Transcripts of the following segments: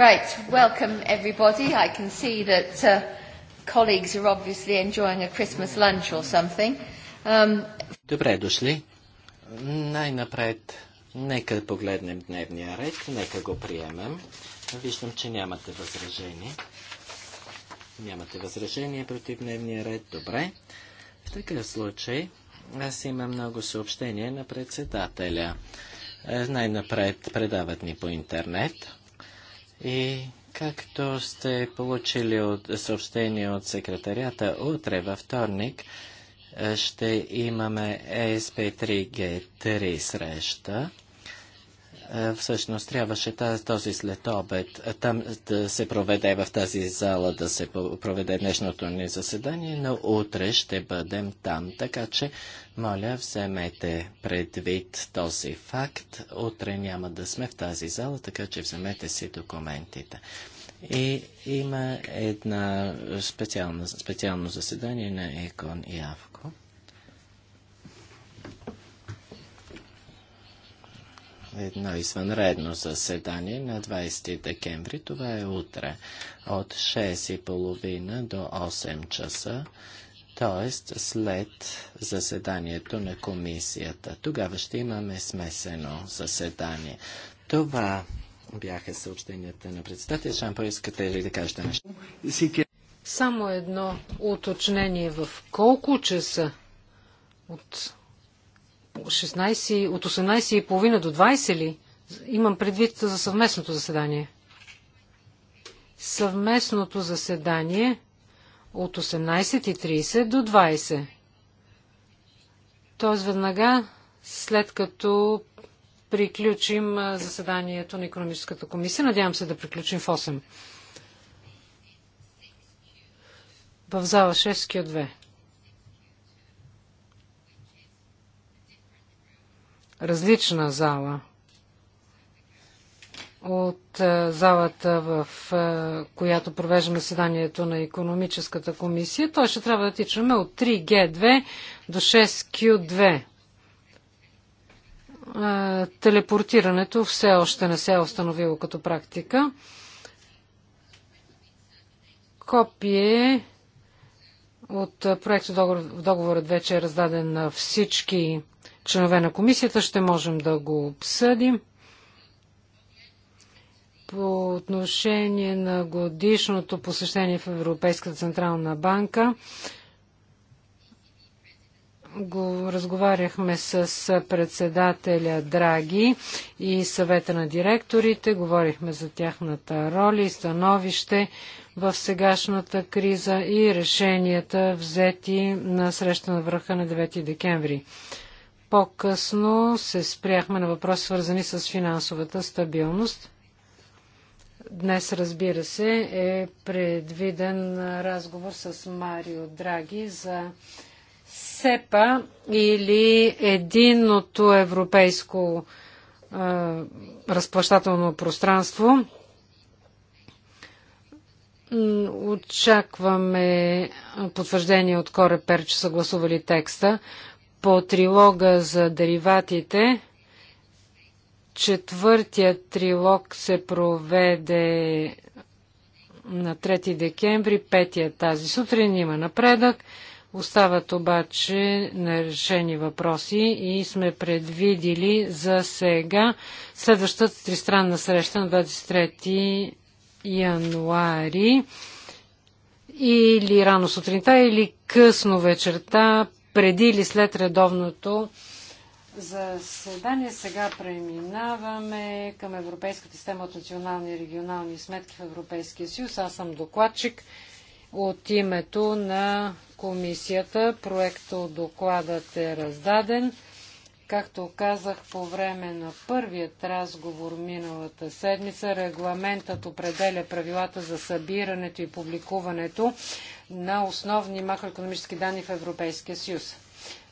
Right, welcome everybody. I can see that uh, colleagues are obviously enjoying a Christmas lunch or something. Um... Добре дошли. Най-напред, нека погледнем дневния ред, нека го приемем. Виждам, че нямате възражение. Нямате възражение против дневния ред. Добре. В такъв случай, аз имам много съобщения на председателя. Е, най-напред предават ни по интернет. И както сте получили от съобщение от секретарията, утре във вторник е, ще имаме sp 3 g 3 среща. Е, всъщност трябваше този след обед е, там да се проведе в тази зала, да се проведе днешното ни заседание, но утре ще бъдем там. Така че, моля, вземете предвид този факт. Утре няма да сме в тази зала, така че вземете си документите. И има една специална, специално заседание на ЕКОН и АВКО. едно извънредно заседание на 20 декември. Това е утре от 6.30 до 8 часа, т.е. след заседанието на комисията. Тогава ще имаме смесено заседание. Това бяха съобщенията на председателя. Шампо, искате ли да кажете нещо? Само едно уточнение. В колко часа от 16, от 18.30 до 20 ли? Имам предвид за съвместното заседание. Съвместното заседание от 18.30 до 20. Тоест веднага след като приключим заседанието на економическата комисия. Надявам се да приключим в 8. В зала 6 2. различна зала от е, залата, в е, която провеждаме заседанието на економическата комисия. Той ще трябва да тичаме от 3G2 до 6Q2. Е, телепортирането все още не се е установило като практика. Копие от проекта договор, договорът вече е раздаден на всички членове на комисията ще можем да го обсъдим. По отношение на годишното посещение в Европейската централна банка, го разговаряхме с председателя Драги и съвета на директорите, говорихме за тяхната роля и становище в сегашната криза и решенията взети на среща на върха на 9 декември. По-късно се спряхме на въпроси, свързани с финансовата стабилност. Днес, разбира се, е предвиден разговор с Марио Драги за СЕПА или единното европейско е, разплащателно пространство. Очакваме потвърждение от Корепер, че са гласували текста по трилога за дериватите. Четвъртият трилог се проведе на 3 декември, петия тази сутрин има напредък. Остават обаче нерешени въпроси и сме предвидили за сега следващата тристранна среща на 23 януари или рано сутринта, или късно вечерта преди или след редовното заседание. Сега преминаваме към Европейската система от национални и регионални сметки в Европейския съюз. Аз съм докладчик от името на комисията. Проекто докладът е раздаден. Както казах по време на първият разговор миналата седмица, регламентът определя правилата за събирането и публикуването на основни макроекономически данни в Европейския съюз.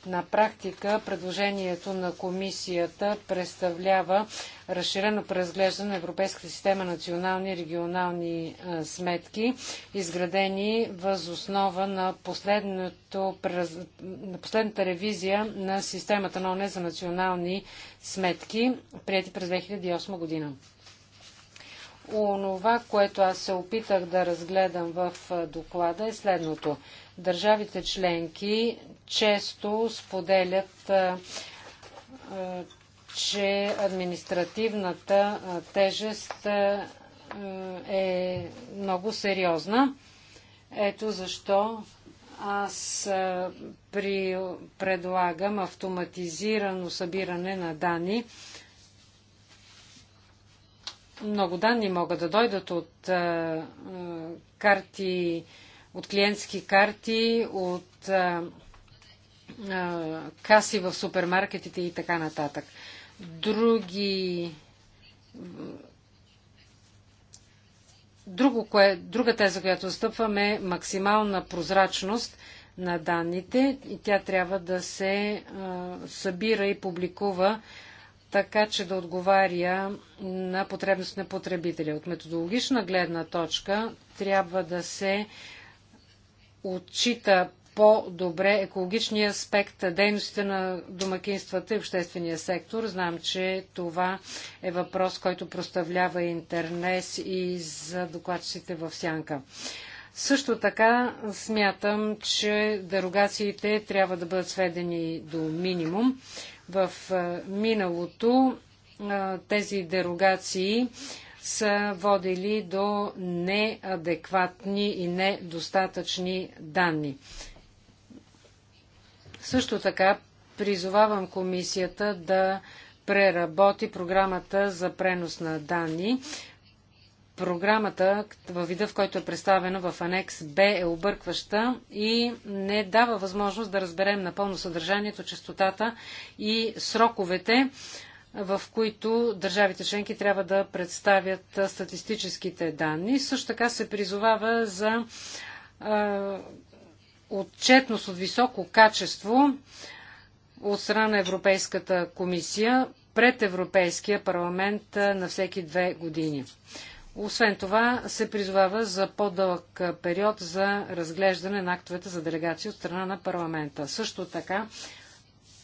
На практика предложението на комисията представлява разширено преразглеждане на Европейската система национални и регионални сметки, изградени въз основа на, на последната ревизия на системата на ОНЕ за национални сметки, прияти през 2008 година. Онова, което аз се опитах да разгледам в доклада е следното. Държавите членки често споделят, че административната тежест е много сериозна. Ето защо аз предлагам автоматизирано събиране на данни много данни могат да дойдат от а, е, е, карти, от клиентски карти, от а, е, а, каси в супермаркетите и така нататък. Други Друго, кое, друга теза, която стъпваме е максимална прозрачност на данните и тя трябва да се а, събира и публикува така че да отговаря на потребност на потребителя. От методологична гледна точка трябва да се отчита по-добре екологичния аспект, дейностите на домакинствата и обществения сектор. Знам, че това е въпрос, който проставлява интернес и за докладчиците в сянка. Също така смятам, че дерогациите трябва да бъдат сведени до минимум. В миналото тези дерогации са водили до неадекватни и недостатъчни данни. Също така призовавам комисията да преработи програмата за пренос на данни. Програмата, във вида в който е представена в анекс Б, е объркваща и не дава възможност да разберем напълно съдържанието, частотата и сроковете, в които държавите членки трябва да представят статистическите данни. Също така се призовава за е, отчетност от високо качество от страна на Европейската комисия пред Европейския парламент на всеки две години. Освен това се призовава за по-дълъг период за разглеждане на актовете за делегация от страна на парламента. Също така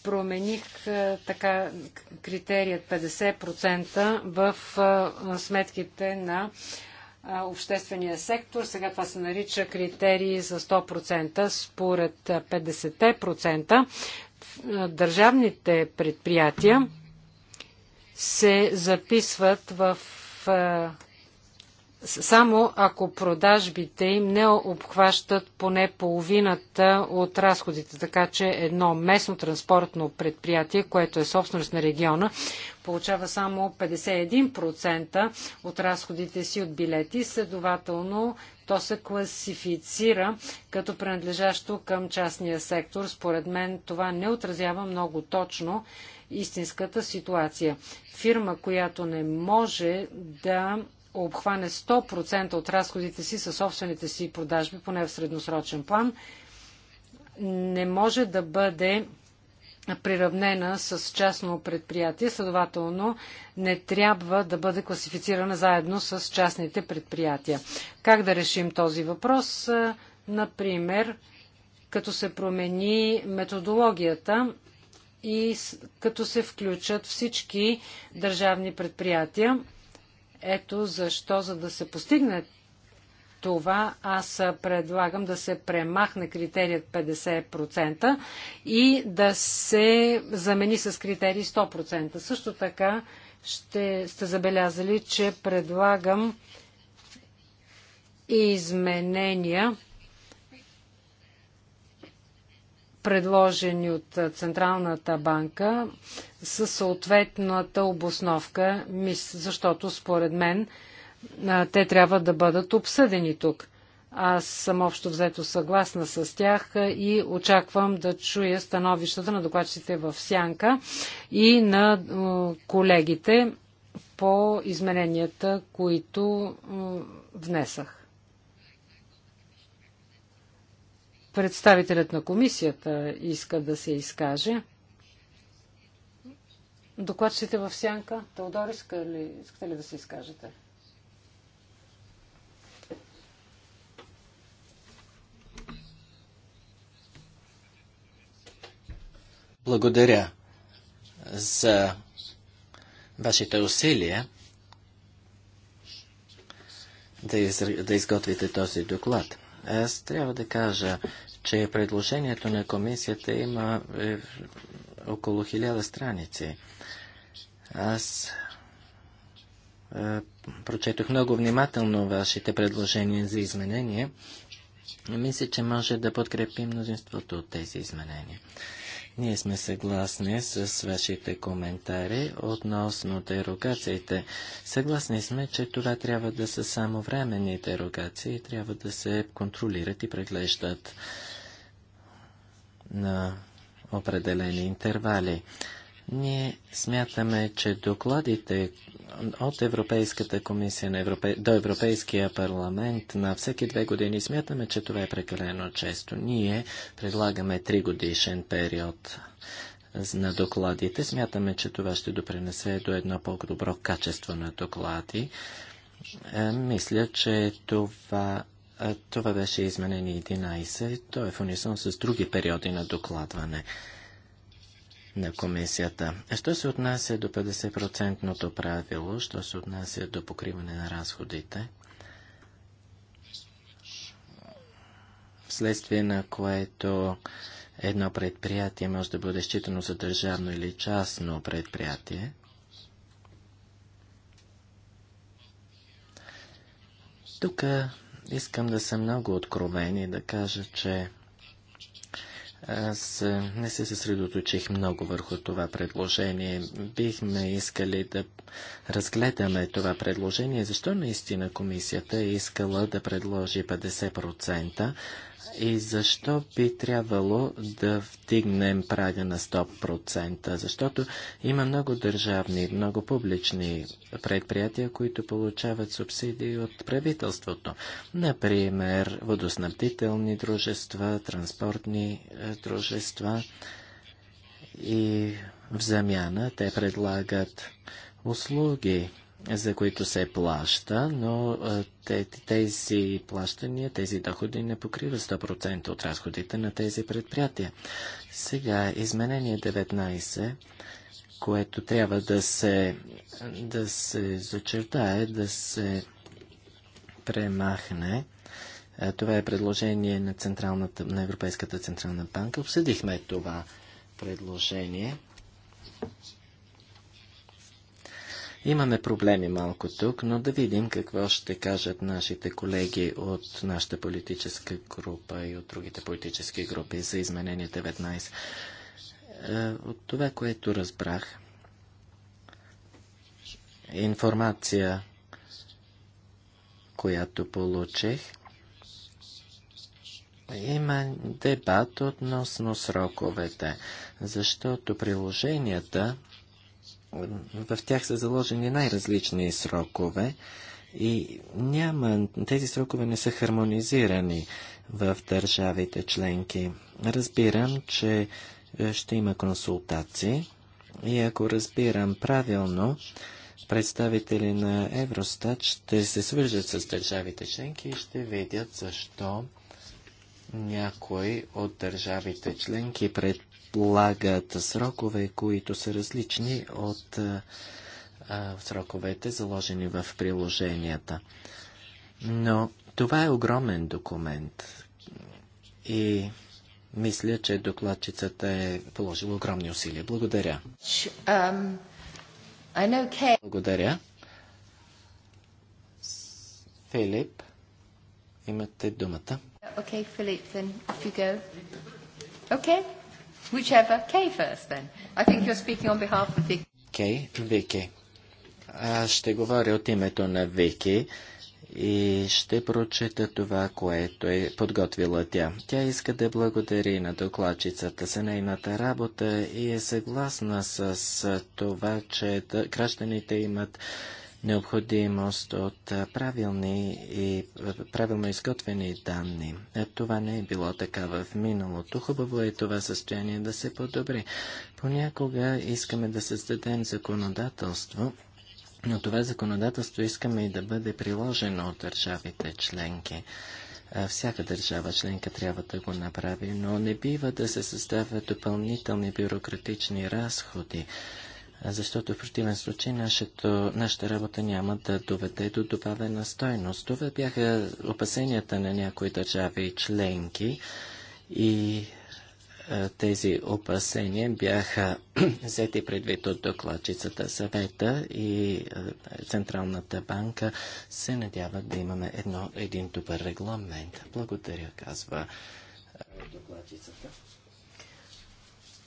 промених така критерият 50% в сметките на обществения сектор. Сега това се нарича критерии за 100%. Според 50% държавните предприятия се записват в само ако продажбите им не обхващат поне половината от разходите. Така че едно местно транспортно предприятие, което е собственост на региона, получава само 51% от разходите си от билети. Следователно, то се класифицира като принадлежащо към частния сектор. Според мен това не отразява много точно истинската ситуация. Фирма, която не може да обхване 100% от разходите си със собствените си продажби, поне в средносрочен план, не може да бъде приравнена с частно предприятие, следователно не трябва да бъде класифицирана заедно с частните предприятия. Как да решим този въпрос? Например, като се промени методологията и като се включат всички държавни предприятия. Ето защо, за да се постигне това, аз предлагам да се премахне критерият 50% и да се замени с критерий 100%. Също така ще сте забелязали, че предлагам изменения предложени от Централната банка със съответната обосновка, защото според мен те трябва да бъдат обсъдени тук. Аз съм общо взето съгласна с тях и очаквам да чуя становищата на докладчите в Сянка и на колегите по измененията, които внесах. Представителят на комисията иска да се изкаже. Докладчите в сянка. Талдор, иска ли, искате ли да се изкажете? Благодаря за вашите усилия да изготвите този доклад. Аз трябва да кажа, че предложението на комисията има е, около хиляда страници. Аз е, прочетох много внимателно вашите предложения за изменения и мисля, че може да подкрепим мнозинството от тези изменения. Ние сме съгласни с вашите коментари относно дерогациите. Съгласни сме, че това трябва да са само временни дерогации и трябва да се контролират и преглеждат на определени интервали. Ние смятаме, че докладите от Европейската комисия на Европе... до Европейския парламент на всеки две години смятаме, че това е прекалено често. Ние предлагаме тригодишен период на докладите. Смятаме, че това ще допринесе до едно по-добро качество на доклади. Е, мисля, че това, е, това беше изменение 11. То е в унисон с други периоди на докладване на комисията. Що се отнася до 50 правило, що се отнася до покриване на разходите, вследствие на което едно предприятие може да бъде считано за държавно или частно предприятие, тук искам да съм много откровен и да кажа, че аз не се съсредоточих много върху това предложение. Бихме искали да разгледаме това предложение. Защо наистина комисията е искала да предложи 50%, и защо би трябвало да вдигнем прага на 100%? Защото има много държавни, много публични предприятия, които получават субсидии от правителството. Например, водоснабдителни дружества, транспортни е, дружества. И в замяна те предлагат услуги за които се плаща, но тези плащания, тези доходи не покриват 100% от разходите на тези предприятия. Сега изменение 19, което трябва да се, да се зачертае, да се премахне. Това е предложение на, Централната, на Европейската Централна банка. Обсъдихме това предложение. Имаме проблеми малко тук, но да видим какво ще кажат нашите колеги от нашата политическа група и от другите политически групи за изменение 19. Е, от това, което разбрах, информация, която получих, има дебат относно сроковете, защото приложенията в тях са заложени най-различни срокове и няма, тези срокове не са хармонизирани в държавите членки. Разбирам, че е, ще има консултации и ако разбирам правилно, представители на Евростат ще се свържат с държавите членки и ще видят защо някои от държавите членки пред предлагат срокове, които са различни от сроковете, заложени в приложенията. Но това е огромен документ и мисля, че докладчицата е положила огромни усилия. Благодаря. Um, Благодаря. Филип, имате думата. Okay, Philip, then if you go. Okay. Whichever. Kay first then. I think you're speaking on behalf of Vicky. Кей, Vicky. Аз ще говоря от името на Вики и ще прочита това, което е подготвила тя. Тя иска да благодари на докладчицата за нейната работа и е съгласна с това, че гражданите имат необходимост от правилни и правилно изготвени данни. Това не е било така в миналото. Хубаво е това състояние да се подобри. Понякога искаме да създадем законодателство, но това законодателство искаме и да бъде приложено от държавите членки. Всяка държава членка трябва да го направи, но не бива да се създават допълнителни бюрократични разходи защото в противен случай нашето, нашата работа няма да доведе до добавена стойност. Това бяха опасенията на някои държави членки и тези опасения бяха взети предвид от докладчицата съвета и Централната банка се надяват да имаме едно, един добър регламент. Благодаря, казва докладчицата.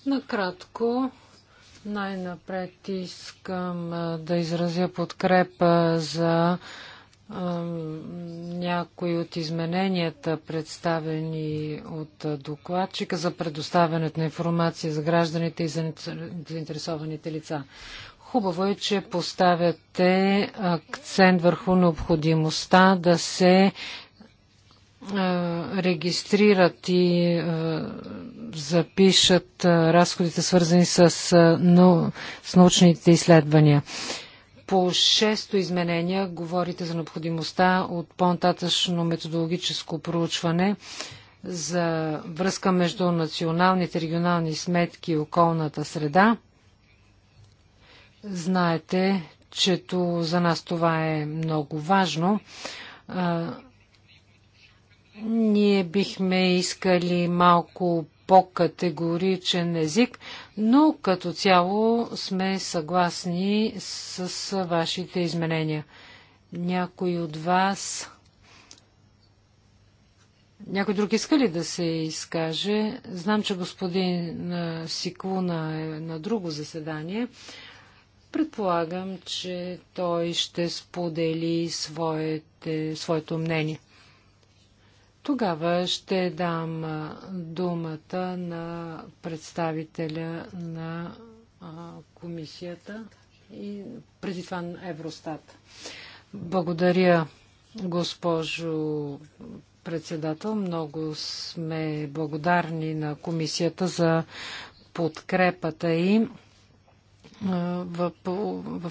Накратко, най-напред искам да изразя подкрепа за някои от измененията, представени от докладчика за предоставянето на информация за гражданите и за заинтересованите лица. Хубаво е, че поставяте акцент върху необходимостта да се регистрират и запишат разходите, свързани с, с научните изследвания. По шесто изменение говорите за необходимостта от по-нататъчно методологическо проучване за връзка между националните регионални сметки и околната среда. Знаете, че за нас това е много важно. Ние бихме искали малко по-категоричен език, но като цяло сме съгласни с вашите изменения. Някой от вас. Някой друг иска ли да се изкаже? Знам, че господин Сиклуна е на друго заседание. Предполагам, че той ще сподели своите, своето мнение. Тогава ще дам думата на представителя на комисията и преди това на Евростат. Благодаря, госпожо председател. Много сме благодарни на комисията за подкрепата и в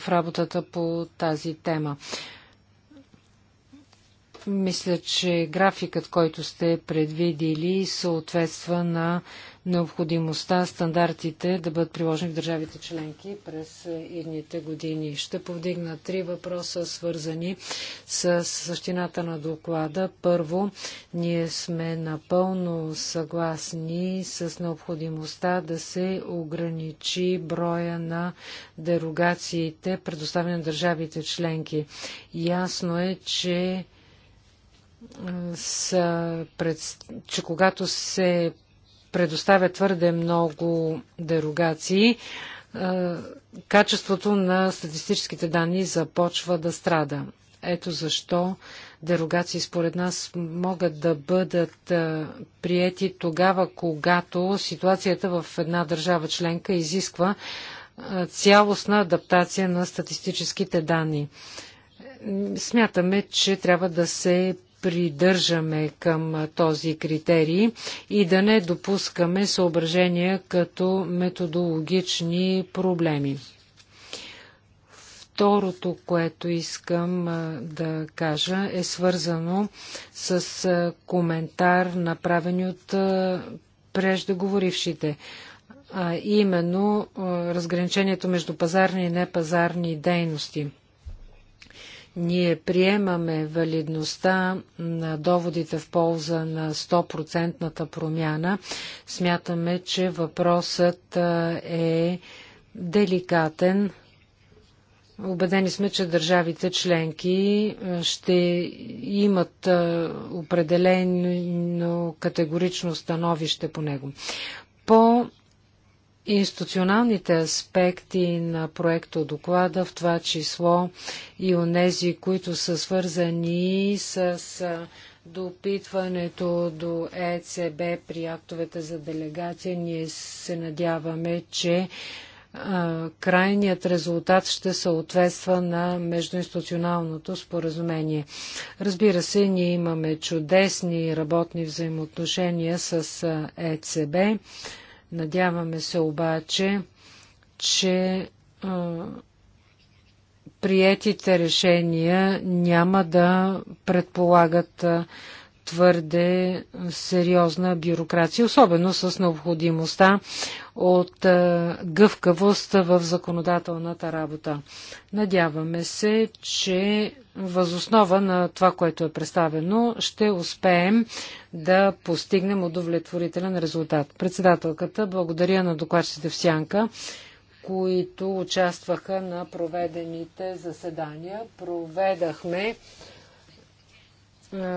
работата по тази тема. Мисля, че графикът, който сте предвидили, съответства на необходимостта стандартите да бъдат приложени в държавите членки през идните години. Ще повдигна три въпроса, свързани с същината на доклада. Първо, ние сме напълно съгласни с необходимостта да се ограничи броя на дерогациите, предоставени на държавите членки. Ясно е, че са, пред, че когато се предоставя твърде много дерогации, качеството на статистическите данни започва да страда. Ето защо дерогации според нас могат да бъдат приети тогава, когато ситуацията в една държава членка изисква цялостна адаптация на статистическите данни. Смятаме, че трябва да се придържаме към този критерий и да не допускаме съображения като методологични проблеми. Второто, което искам да кажа, е свързано с коментар, направен от преждеговорившите. А именно разграничението между пазарни и непазарни дейности – ние приемаме валидността на доводите в полза на 100 промяна. Смятаме, че въпросът е деликатен. Обедени сме, че държавите членки ще имат определено категорично становище по него. По институционалните аспекти на проекта доклада, в това число и онези, които са свързани с допитването до ЕЦБ при актовете за делегация. Ние се надяваме, че крайният резултат ще съответства на междуинституционалното споразумение. Разбира се, ние имаме чудесни работни взаимоотношения с ЕЦБ. Надяваме се обаче, че а, приетите решения няма да предполагат а, твърде сериозна бюрокрация, особено с необходимостта от е, гъвкавост в законодателната работа. Надяваме се, че възоснова на това, което е представено, ще успеем да постигнем удовлетворителен резултат. Председателката, благодаря на докладчите в Сянка които участваха на проведените заседания. Проведахме е,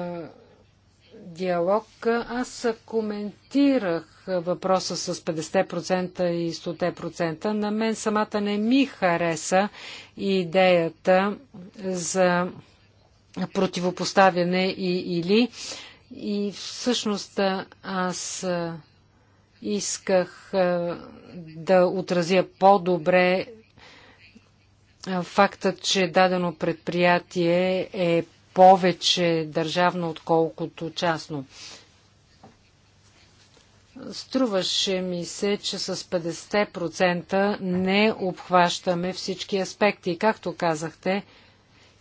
диалог. Аз коментирах въпроса с 50% и 100%. На мен самата не ми хареса идеята за противопоставяне и или. И всъщност аз исках да отразя по-добре фактът, че дадено предприятие е повече държавно, отколкото частно. Струваше ми се, че с 50% не обхващаме всички аспекти. Както казахте,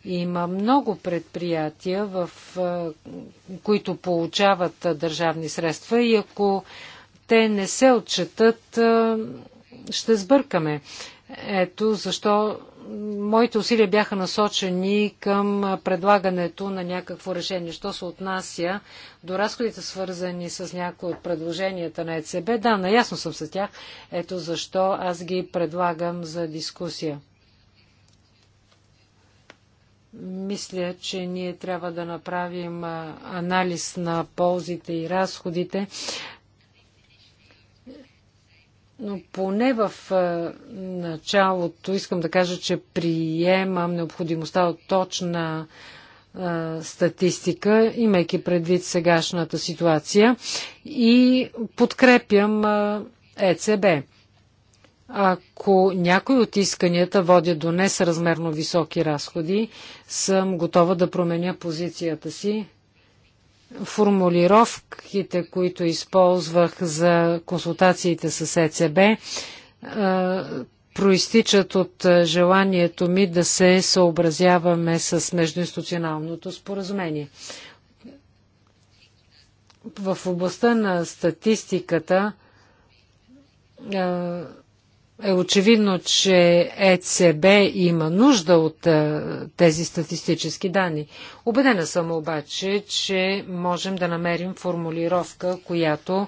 има много предприятия, в които получават държавни средства и ако те не се отчетат, ще сбъркаме. Ето защо моите усилия бяха насочени към предлагането на някакво решение. Що се отнася до разходите, свързани с някои от предложенията на ЕЦБ, да, наясно съм с тях. Ето защо аз ги предлагам за дискусия. Мисля, че ние трябва да направим анализ на ползите и разходите но поне в е, началото искам да кажа, че приемам необходимостта от точна е, статистика, имайки предвид сегашната ситуация и подкрепям ЕЦБ. Е Ако някои от исканията водят до несъразмерно високи разходи, съм готова да променя позицията си формулировките, които използвах за консултациите с ЕЦБ, проистичат от желанието ми да се съобразяваме с междуинституционалното споразумение. В областта на статистиката е очевидно, че ЕЦБ има нужда от е, тези статистически данни. Обедена съм обаче, че можем да намерим формулировка, която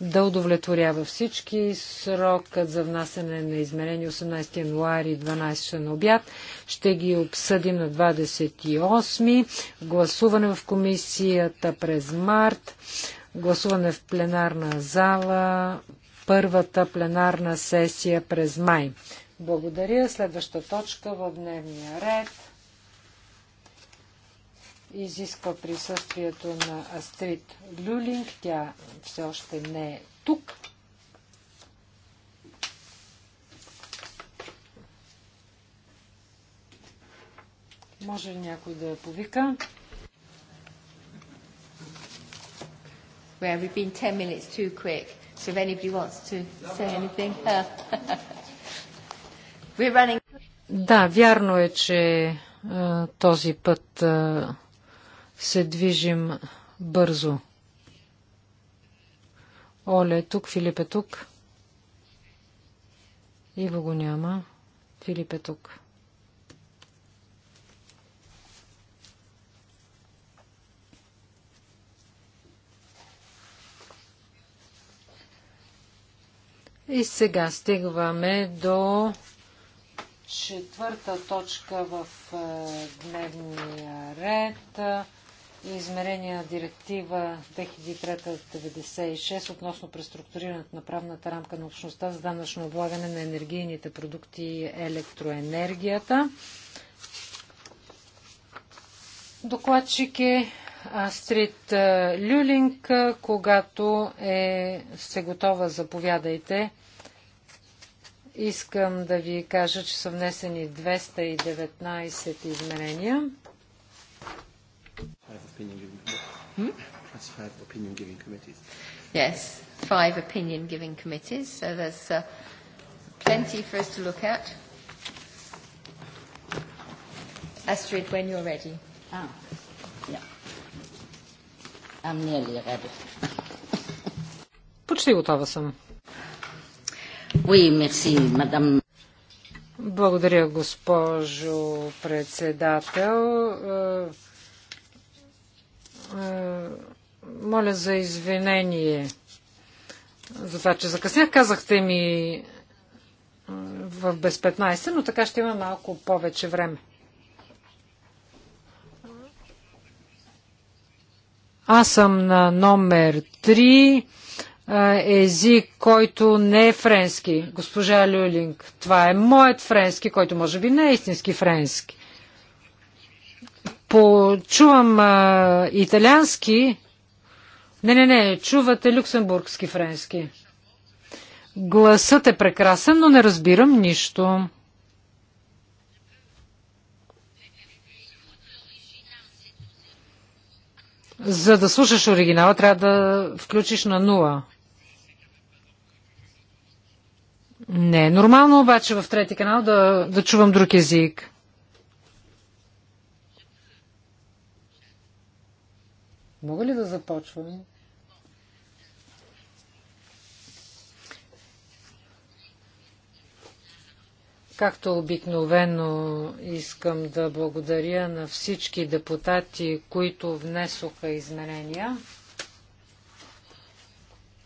да удовлетворява всички. Срокът за внасяне на измерение 18 януари 12 на обяд. Ще ги обсъдим на 28. Гласуване в комисията през март. Гласуване в пленарна зала първата пленарна сесия през май. Благодаря. Следваща точка в дневния ред изисква присъствието на Астрид Люлинг. Тя все още не е тук. Може ли някой да я повика? Where we've been 10 minutes too quick. So if anybody wants to say anything. Uh, we're running... Да, вярно е, че а, е, този път а, е, се движим бързо. Оле е тук, Филип е тук. Иво го няма. Филип е тук. И сега стигваме до четвърта точка в е, дневния ред. Измерение на директива 2003-96 относно преструктурирането на правната рамка на общността за данъчно облагане на енергийните продукти и електроенергията. Докладчик е Астрид Люлинг, когато е, сте готова, заповядайте. Искам да ви кажа, че са внесени 219 изменения. Yes, five opinion giving committees, so there's uh, plenty for us to look at. Astrid, when you're ready. Ah. I'm е ли ready. Почти готова съм. Oui, merci, madame. Благодаря, госпожо председател. Е, е, моля за извинение за това, че закъснях. Казахте ми в без 15, но така ще има малко повече време. Аз съм на номер 3 език, който не е френски. Госпожа Люлинг, това е моят френски, който може би не е истински френски. Почувам а, италиански. Не, не, не, чувате люксембургски френски. Гласът е прекрасен, но не разбирам нищо. За да слушаш оригинала, трябва да включиш на нула. Не е нормално обаче в трети канал да, да чувам друг език. Мога ли да започвам? Както обикновено искам да благодаря на всички депутати, които внесоха изменения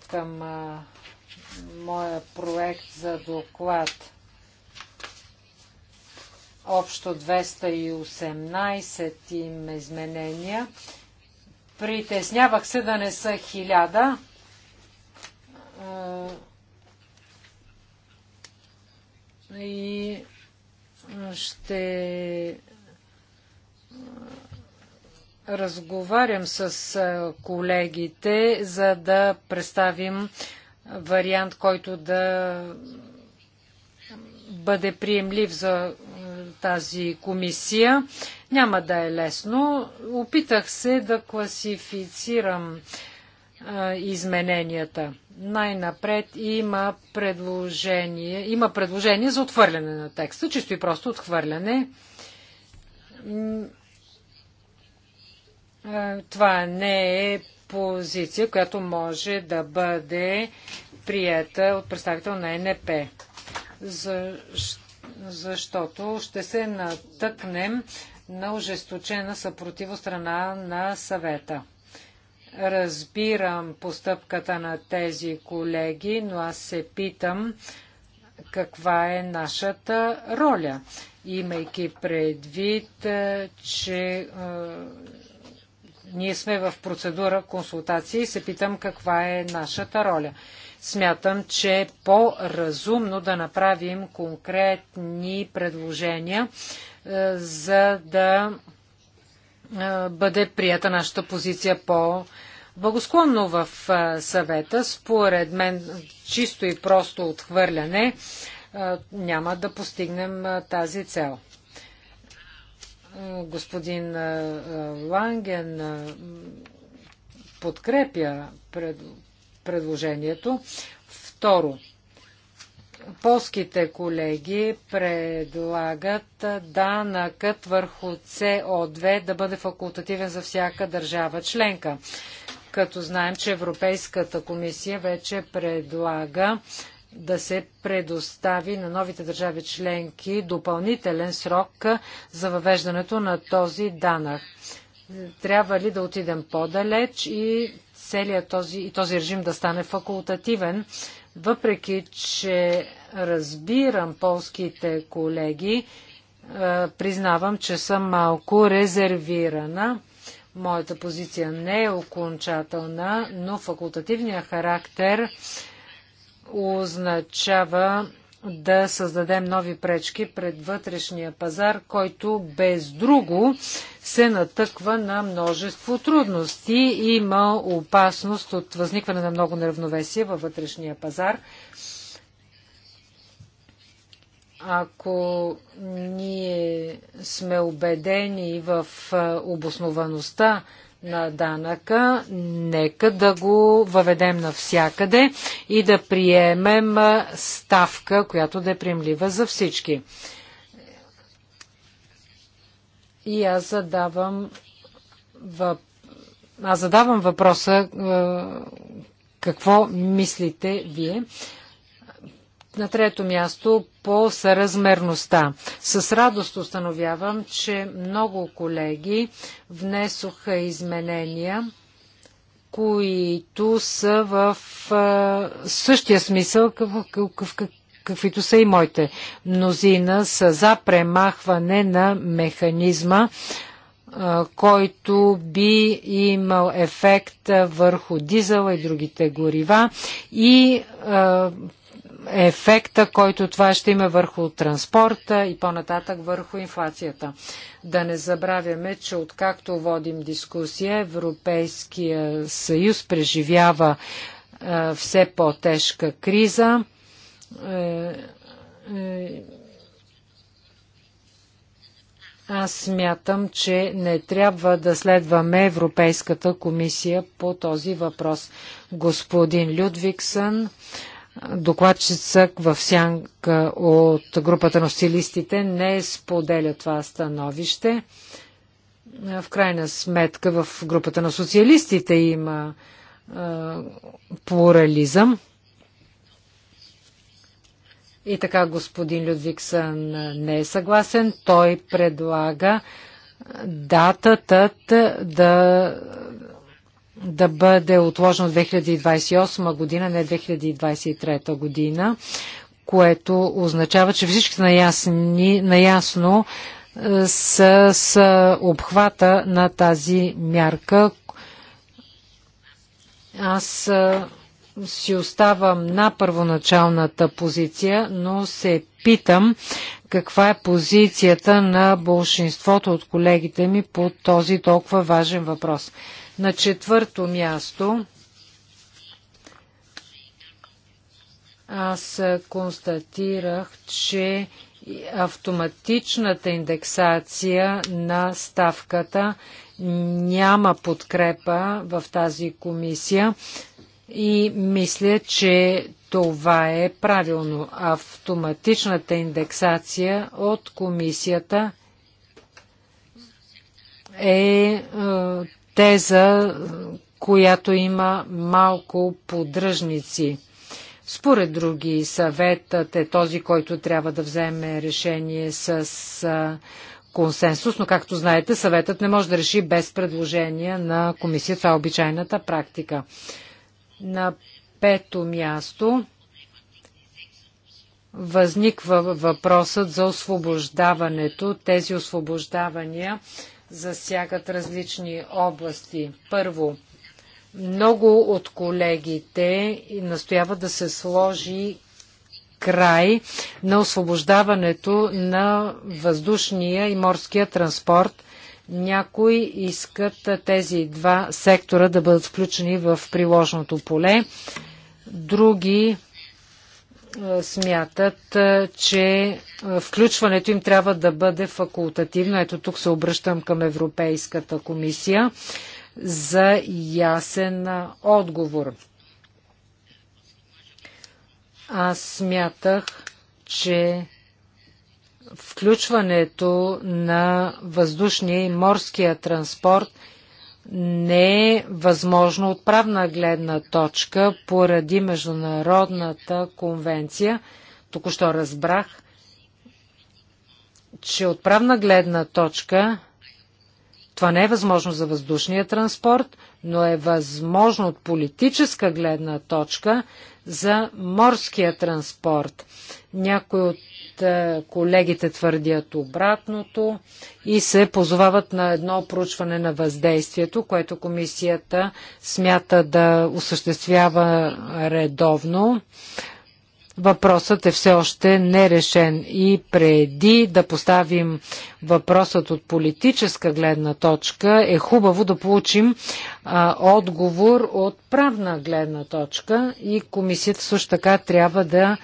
към а, моя проект за доклад. Общо 218 им изменения. Притеснявах се да не са хиляда и ще разговарям с колегите, за да представим вариант, който да бъде приемлив за тази комисия. Няма да е лесно. Опитах се да класифицирам измененията. Най-напред има предложение, има предложение за отхвърляне на текста, чисто и просто отхвърляне. Това не е позиция, която може да бъде приета от представител на НП. За, защото ще се натъкнем на ожесточена съпротиво страна на съвета. Разбирам постъпката на тези колеги, но аз се питам каква е нашата роля, имайки предвид, е, че е, ние сме в процедура консултации и се питам каква е нашата роля. Смятам, че е по-разумно да направим конкретни предложения, е, за да е, бъде прията нашата позиция по-разумно благосклонно в съвета. Според мен чисто и просто отхвърляне няма да постигнем тази цел. Господин Ланген подкрепя предложението. Второ, полските колеги предлагат данъкът върху CO2 да бъде факултативен за всяка държава членка като знаем, че Европейската комисия вече предлага да се предостави на новите държави членки допълнителен срок за въвеждането на този данък. Трябва ли да отидем по-далеч и целият този, и този режим да стане факултативен, въпреки че разбирам полските колеги, признавам, че съм малко резервирана. Моята позиция не е окончателна, но факултативният характер означава да създадем нови пречки пред вътрешния пазар, който без друго се натъква на множество трудности. Има опасност от възникване на много неравновесие във вътрешния пазар. Ако ние сме убедени в обосноваността на данъка, нека да го въведем навсякъде и да приемем ставка, която да е приемлива за всички. И аз задавам, въп... аз задавам въпроса какво мислите вие. На трето място по съразмерността. С радост установявам, че много колеги внесоха изменения, които са в същия смисъл, в, каквито са и моите. Мнозина са за премахване на механизма, който би имал ефект върху дизела и другите горива и ефекта, който това ще има върху транспорта и по-нататък върху инфлацията. Да не забравяме, че откакто водим дискусия, Европейския съюз преживява е, все по-тежка криза. Е, е, аз смятам, че не трябва да следваме Европейската комисия по този въпрос. Господин Людвиксън, докладчица в сянка от групата на стилистите не споделя това становище. В крайна сметка в групата на социалистите има плурализъм. И така господин Людвигсън не е съгласен. Той предлага датата да да бъде отложено 2028 година, не 2023 година, което означава, че всички наясни, наясно е, с, с обхвата на тази мярка. Аз е, си оставам на първоначалната позиция, но се питам каква е позицията на большинството от колегите ми по този толкова важен въпрос. На четвърто място аз констатирах, че автоматичната индексация на ставката няма подкрепа в тази комисия и мисля, че това е правилно. Автоматичната индексация от комисията е, е теза, която има малко поддръжници. Според други съветът е този, който трябва да вземе решение с консенсус, но както знаете, съветът не може да реши без предложения на комисия. Това е обичайната практика. На пето място възниква въпросът за освобождаването. Тези освобождавания засягат различни области. Първо, много от колегите настояват да се сложи край на освобождаването на въздушния и морския транспорт. Някои искат тези два сектора да бъдат включени в приложното поле, други смятат, че включването им трябва да бъде факултативно. Ето тук се обръщам към Европейската комисия за ясен отговор. Аз смятах, че включването на въздушния и морския транспорт – не е възможно от правна гледна точка поради Международната конвенция. Току-що разбрах, че от правна гледна точка това не е възможно за въздушния транспорт, но е възможно от политическа гледна точка за морския транспорт. Някои от е, колегите твърдят обратното и се позовават на едно проучване на въздействието, което комисията смята да осъществява редовно. Въпросът е все още нерешен и преди да поставим въпросът от политическа гледна точка, е хубаво да получим а, отговор от правна гледна точка и комисията също така трябва да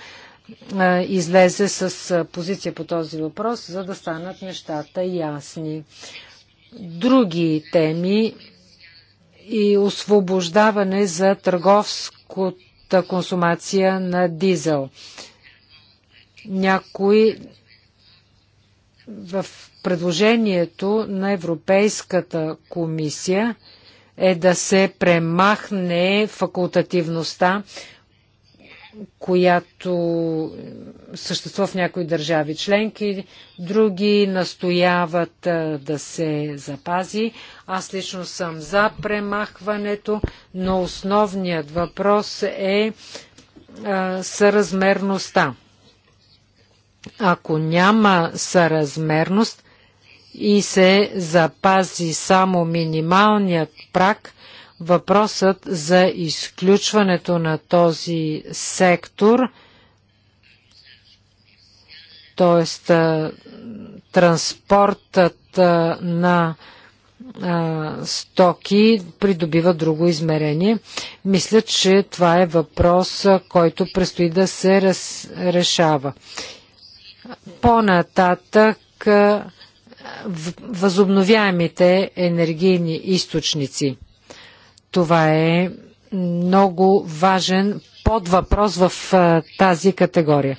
излезе с позиция по този въпрос, за да станат нещата ясни. Други теми и освобождаване за търговската консумация на дизел. Някои в предложението на Европейската комисия е да се премахне факултативността която съществува в някои държави членки, други настояват да се запази. Аз лично съм за премахването, но основният въпрос е съразмерността. Ако няма съразмерност и се запази само минималният прак, Въпросът за изключването на този сектор, т.е. транспортът на стоки придобива друго измерение. Мисля, че това е въпрос, който предстои да се раз, решава. По-нататък възобновяемите енергийни източници – това е много важен подвъпрос в а, тази категория.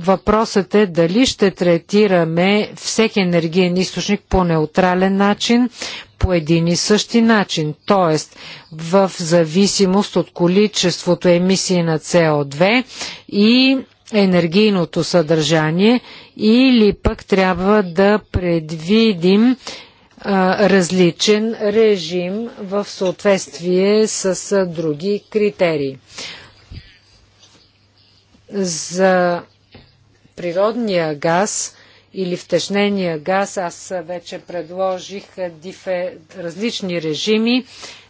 Въпросът е дали ще третираме всеки енергиен източник по неутрален начин, по един и същи начин, т.е. в зависимост от количеството емисии на со 2 и енергийното съдържание или пък трябва да предвидим различен режим в съответствие с други критерии. За природния газ или втешнения газ аз вече предложих различни режими.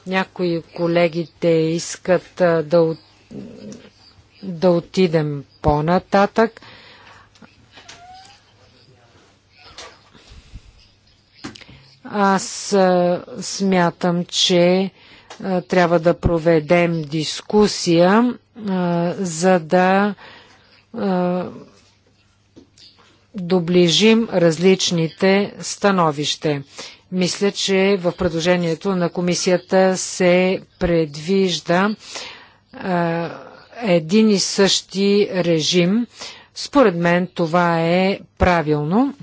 Някои колегите искат да, да отидем по-нататък. Аз смятам, че трябва да проведем дискусия, за да доближим различните становище. Мисля, че в предложението на комисията се предвижда един и същи режим. Според мен това е правилно.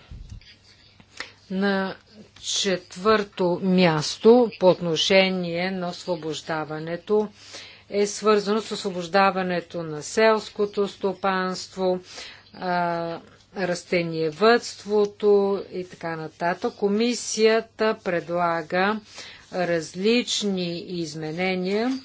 На четвърто място по отношение на освобождаването е свързано с освобождаването на селското стопанство, растениевътството и така нататък. Комисията предлага различни изменения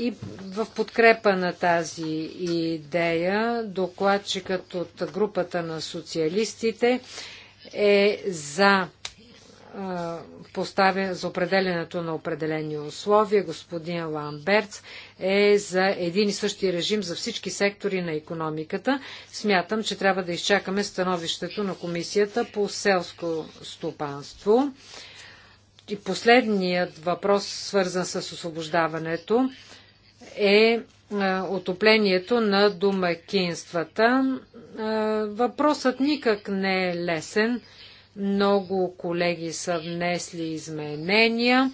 И в подкрепа на тази идея, докладчикът от групата на социалистите е за поставя за определенето на определени условия. Господин Ламберц е за един и същи режим за всички сектори на економиката. Смятам, че трябва да изчакаме становището на Комисията по селско стопанство. И последният въпрос, свързан с освобождаването е отоплението на домакинствата. Въпросът никак не е лесен. Много колеги са внесли изменения,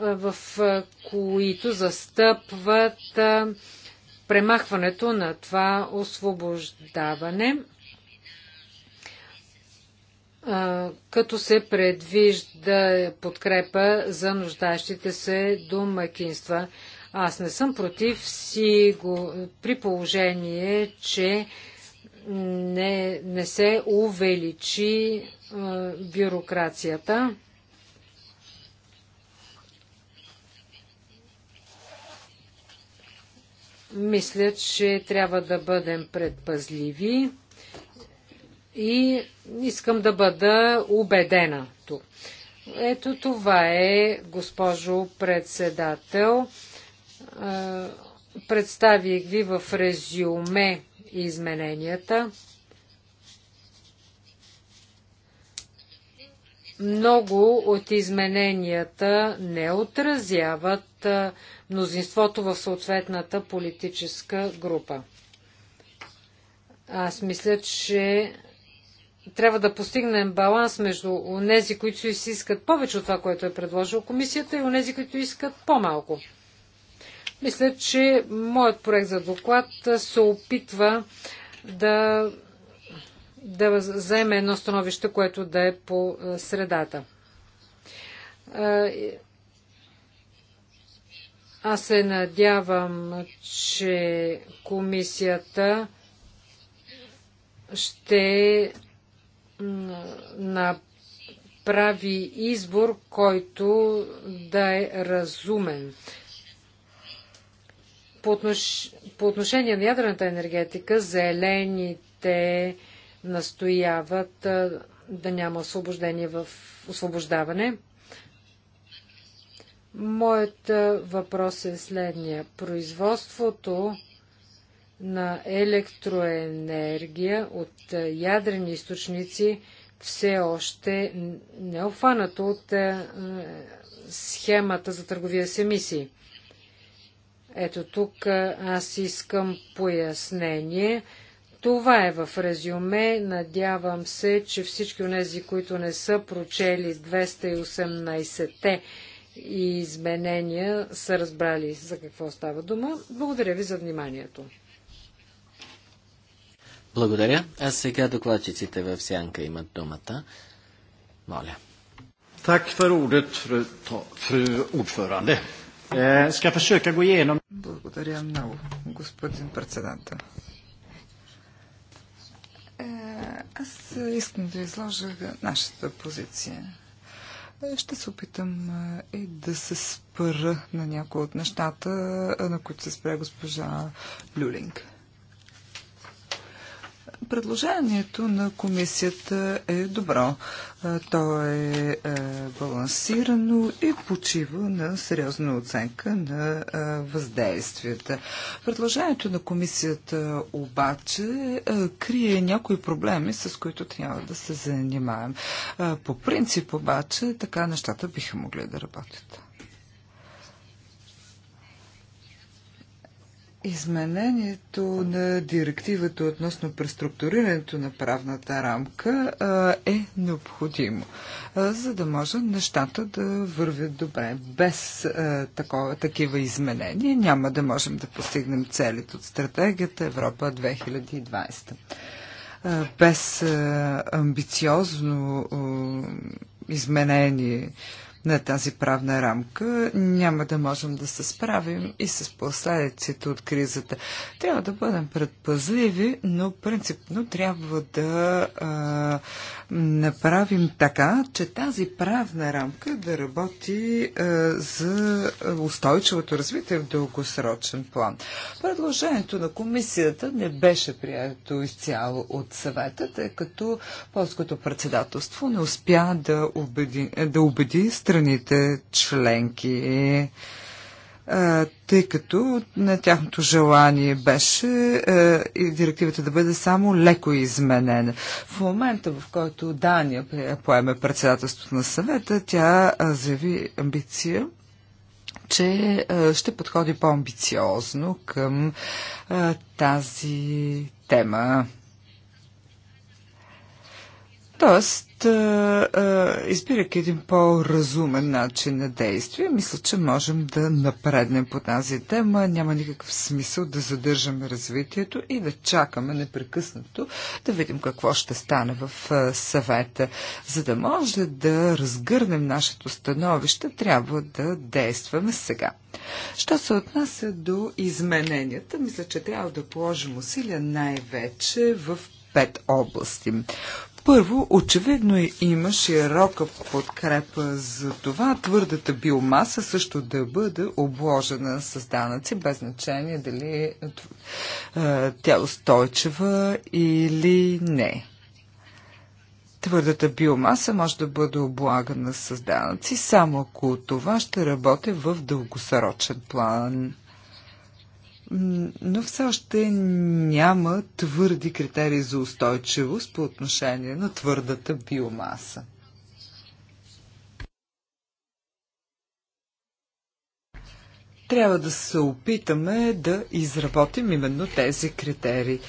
в които застъпват премахването на това освобождаване, като се предвижда подкрепа за нуждащите се домакинства. Аз не съм против си го, при положение, че не, не се увеличи а, бюрокрацията. Мисля, че трябва да бъдем предпазливи и искам да бъда убедена тук. Ето това е, госпожо председател. Представих ви в резюме измененията. Много от измененията не отразяват мнозинството в съответната политическа група. Аз мисля, че трябва да постигнем баланс между онези, които си искат повече от това, което е предложил комисията и онези, които искат по-малко. Мисля, че моят проект за доклад се опитва да, да заеме едно становище, което да е по е, средата. Аз се надявам, че комисията ще направи избор, който да е разумен. По, отнош... по отношение на ядрената енергетика, зелените настояват да няма освобождение в освобождаване. Моят въпрос е следния. Производството на електроенергия от ядрени източници все още не е обхванато от схемата за търговия с емисии. Ето тук аз искам пояснение. Това е в резюме. Надявам се, че всички от тези, които не са прочели 218-те и изменения, са разбрали за какво става дума. Благодаря ви за вниманието. Благодаря. А сега докладчиците в сянка имат думата. Моля. Так ordet, fru, fru ordförande. Eh, ska försöka gå igenom... Благодаря много, господин председател. Е, аз искам да изложа нашата позиция. Ще се опитам е, и да се спра на някои от нещата, е, на които се спря госпожа Люлинг. Предложението на комисията е добро. То е балансирано и почива на сериозна оценка на въздействията. Предложението на комисията обаче крие някои проблеми, с които трябва да се занимаем. По принцип обаче така нещата биха могли да работят. Изменението на директивата относно преструктурирането на правната рамка е необходимо, за да може нещата да вървят добре. Без такова, такива изменения няма да можем да постигнем целите от стратегията Европа 2020. Без амбициозно изменение на тази правна рамка, няма да можем да се справим и с последиците от кризата. Трябва да бъдем предпазливи, но принципно трябва да а, направим така, че тази правна рамка да работи а, за устойчивото развитие в дългосрочен план. Предложението на комисията не беше прието изцяло от съвета, тъй като полското председателство не успя да убеди, да убеди страната страните членки тъй като на тяхното желание беше и директивата да бъде само леко изменена. В момента, в който Дания поеме председателството на съвета, тя заяви амбиция че ще подходи по-амбициозно към тази тема. Тоест, избирайки един по-разумен начин на действие, мисля, че можем да напреднем по тази тема. Няма никакъв смисъл да задържаме развитието и да чакаме непрекъснато да видим какво ще стане в съвета. За да може да разгърнем нашето становище, трябва да действаме сега. Що се отнася до измененията, мисля, че трябва да положим усилия най-вече в пет области. Първо, очевидно е, има широка подкрепа за това твърдата биомаса също да бъде обложена с данъци, без значение дали е, е, тя устойчива или не. Твърдата биомаса може да бъде облагана с данъци, само ако това ще работи в дългосрочен план но все още няма твърди критерии за устойчивост по отношение на твърдата биомаса. Трябва да се опитаме да изработим именно тези критерии.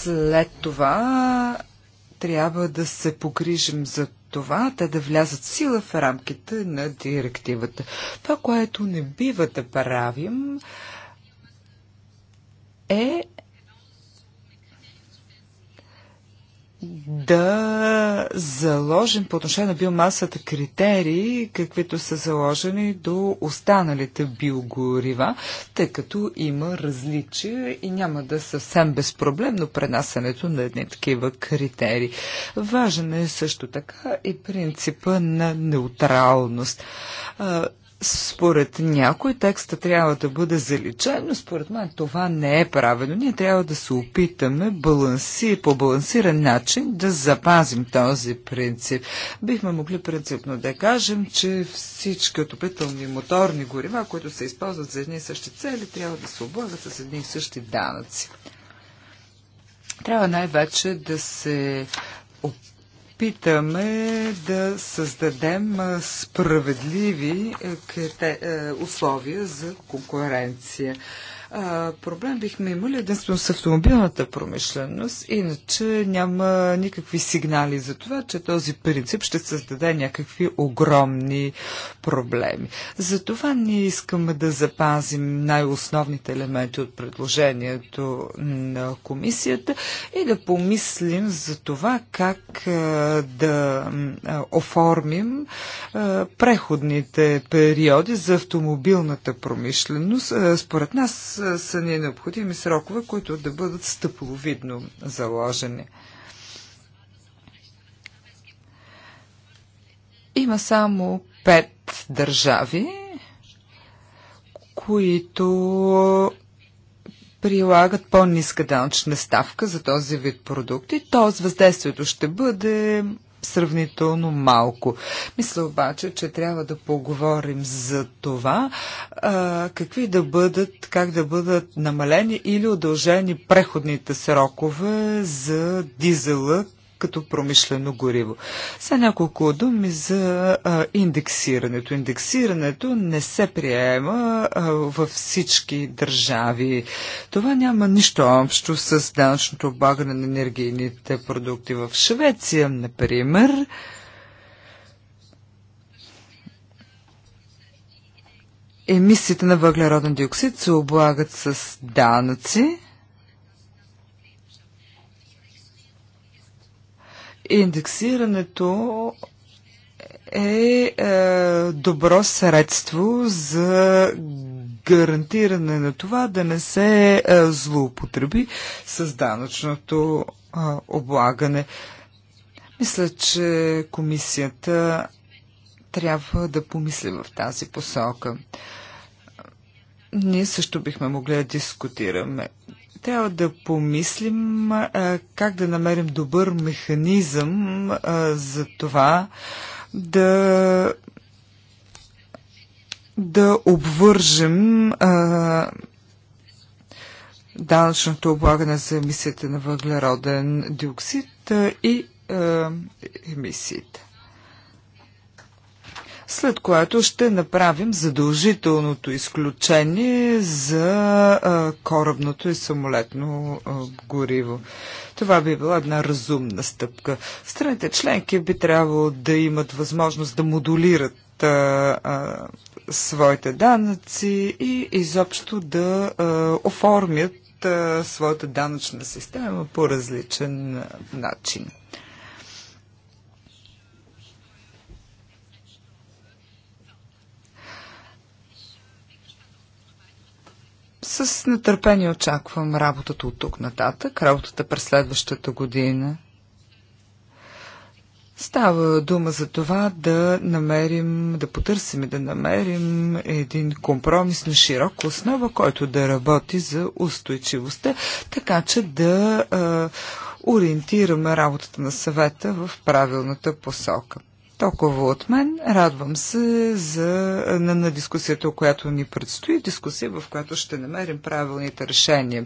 След това трябва да се погрижим за това те да влязат сила в рамките на директивата. Това, което не бива да правим, е да заложим по отношение на биомасата критерии, каквито са заложени до останалите биогорива, тъй като има различия и няма да е съвсем безпроблемно пренасенето на едни такива критерии. Важен е също така и принципа на неутралност. Според някой текста трябва да бъде заличен, но според мен това не е правилно. Ние трябва да се опитаме баланси, по балансиран начин да запазим този принцип. Бихме могли принципно да кажем, че всички отопителни моторни горива, които се използват за едни и същи цели, трябва да се облагат с едни и същи данъци. Трябва най-вече да се опитаме да създадем справедливи условия за конкуренция. А, проблем бихме имали единствено с автомобилната промишленост, иначе няма никакви сигнали за това, че този принцип ще създаде някакви огромни проблеми. Затова ние искаме да запазим най-основните елементи от предложението на комисията и да помислим за това как а, да а, оформим а, преходните периоди за автомобилната промишленост. А, според нас са ни необходими срокове, които да бъдат стъпловидно заложени. Има само пет държави, които прилагат по-ниска данъчна ставка за този вид продукти, т.е. въздействието ще бъде сравнително малко. Мисля обаче, че трябва да поговорим за това а, какви да бъдат, как да бъдат намалени или удължени преходните срокове за дизелът като промишлено гориво. Са няколко думи за а, индексирането. Индексирането не се приема а, във всички държави. Това няма нищо общо с данъчното облагане на енергийните продукти. В Швеция, например, емисиите на въглероден диоксид се облагат с данъци, Индексирането е, е добро средство за гарантиране на това да не се е, злоупотреби с данъчното е, облагане. Мисля, че комисията трябва да помисли в тази посока. Ние също бихме могли да дискутираме трябва да помислим а, как да намерим добър механизъм а, за това да да обвържем а, данъчното облагане за емисията на въглероден диоксид а, и а, емисиите след което ще направим задължителното изключение за корабното и самолетно гориво. Това би била една разумна стъпка. Страните членки би трябвало да имат възможност да модулират своите данъци и изобщо да оформят своята данъчна система по различен начин. С нетърпение очаквам работата от тук нататък, работата през следващата година. Става дума за това да намерим, да потърсим и да намерим един компромис на широка основа, който да работи за устойчивостта, така че да а, ориентираме работата на съвета в правилната посока. Толкова от мен. Радвам се за, на, на дискусията, която ни предстои. Дискусия, в която ще намерим правилните решения.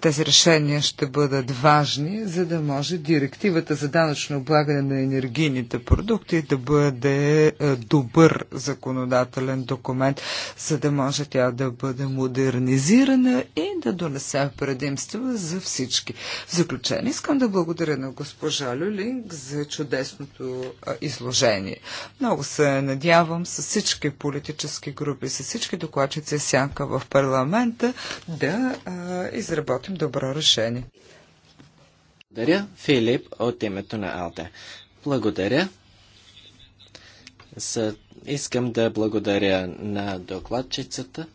Тези решения ще бъдат важни, за да може директивата за данъчно облагане на енергийните продукти да бъде добър законодателен документ, за да може тя да бъде модернизирана и да донесе предимства за всички. В заключение искам да благодаря на госпожа Люлинг за чудесното изложение предложение. Много се надявам с всички политически групи, с всички докладчици сянка в парламента да а, изработим добро решение. Благодаря, Филип, от името на Алте. Благодаря. С... Искам да благодаря на докладчицата.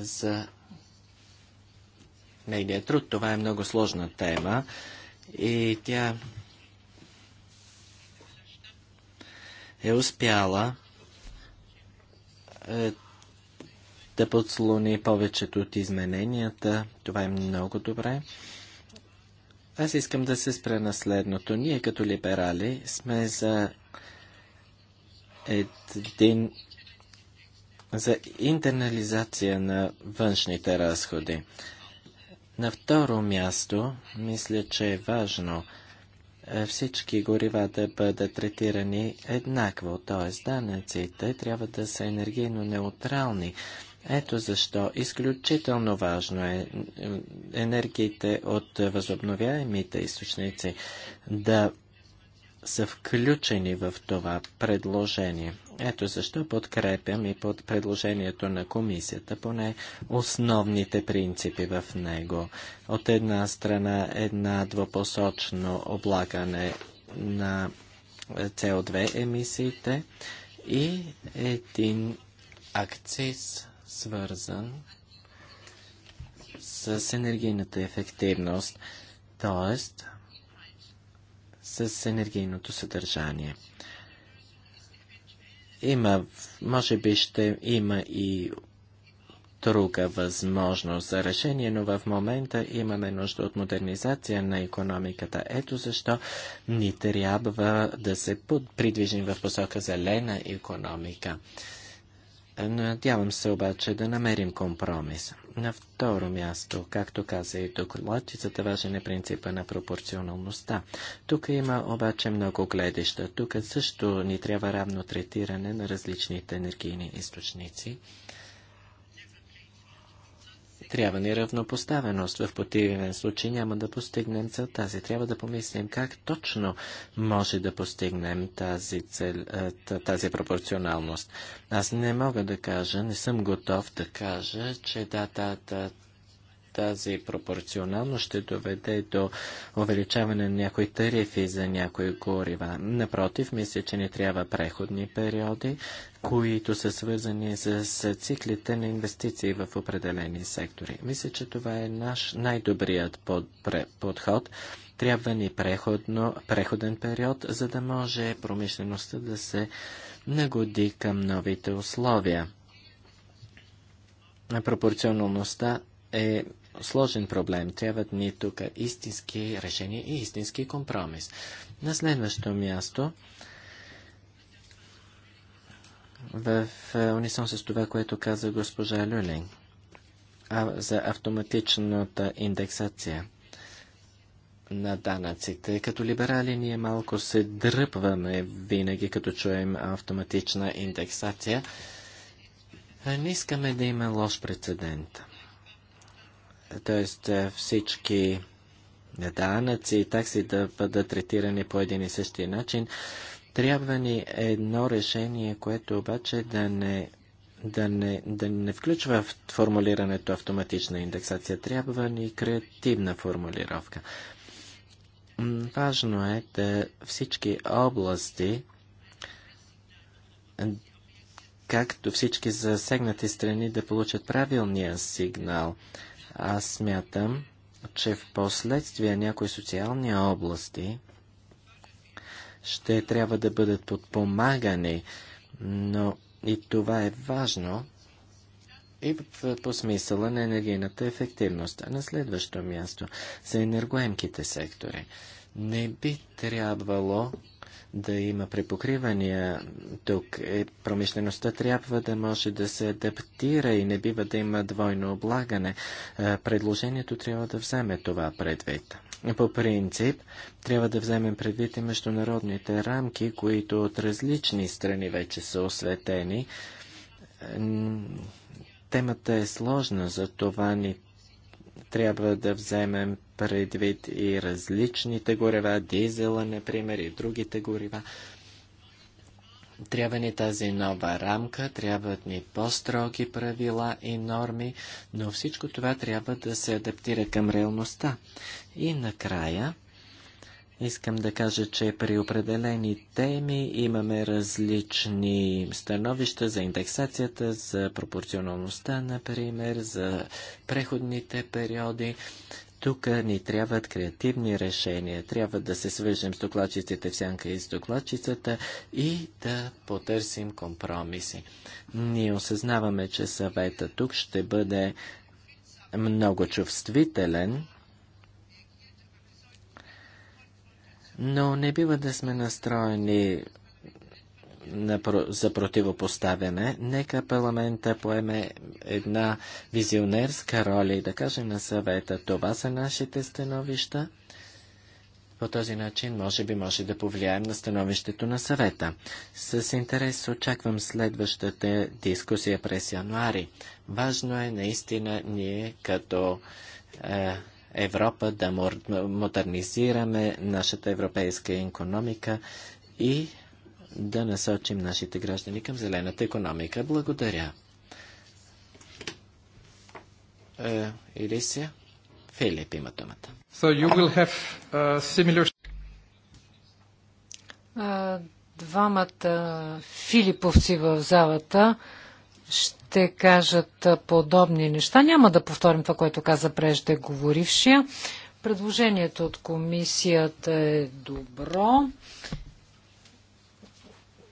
за нейния труд. Това е много сложна тема и тя е успяла е, да подслони повечето от измененията. Това е много добре. Аз искам да се спре на следното. Ние като либерали сме за един за интернализация на външните разходи. На второ място, мисля, че е важно е, всички горива да бъдат третирани еднакво, т.е. данъците трябва да са енергийно неутрални. Ето защо изключително важно е, е енергиите от възобновяемите източници да са включени в това предложение. Ето защо подкрепям и под предложението на комисията, поне основните принципи в него. От една страна една двупосочно облагане на CO2 емисиите и един акциз, свързан с енергийната ефективност, т.е. с енергийното съдържание. Има, може би ще има и друга възможност за решение, но в момента имаме нужда от модернизация на економиката. Ето защо ни трябва да се придвижим в посока зелена економика. Надявам се обаче да намерим компромис. На второ място, както каза и докладчицата, важен е принципа на пропорционалността. Тук има обаче много гледища. Тук също ни трябва равно третиране на различните енергийни източници трябва ни равнопоставеност. В противен случай няма да постигнем целта си. Трябва да помислим как точно може да постигнем тази, цел, е, тази пропорционалност. Аз не мога да кажа, не съм готов да кажа, че да, да, да, тази пропорционалност ще доведе до увеличаване на някои тарифи за някои горива. Напротив, мисля, че не трябва преходни периоди, които са свързани с, с циклите на инвестиции в определени сектори. Мисля, че това е наш най-добрият под, подход. Трябва ни преходно, преходен период, за да може промишлеността да се нагоди към новите условия. Пропорционалността е сложен проблем. Трябват ни тук истински решения и истински компромис. На следващо място, в е, унисон с това, което каза госпожа Люлин, а, за автоматичната индексация на данъците. Като либерали ние малко се дръпваме винаги, като чуем автоматична индексация. Не искаме да има лош прецедент т.е. всички данъци и такси да бъдат третирани по един и същи начин. Трябва ни едно решение, което обаче да не, да не, да не включва в формулирането автоматична индексация. Трябва ни креативна формулировка. Важно е да всички области, както всички засегнати страни, да получат правилния сигнал – аз смятам, че в последствие някои социални области ще трябва да бъдат подпомагани, но и това е важно и по смисъла на енергийната ефективност. А на следващо място за енергоемките сектори. Не би трябвало да има препокривания. Тук е, промишлеността трябва да може да се адаптира и не бива да има двойно облагане. Е, предложението трябва да вземе това предвид. По принцип, трябва да вземем предвид и международните рамки, които от различни страни вече са осветени. Темата е сложна, за това ни трябва да вземем предвид и различните горева, дизела, например, и другите горева. Трябва ни тази нова рамка, трябват ни по-строги правила и норми, но всичко това трябва да се адаптира към реалността. И накрая, Искам да кажа, че при определени теми имаме различни становища за индексацията, за пропорционалността, например, за преходните периоди. Тук ни трябват креативни решения. Трябва да се свържем с докладчиците в сянка и с докладчицата и да потърсим компромиси. Ние осъзнаваме, че съвета тук ще бъде много чувствителен Но не бива да сме настроени на, за противопоставяне. Нека парламента поеме една визионерска роля и да каже на съвета, това са нашите становища. По този начин, може би, може да повлияем на становището на съвета. С интерес очаквам следващата дискусия през януари. Важно е наистина ние като е, Европа, да модернизираме нашата европейска економика и да насочим нашите граждани към зелената економика. Благодаря. Е, Филип има думата. So you will have, uh, similar... uh, двамата филиповци в залата ще ще кажат подобни неща. Няма да повторим това, което каза преждеговорившия. Предложението от комисията е добро.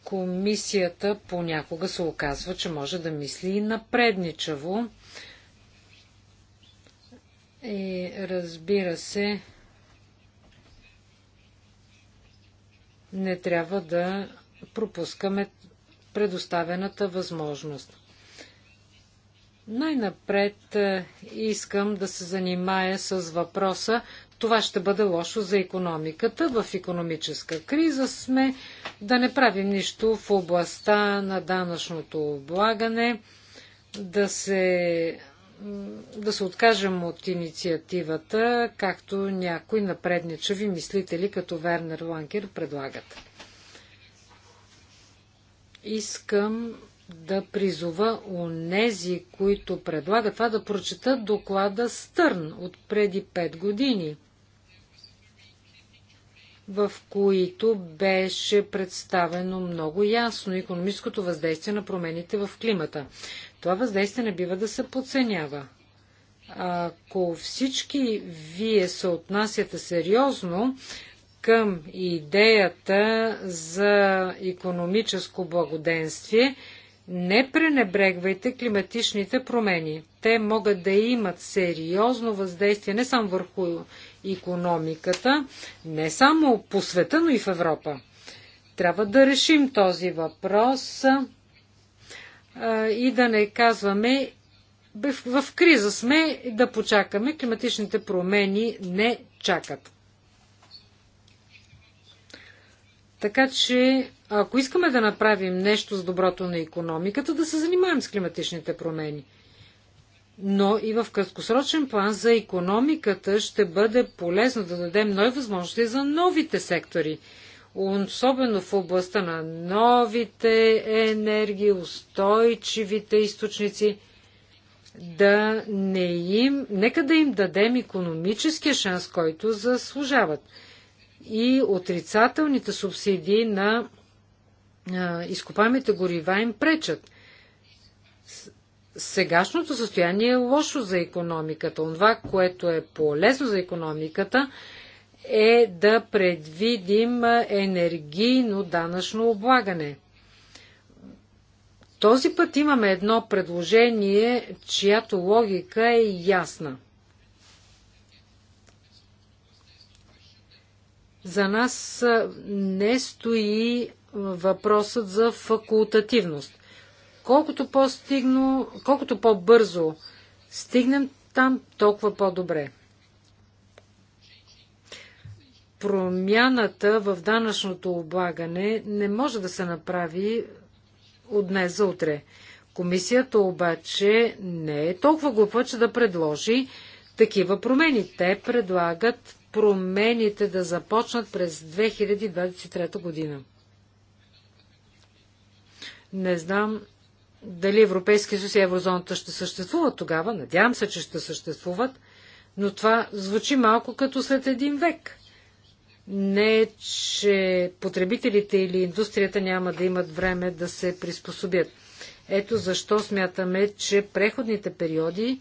Комисията понякога се оказва, че може да мисли и напредничаво. И разбира се, не трябва да пропускаме предоставената възможност. Най-напред е, искам да се занимая с въпроса, това ще бъде лошо за економиката. В економическа криза сме да не правим нищо в областта на данъчното облагане, да се, да се откажем от инициативата, както някои напредничави мислители, като Вернер Ланкер, предлагат. Искам да призова онези, които предлагат това, да прочетат доклада Стърн от преди 5 години, в които беше представено много ясно економическото въздействие на промените в климата. Това въздействие не бива да се подценява. Ако всички вие се отнасяте сериозно към идеята за економическо благоденствие, не пренебрегвайте климатичните промени. Те могат да имат сериозно въздействие не само върху економиката, не само по света, но и в Европа. Трябва да решим този въпрос а, и да не казваме в, в криза сме да почакаме. Климатичните промени не чакат. Така че, ако искаме да направим нещо с доброто на економиката, да се занимаем с климатичните промени. Но и в краткосрочен план за економиката ще бъде полезно да дадем нови възможности за новите сектори, особено в областта на новите енергии, устойчивите източници да не им, нека да им дадем економическия шанс, който заслужават и отрицателните субсидии на изкопаемите горива им пречат. Сегашното състояние е лошо за економиката. Онова, което е полезно за економиката, е да предвидим енергийно данъчно облагане. Този път имаме едно предложение, чиято логика е ясна. За нас не стои въпросът за факултативност. Колкото, по-стигно, колкото по-бързо стигнем там, толкова по-добре. Промяната в данъчното облагане не може да се направи от днес за утре. Комисията обаче не е толкова глупа, че да предложи такива промени. Те предлагат промените да започнат през 2023 година. Не знам дали Европейския съюз и еврозоната ще съществуват тогава. Надявам се, че ще съществуват. Но това звучи малко като след един век. Не, че потребителите или индустрията няма да имат време да се приспособят. Ето защо смятаме, че преходните периоди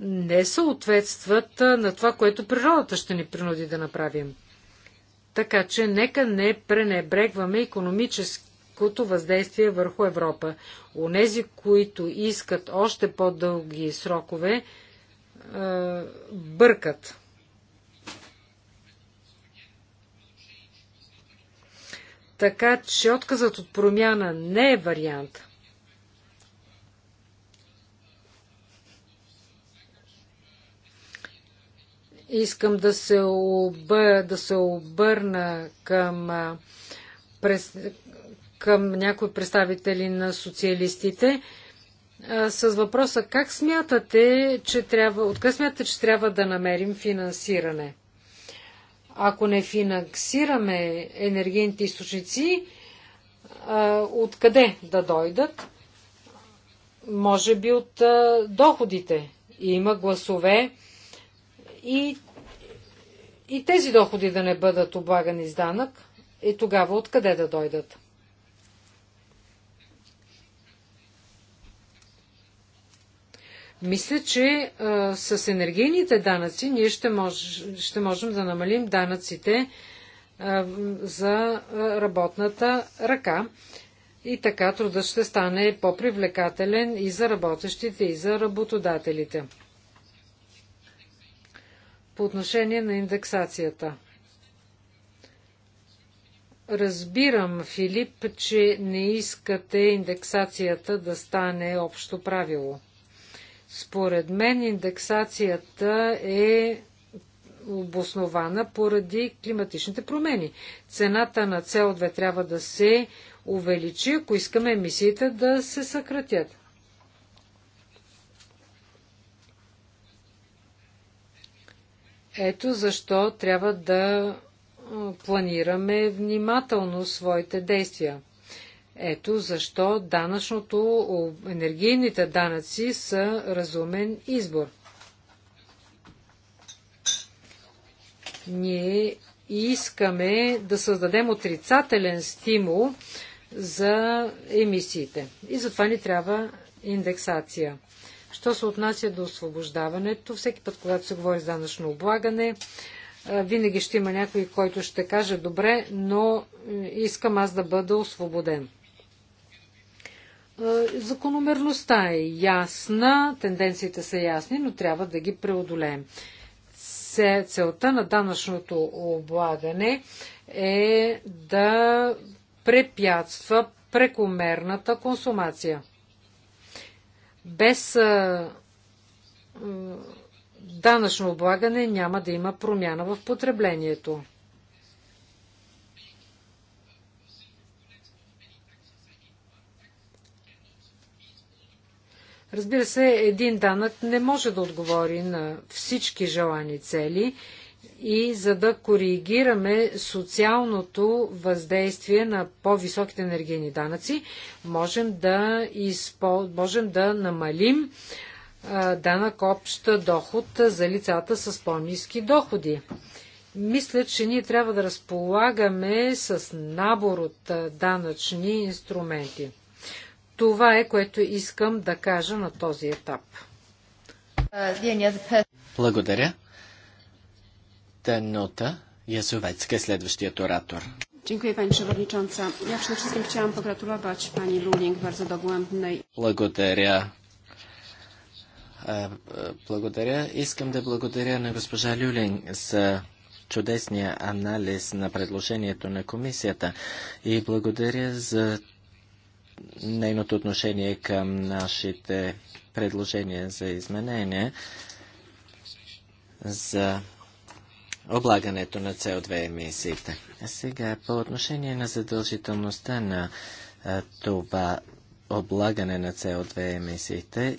не съответстват на това, което природата ще ни принуди да направим. Така че нека не пренебрегваме економическото въздействие върху Европа. Онези, които искат още по-дълги срокове, бъркат. Така че отказът от промяна не е вариант. Искам да се, обър, да се обърна към, през, към някои представители на социалистите с въпроса как смятате, че трябва, откъде смятате, че трябва да намерим финансиране? Ако не финансираме енергийните източници, откъде да дойдат? Може би от доходите. Има гласове, и, и тези доходи да не бъдат облагани с данък, е тогава откъде да дойдат? Мисля, че а, с енергийните данъци ние ще, мож, ще можем да намалим данъците а, за работната ръка и така трудът ще стане по-привлекателен и за работещите, и за работодателите по отношение на индексацията. Разбирам, Филип, че не искате индексацията да стане общо правило. Според мен индексацията е обоснована поради климатичните промени. Цената на CO2 трябва да се увеличи, ако искаме емисиите да се съкратят. Ето защо трябва да планираме внимателно своите действия. Ето защо данъчното, енергийните данъци са разумен избор. Ние искаме да създадем отрицателен стимул за емисиите. И затова ни трябва индексация. Що се отнася до освобождаването, всеки път, когато се говори за данъчно облагане, винаги ще има някой, който ще каже, добре, но е, искам аз да бъда освободен. Закономерността е ясна, тенденциите са ясни, но трябва да ги преодолеем. Целта на данъчното облагане е да препятства прекомерната консумация без данъчно облагане няма да има промяна в потреблението. Разбира се, един данък не може да отговори на всички желани цели и за да коригираме социалното въздействие на по-високите енергийни данъци, можем да, изпол... можем да намалим данък общ доход за лицата с по-низки доходи. Мисля, че ние трябва да разполагаме с набор от данъчни инструменти. Това е, което искам да кажа на този етап. Благодаря. Е оратор. Dziękuję Pani Przewodnicząca. Ja przede wszystkim chciałam pogratulować Pani Luling bardzo dogłębnej. Благодаря. Е, е, благодаря. Искам да благодаря на госпожа Люлинг за чудесния анализ на предложението на комисията и благодаря за нейното отношение към нашите предложения за изменение за облагането на CO2 емисиите. А сега, по отношение на задължителността на а, това облагане на CO2 емисиите,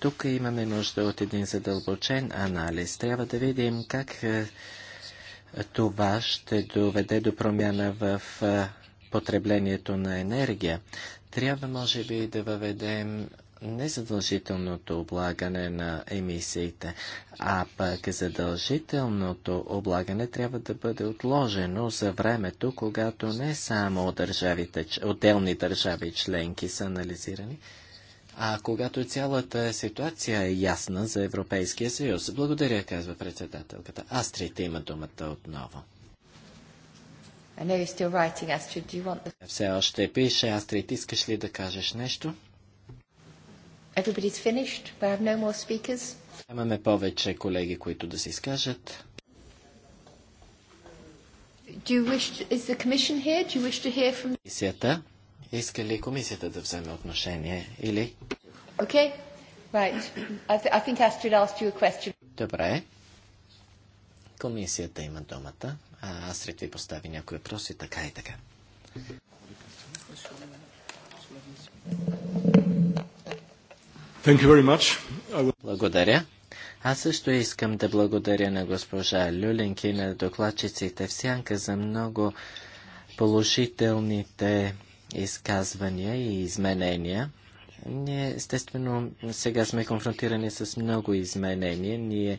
тук имаме нужда от един задълбочен анализ. Трябва да видим как а, това ще доведе до промяна в потреблението на енергия. Трябва, може би, да въведем незадължителното облагане на емисиите, а пък задължителното облагане трябва да бъде отложено за времето, когато не само държавите, отделни държави членки са анализирани, а когато цялата ситуация е ясна за Европейския съюз. Благодаря, казва председателката. Астрите има думата отново. Все още пише, Астрид, искаш ли да кажеш нещо? Everybody's finished. We have no more speakers. Нямаме повече колеги, които да се изкажат. Do you wish to, is the commission here? Do you wish to hear from... Комисията? Иска ли комисията да вземе отношение или... Okay. Right. I, th- I think Astrid asked you a question. Добре. Комисията има думата, а Астрид ви постави някои въпроси, така и така. Will... Благодаря. Аз също искам да благодаря на госпожа Люлинки и на докладчиците в Сянка за много положителните изказвания и изменения. Ние, естествено, сега сме конфронтирани с много изменения. Ние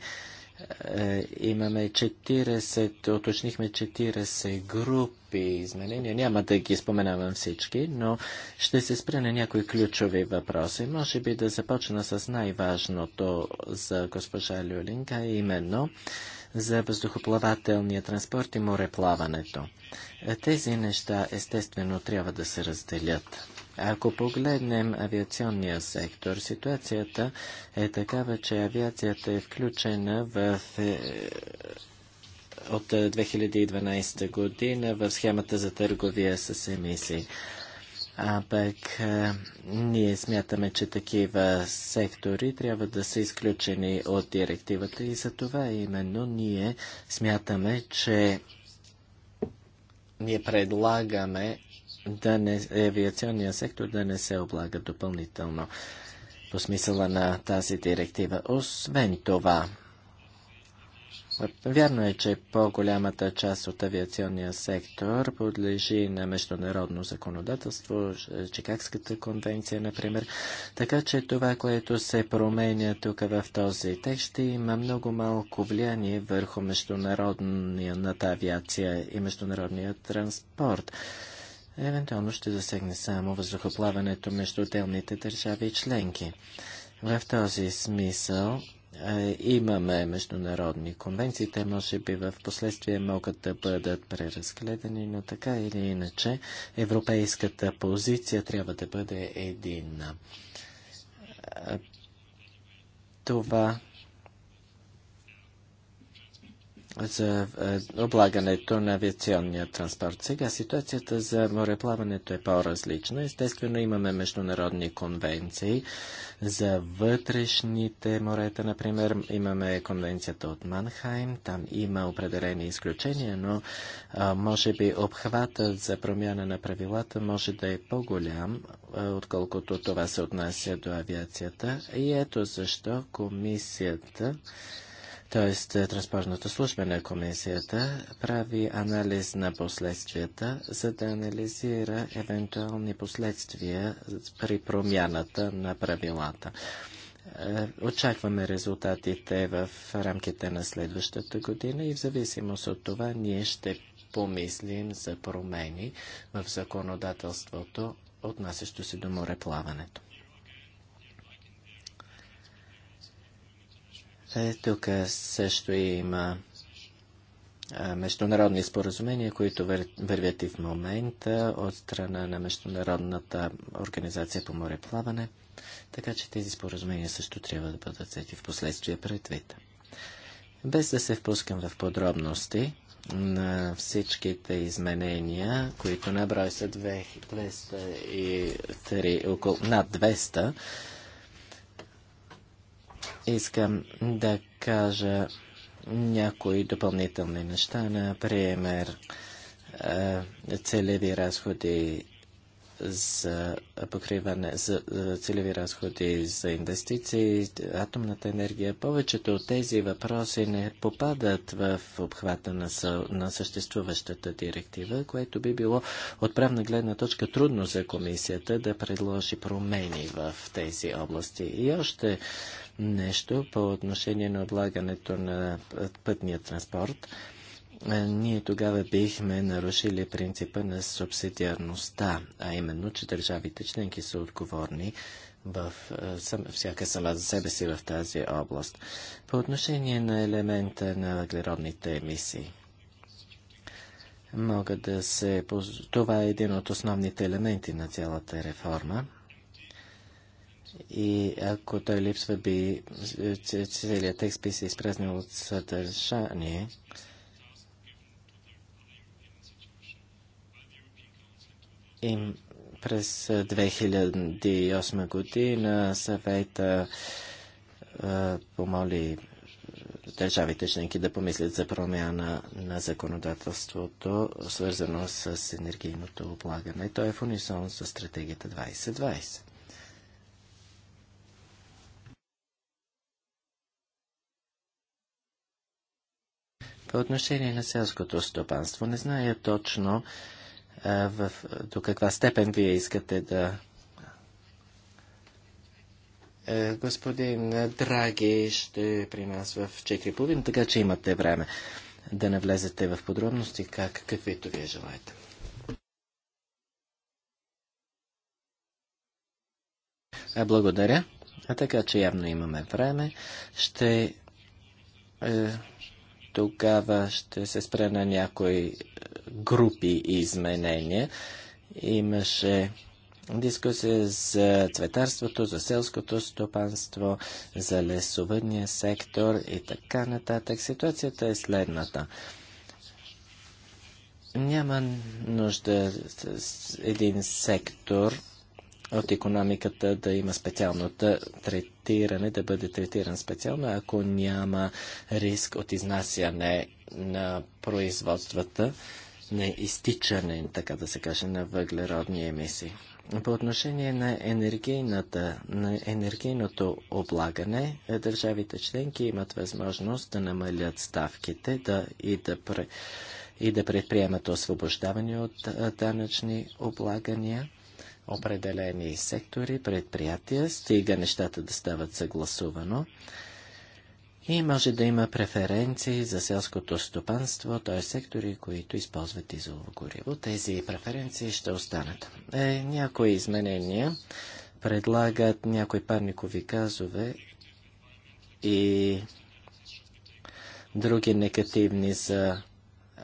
е, имаме 40, уточнихме 40 групи изменения. Няма да ги споменавам всички, но ще се спра на някои ключови въпроси. Може би да започна с най-важното за госпожа Люлинка, именно за въздухоплавателния транспорт и мореплаването. Е, тези неща естествено трябва да се разделят. Ако погледнем авиационния сектор, ситуацията е такава, че авиацията е включена в е, от 2012 е, година в схемата за търговия с емисии. А пък е, ние смятаме, че такива сектори трябва да са изключени от директивата и за това именно ние смятаме, че ние предлагаме да не, авиационния сектор да не се облага допълнително по смисъла на тази директива. Освен това, Вярно е, че по-голямата част от авиационния сектор подлежи на международно законодателство, Чикагската конвенция, например. Така че това, което се променя тук в този текст, ще има много малко влияние върху международната авиация и международния транспорт евентуално ще засегне само въздухоплаването между отделните държави и членки. В този смисъл е, имаме международни конвенции, те може би в последствие могат да бъдат преразгледани, но така или иначе европейската позиция трябва да бъде единна. Е, това за е, облагането на авиационния транспорт. Сега ситуацията за мореплаването е по-различна. Естествено имаме международни конвенции за вътрешните морета. Например, имаме конвенцията от Манхайм. Там има определени изключения, но а, може би обхватът за промяна на правилата може да е по-голям, отколкото това се отнася до авиацията. И ето защо комисията т.е. транспортната служба на комисията прави анализ на последствията, за да анализира евентуални последствия при промяната на правилата. Е, очакваме резултатите в рамките на следващата година и в зависимост от това ние ще помислим за промени в законодателството, отнасящо се до мореплаването. Е, тук също има международни споразумения, които вървят и в момента от страна на Международната организация по мореплаване, така че тези споразумения също трябва да бъдат взети в последствие предвид. Без да се впускам в подробности на всичките изменения, които наброй са 203, около, над 200, Искам да кажа някои допълнителни неща, например е, целеви разходи за покриване, за е, целеви разходи за инвестиции, атомната енергия. Повечето от тези въпроси не попадат в обхвата на, на съществуващата директива, което би било от правна гледна точка трудно за комисията да предложи промени в тези области. И още нещо по отношение на отлагането на пътния транспорт, е, ние тогава бихме нарушили принципа на субсидиарността, а именно, че държавите членки са отговорни в е, съм, всяка сама за себе си в тази област. По отношение на елемента на въглеродните емисии, мога да се... Това е един от основните елементи на цялата реформа и ако той липсва, би е, е, целият текст би се изпразнил от съдържание. Е, и през 2008 година съвета а, помоли държавите членки да помислят за промяна на законодателството, свързано с енергийното облагане. Той е в унисон с стратегията 2020. По отношение на селското стопанство, не зная точно а, в, до каква степен вие искате да е, господин Драги ще е при нас в 4.30, така че имате време да навлезете в подробности, как, каквито вие желаете. Е, благодаря. А така, че явно имаме време. Ще е, тогава ще се спре на някои е, групи изменения. Имаше дискусия за цветарството, за селското стопанство, за лесовъдния сектор и така нататък. Ситуацията е следната. Няма нужда един сектор от економиката да има специално да третиране, да бъде третиран специално, ако няма риск от изнасяне на производствата, на изтичане, така да се каже, на въглеродни емисии. По отношение на, енергийната, на енергийното облагане, е, държавите членки имат възможност да намалят ставките да, и, да, и да предприемат освобождаване от данъчни облагания определени сектори, предприятия, стига нещата да стават съгласувано. И може да има преференции за селското стопанство, т.е. сектори, които използват изолово гориво. Тези преференции ще останат. Е, някои изменения предлагат някои парникови газове и други негативни за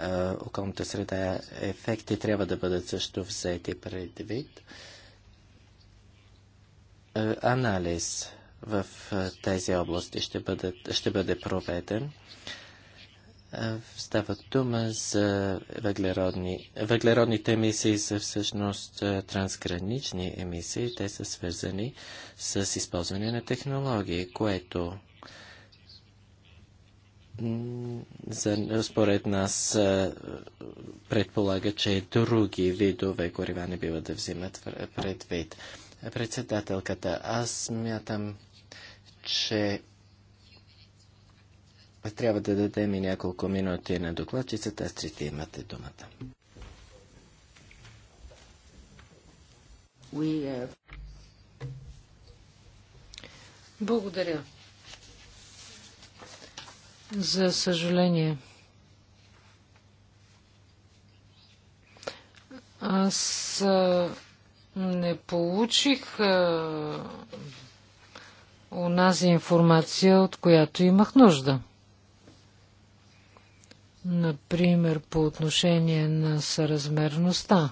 е, околната среда ефекти трябва да бъдат също взети предвид. Е, анализ в е, тези области ще, бъде, ще бъде проведен. Е, става дума за въглеродни. Въглеродните емисии са всъщност трансгранични емисии. Те са свързани с използване на технологии, което за, според нас предполага, че други видове горива не биват да взимат предвид. Председателката, аз мятам, че трябва да дадем и няколко минути на докладчицата. Астрите имате думата. Uh, Благодаря. За съжаление. Аз не получих а, онази информация, от която имах нужда. Например, по отношение на съразмерността.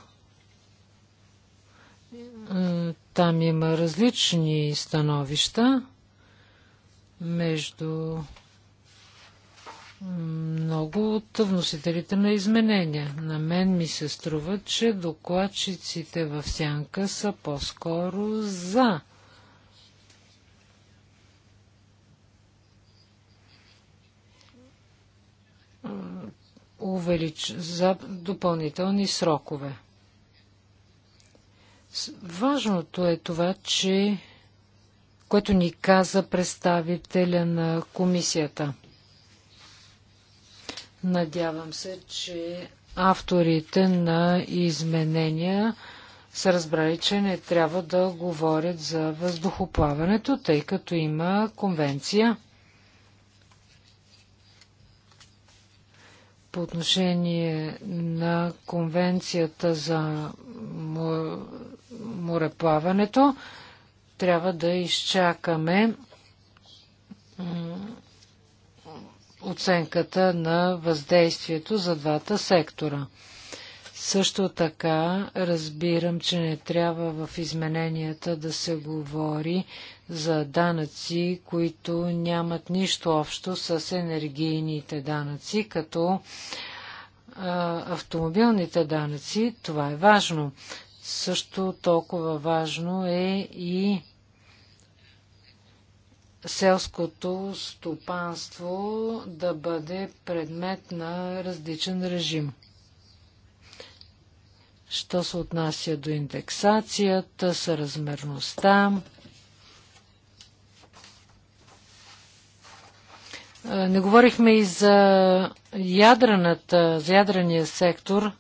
Е, там има различни становища между много от вносителите на изменения. На мен ми се струва, че докладчиците в сянка са по-скоро за. Увелич... за допълнителни срокове. Важното е това, че което ни каза представителя на комисията – Надявам се, че авторите на изменения са разбрали, че не трябва да говорят за въздухоплаването, тъй като има конвенция. По отношение на конвенцията за мореплаването, трябва да изчакаме оценката на въздействието за двата сектора. Също така разбирам, че не трябва в измененията да се говори за данъци, които нямат нищо общо с енергийните данъци, като а, автомобилните данъци. Това е важно. Също толкова важно е и селското стопанство да бъде предмет на различен режим. Що се отнася до индексацията, съразмерността, Не говорихме и за ядрената, за ядрения сектор.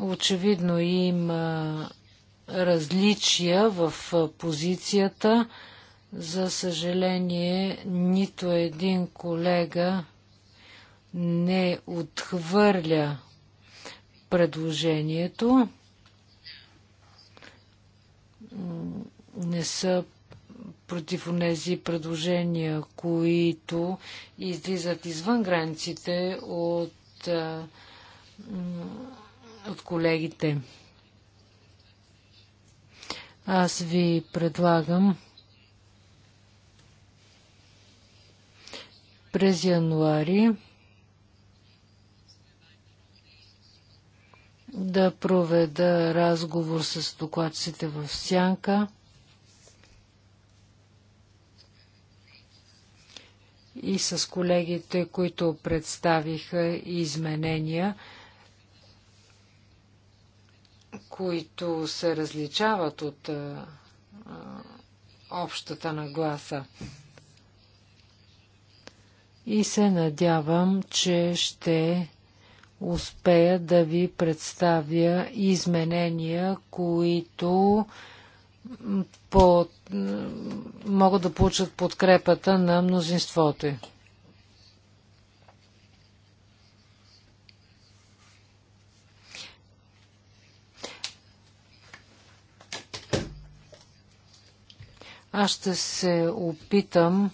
Очевидно има различия в позицията за съжаление, нито един колега не отхвърля предложението. Не са против тези предложения, които излизат извън границите от, от колегите. Аз ви предлагам През януари да проведа разговор с докладците в Сянка. и с колегите, които представиха изменения, които се различават от общата нагласа и се надявам, че ще успея да ви представя изменения, които под... могат да получат подкрепата на мнозинството. Аз ще се опитам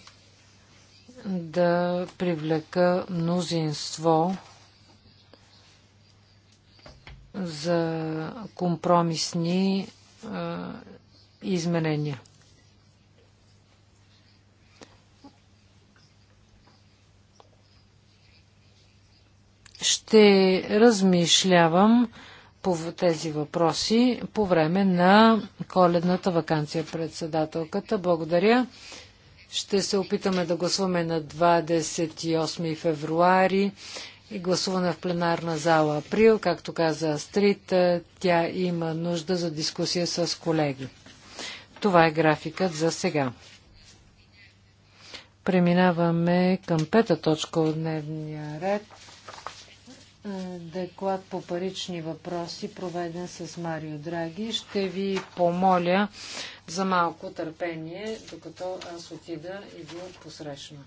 да привлека мнозинство за компромисни изменения. Ще размишлявам по тези въпроси по време на коледната вакансия председателката. Благодаря. Ще се опитаме да гласуваме на 28 февруари и гласуване в пленарна зала април. Както каза Астрит, тя има нужда за дискусия с колеги. Това е графикът за сега. Преминаваме към пета точка от дневния ред. Е, Деклад по парични въпроси, проведен с Марио Драги. Ще ви помоля за малко търпение, докато аз отида и го посрещна.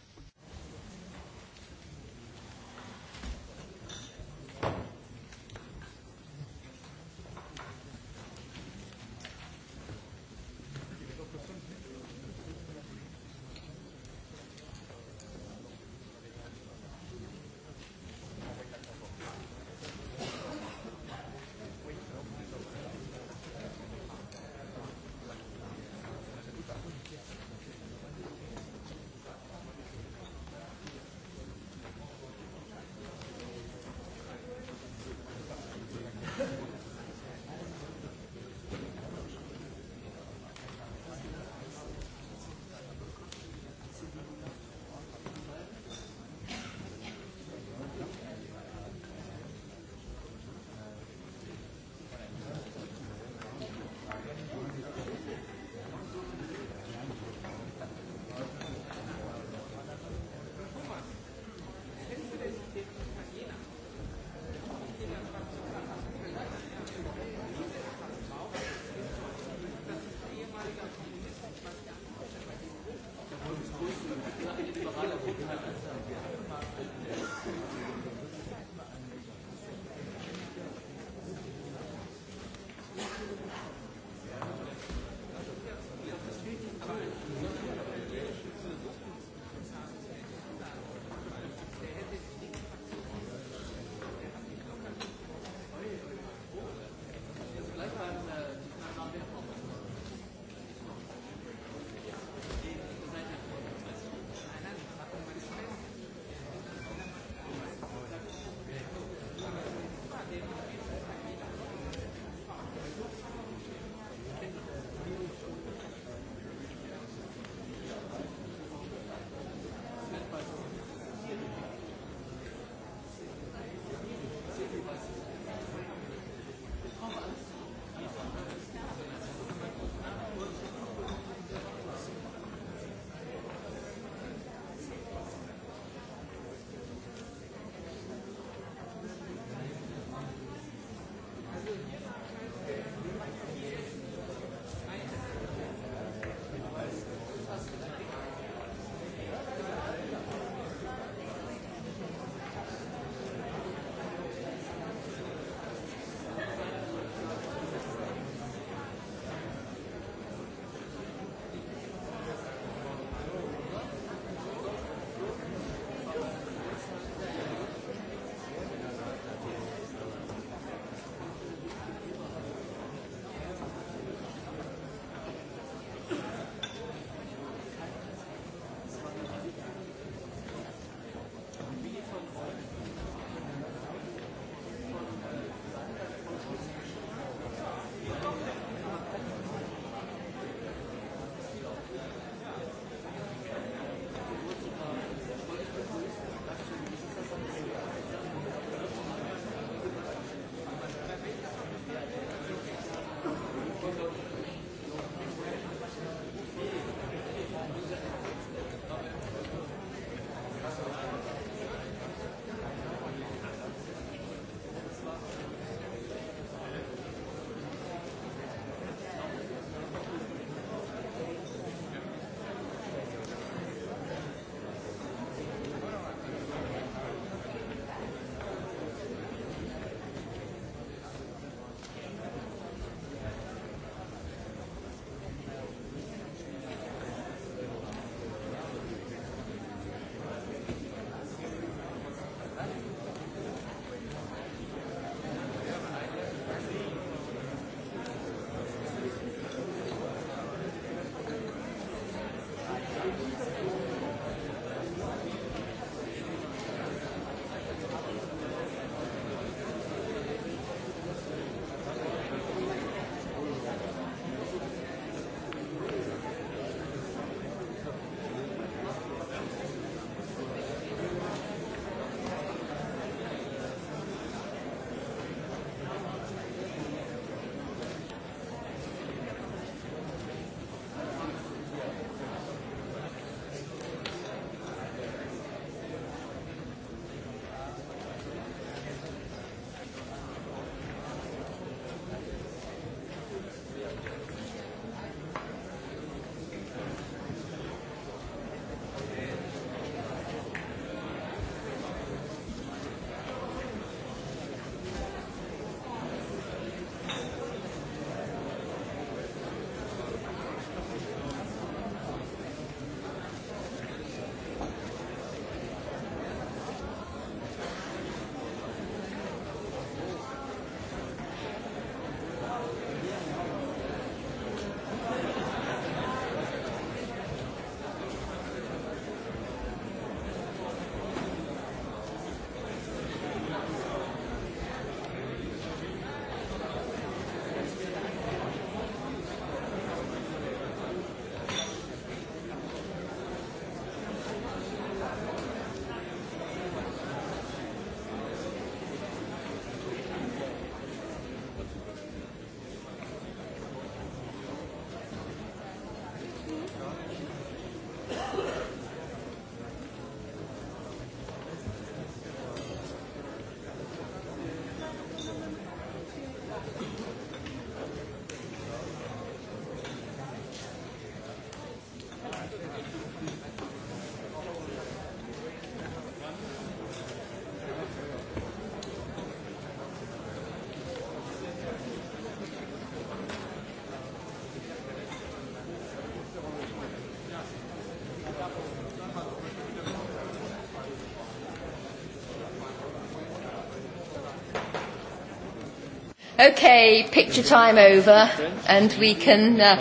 Okay, picture time over and we can... Uh...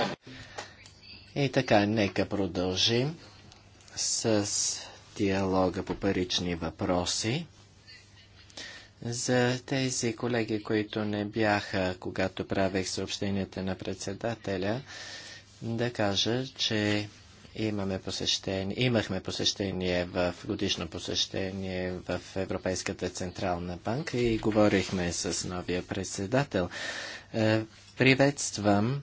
И така, нека продължим с диалога по парични въпроси. За тези колеги, които не бяха, когато правех съобщенията на председателя, да кажа, че Имаме посещение, имахме посещение в годишно посещение в Европейската централна банка и говорихме с новия председател. Е, приветствам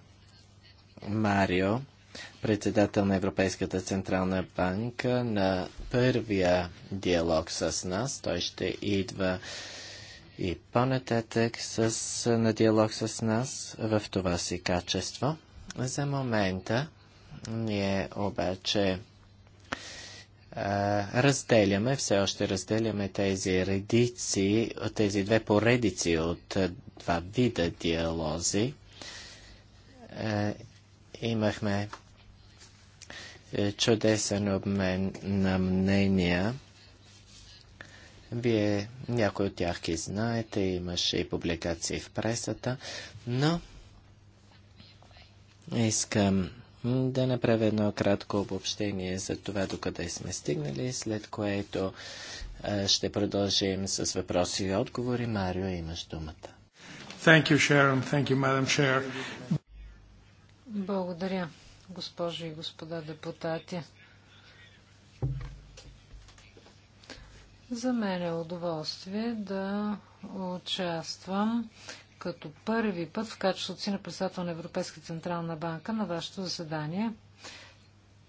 Марио, председател на Европейската централна банка, на първия диалог с нас. Той ще идва и по-нататък на диалог с нас в това си качество. За момента ние обаче а, разделяме, все още разделяме тези редици, тези две поредици от два вида диалози. А, имахме е, чудесен обмен на мнения. Вие някои от тях и знаете, имаше и публикации в пресата, но искам да направя едно кратко обобщение за това, докъде сме стигнали, след което ще продължим с въпроси и отговори. Марио, имаш думата. Thank you, Sharon. Thank you, Madam Chair. Благодаря, госпожи и господа депутати. За мен е удоволствие да участвам като първи път в качеството си на председател на Европейска централна банка на вашето заседание.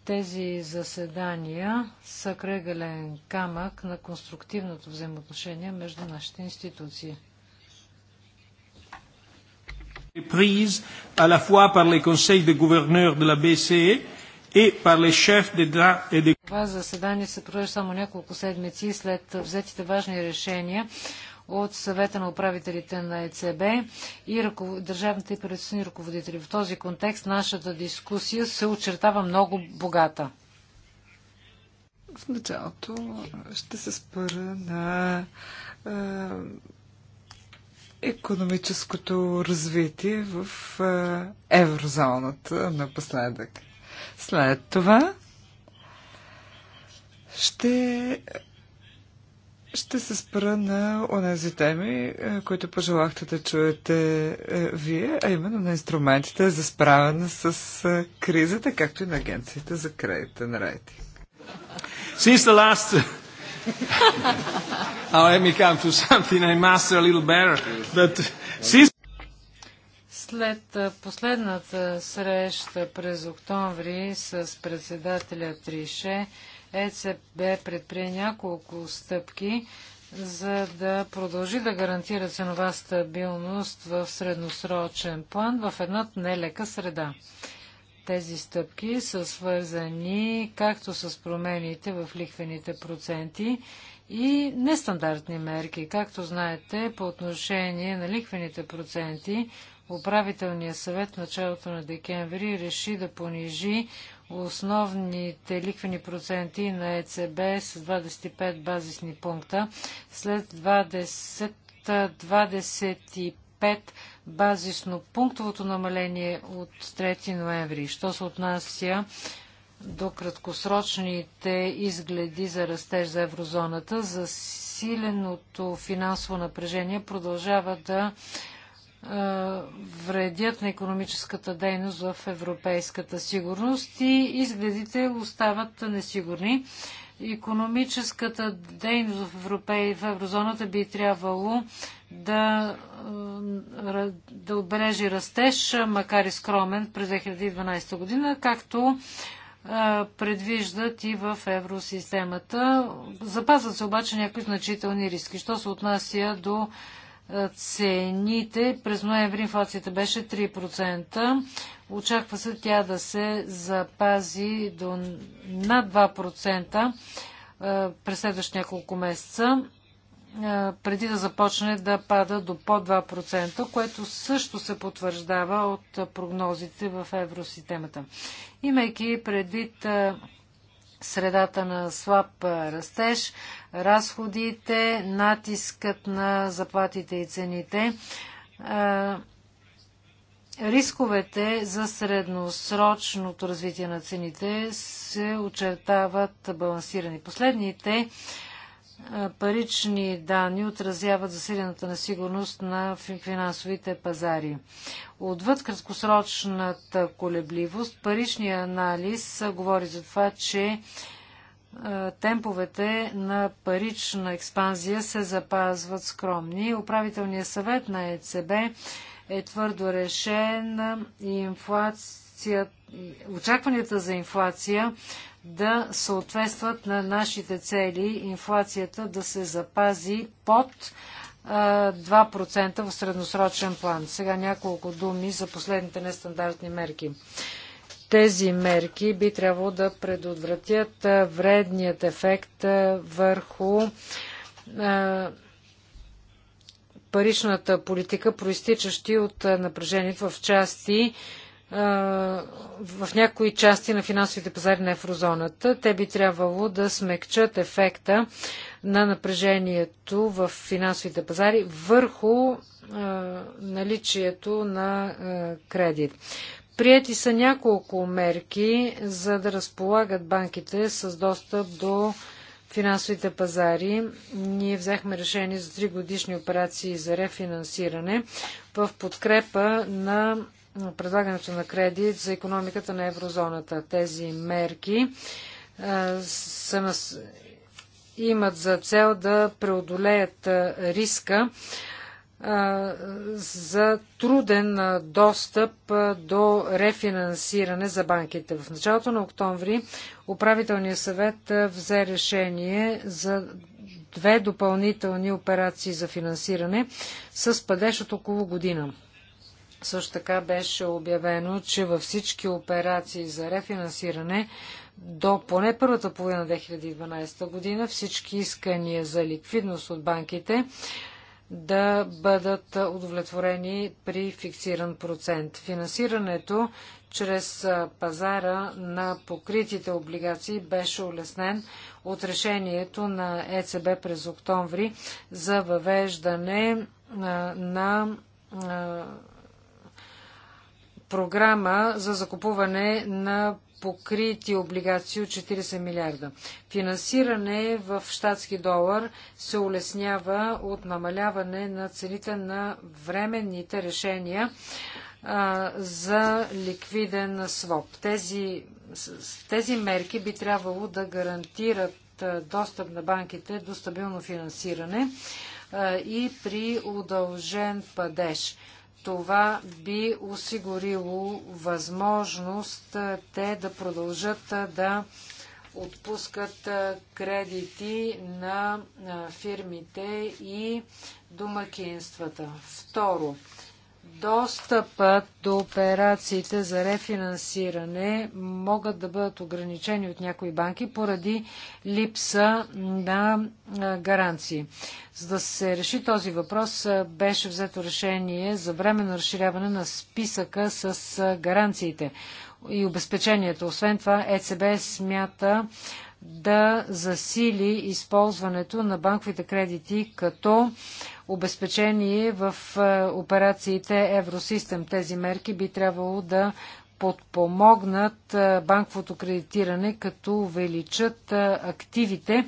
Тези заседания са кръгален камък на конструктивното взаимоотношение между нашите институции. Prise à la fois par les conseils des gouverneurs de la BCE и par les chefs d'État et des... Това заседание се провежда само няколко седмици след взетите важни решения от съвета на управителите на ЕЦБ и държавните и ръководители. В този контекст нашата дискусия се очертава много богата. В началото ще се спъра на економическото развитие в еврозоната напоследък. След това ще ще се спра на онези теми, е, които пожелахте да чуете е, вие, а именно на инструментите за справяне с е, кризата, както и на агенцията за на рейтинг. Since the last... let me come to something I master a little better. But since... След последната среща през октомври с председателя Трише, ЕЦБ предприе няколко стъпки, за да продължи да гарантира ценова стабилност в средносрочен план в една нелека среда. Тези стъпки са свързани както с промените в лихвените проценти и нестандартни мерки. Както знаете, по отношение на лихвените проценти, управителният съвет в началото на декември реши да понижи основните ликвени проценти на ЕЦБ с 25 базисни пункта, след 20, 25 базисно пунктовото намаление от 3 ноември. Що се отнася до краткосрочните изгледи за растеж за еврозоната, засиленото финансово напрежение продължава да вредят на економическата дейност в европейската сигурност и изгледите остават несигурни. Економическата дейност в, Европей, в еврозоната би трябвало да, да отбележи растеж, макар и скромен, през 2012 година, както предвиждат и в евросистемата. Запазват се обаче някои значителни риски. Що се отнася до е, цените. През ноември инфлацията беше 3%. Очаква се тя да се запази до над 2% е, през следващите няколко месеца, е, преди да започне да пада до по 2%, което също се потвърждава от прогнозите в евросистемата. Имайки предвид средата на слаб растеж, разходите, натискът на заплатите и цените, рисковете за средносрочното развитие на цените се очертават балансирани. Последните парични данни отразяват засилената несигурност на финансовите пазари. Отвъд краткосрочната колебливост, паричният анализ говори за това, че темповете на парична експанзия се запазват скромни. Управителният съвет на ЕЦБ е твърдо решен и инфлация, очакванията за инфлация да съответстват на нашите цели, инфлацията да се запази под 2% в средносрочен план. Сега няколко думи за последните нестандартни мерки. Тези мерки би трябвало да предотвратят вредният ефект върху паричната политика, проистичащи от напрежението в части в някои части на финансовите пазари на еврозоната. Те би трябвало да смекчат ефекта на напрежението в финансовите пазари върху наличието на кредит. Приети са няколко мерки, за да разполагат банките с достъп до финансовите пазари. Ние взехме решение за три годишни операции за рефинансиране в подкрепа на предлагането на кредит за економиката на еврозоната. Тези мерки са на... имат за цел да преодолеят риска за труден достъп до рефинансиране за банките. В началото на октомври управителният съвет взе решение за две допълнителни операции за финансиране с падеж от около година. Също така беше обявено, че във всички операции за рефинансиране до поне първата половина 2012 година всички искания за ликвидност от банките да бъдат удовлетворени при фиксиран процент. Финансирането чрез пазара на покритите облигации беше улеснен от решението на ЕЦБ през октомври за въвеждане на програма за закупуване на покрити облигации от 40 милиарда. Финансиране в щатски долар се улеснява от намаляване на цените на временните решения за ликвиден своп. Тези, тези мерки би трябвало да гарантират достъп на банките до стабилно финансиране и при удължен падеж. Това би осигурило възможност те да продължат да отпускат кредити на фирмите и домакинствата. Второ, Достъпът до операциите за рефинансиране могат да бъдат ограничени от някои банки поради липса на гаранции. За да се реши този въпрос, беше взето решение за временно разширяване на списъка с гаранциите и обезпечението. Освен това, ЕЦБ смята да засили използването на банковите кредити като обезпечение в е, операциите Евросистем. Тези мерки би трябвало да подпомогнат е, банковото кредитиране, като увеличат е, активите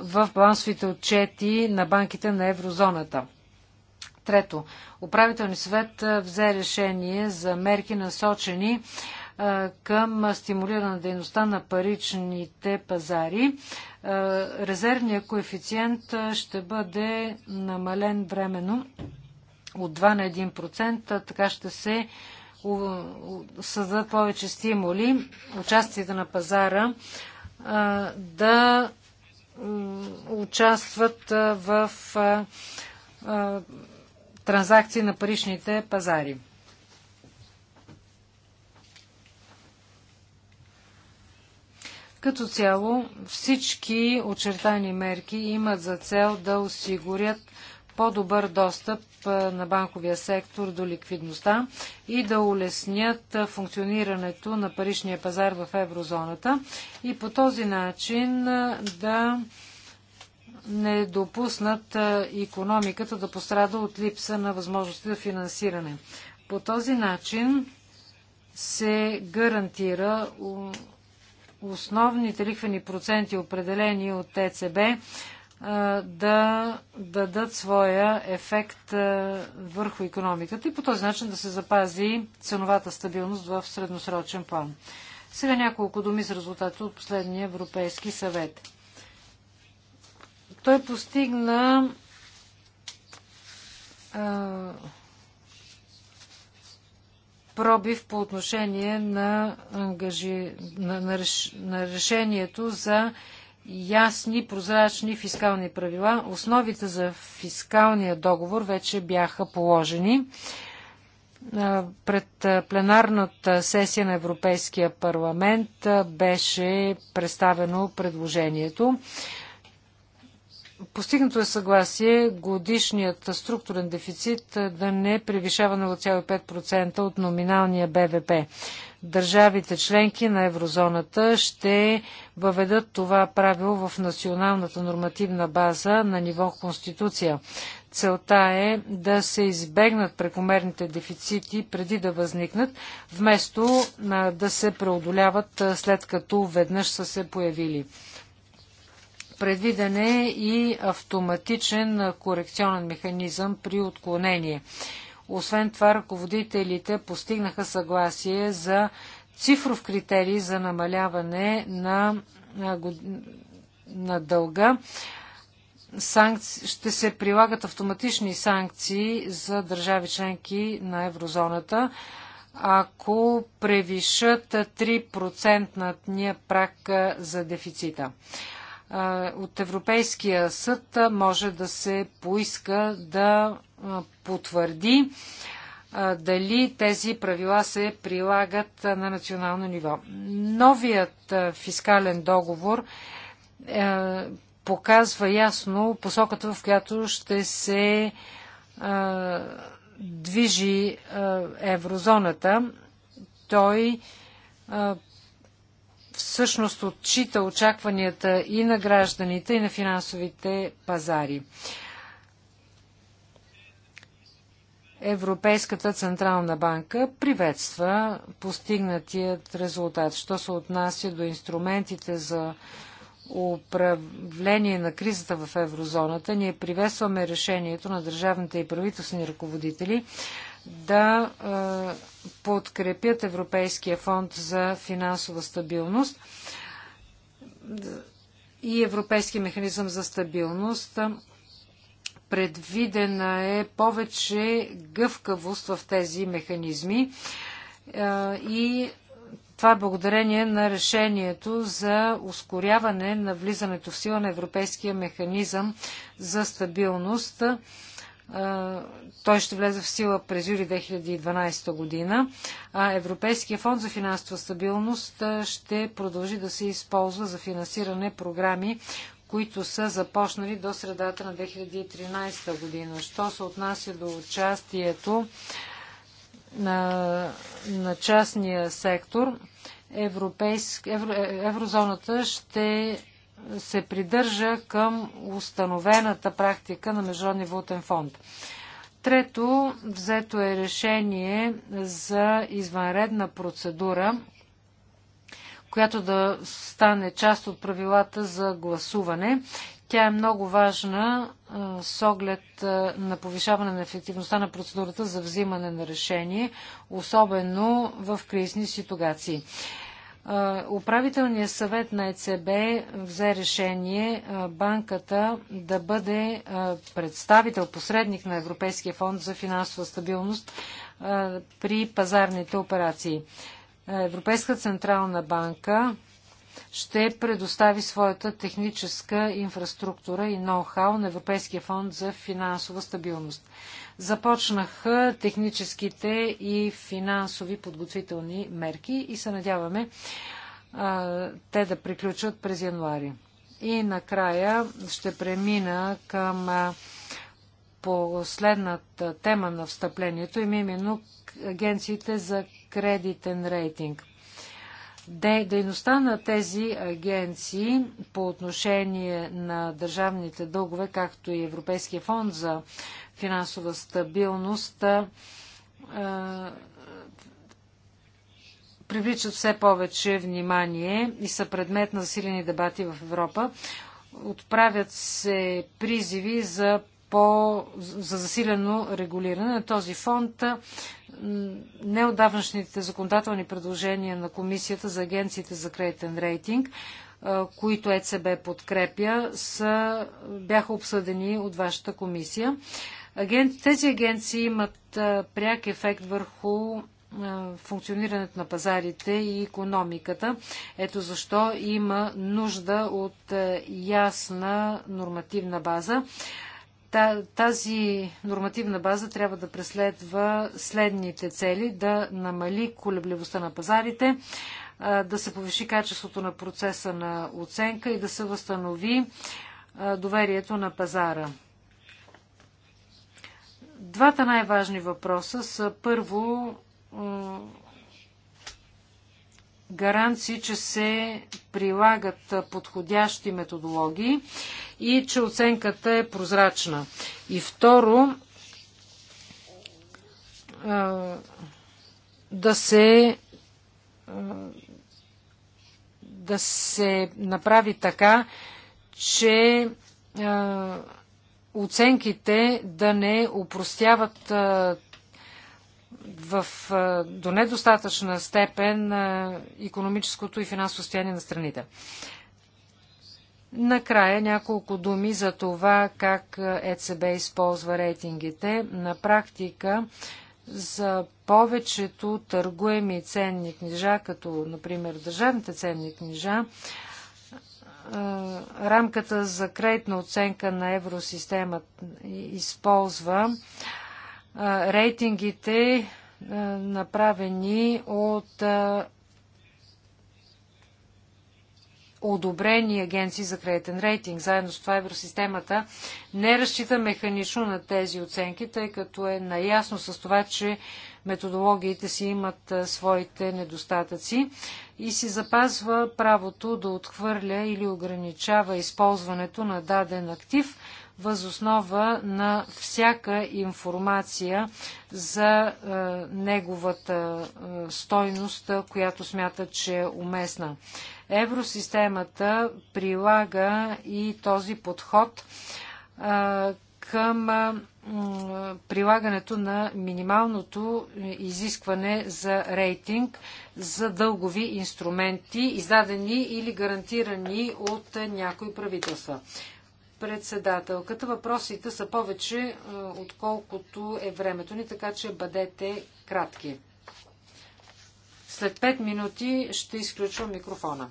в балансовите отчети на банките на еврозоната. Трето, управителният съвет взе решение за мерки насочени към стимулиране на дейността на паричните пазари. Резервният коефициент ще бъде намален временно от 2 на 1%, така ще се създадат повече стимули участието на пазара да участват в транзакции на паричните пазари. Като цяло всички очертани мерки имат за цел да осигурят по-добър достъп на банковия сектор до ликвидността и да улеснят функционирането на паричния пазар в еврозоната и по този начин да не допуснат економиката да пострада от липса на възможности за финансиране. По този начин се гарантира основните лихвени проценти, определени от ЕЦБ, да дадат своя ефект върху економиката и по този начин да се запази ценовата стабилност в средносрочен план. Сега няколко думи с резултати от последния Европейски съвет. Той постигна пробив по отношение на, ангажи... на, на, реш... на решението за ясни, прозрачни фискални правила. Основите за фискалния договор вече бяха положени пред пленарната сесия на Европейския парламент беше представено предложението. Постигнато е съгласие годишният структурен дефицит е, да не превишава 0,5% от номиналния БВП. Държавите членки на еврозоната ще въведат това правило в националната нормативна база на ниво Конституция. Целта е да се избегнат прекомерните дефицити преди да възникнат, вместо да се преодоляват след като веднъж са се появили. Предвиден е и автоматичен корекционен механизъм при отклонение. Освен това, ръководителите постигнаха съгласие за цифров критерий за намаляване на, на, на дълга. Санкци... Ще се прилагат автоматични санкции за държави членки на еврозоната, ако превишат 3 прак за дефицита от Европейския съд може да се поиска да потвърди дали тези правила се прилагат на национално ниво. Новият фискален договор показва ясно посоката, в която ще се движи еврозоната. Той всъщност отчита очакванията и на гражданите, и на финансовите пазари. Европейската Централна банка приветства постигнатият резултат. Що се отнася до инструментите за управление на кризата в еврозоната, ние приветстваме решението на държавните и правителствени ръководители да подкрепят Европейския фонд за финансова стабилност и Европейския механизъм за стабилност. Предвидена е повече гъвкавост в тези механизми и това е благодарение на решението за ускоряване на влизането в сила на Европейския механизъм за стабилност той ще влезе в сила през юли 2012 година. А Европейския фонд за финансова стабилност ще продължи да се използва за финансиране програми, които са започнали до средата на 2013 година. Що се отнася до участието на, на частния сектор, Европейск, евро, еврозоната ще се придържа към установената практика на Международния валутен фонд. Трето, взето е решение за извънредна процедура, която да стане част от правилата за гласуване. Тя е много важна с оглед на повишаване на ефективността на процедурата за взимане на решение, особено в кризни ситуации. Управителният съвет на ЕЦБ взе решение банката да бъде представител, посредник на Европейския фонд за финансова стабилност при пазарните операции. Европейска централна банка ще предостави своята техническа инфраструктура и ноу-хау на Европейския фонд за финансова стабилност. Започнаха техническите и финансови подготвителни мерки и се надяваме а, те да приключат през януари. И накрая ще премина към последната тема на встъплението, им именно агенциите за кредитен рейтинг дейността на тези агенции по отношение на държавните дългове, както и Европейския фонд за финансова стабилност, привличат все повече внимание и са предмет на засилени дебати в Европа. Отправят се призиви за по, за засилено регулиране на този фонд. Неодавнашните законодателни предложения на Комисията за агенциите за кредитен рейтинг, които ЕЦБ подкрепя, са, бяха обсъдени от вашата комисия. Аген... Тези агенции имат пряк ефект върху функционирането на пазарите и економиката. Ето защо има нужда от ясна нормативна база. Тази нормативна база трябва да преследва следните цели да намали колебливостта на пазарите, да се повиши качеството на процеса на оценка и да се възстанови доверието на пазара. Двата най-важни въпроса са първо гаранции, че се прилагат подходящи методологии и че оценката е прозрачна. И второ, да се да се направи така, че оценките да не упростяват в, до недостатъчна степен економическото и финансово състояние на страните. Накрая няколко думи за това как ЕЦБ използва рейтингите. На практика за повечето търгуеми ценни книжа, като например държавните ценни книжа, рамката за кредитна оценка на евросистемата използва рейтингите, направени от одобрени агенции за кредитен рейтинг. Заедно с това евросистемата не разчита механично на тези оценки, тъй като е наясно с това, че методологиите си имат своите недостатъци и си запазва правото да отхвърля или ограничава използването на даден актив възоснова на всяка информация за е, неговата е, стойност, която смята, че е уместна. Евросистемата прилага и този подход е, към прилагането на минималното изискване за рейтинг за дългови инструменти, издадени или гарантирани от някои правителства председателката. Въпросите са повече, е, отколкото е времето ни, така че бъдете кратки. След 5 минути ще изключвам микрофона.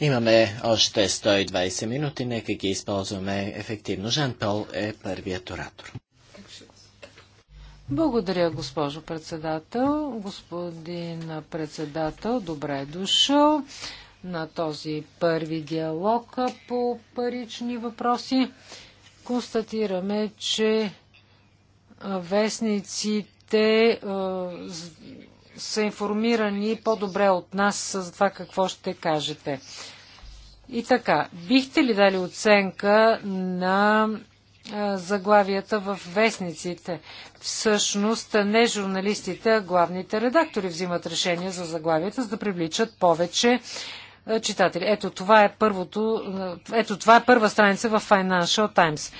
Имаме още 120 минути, нека ги използваме ефективно. Жан Пол е първият оратор. Благодаря, госпожо председател. Господин председател, добре е дошъл на този първи диалог по парични въпроси. Констатираме, че вестниците са информирани по-добре от нас за това какво ще кажете. И така, бихте ли дали оценка на заглавията в вестниците. Всъщност не журналистите, а главните редактори взимат решение за заглавията, за да привличат повече читатели. Ето това е, първото, ето това е първа страница в Financial Times.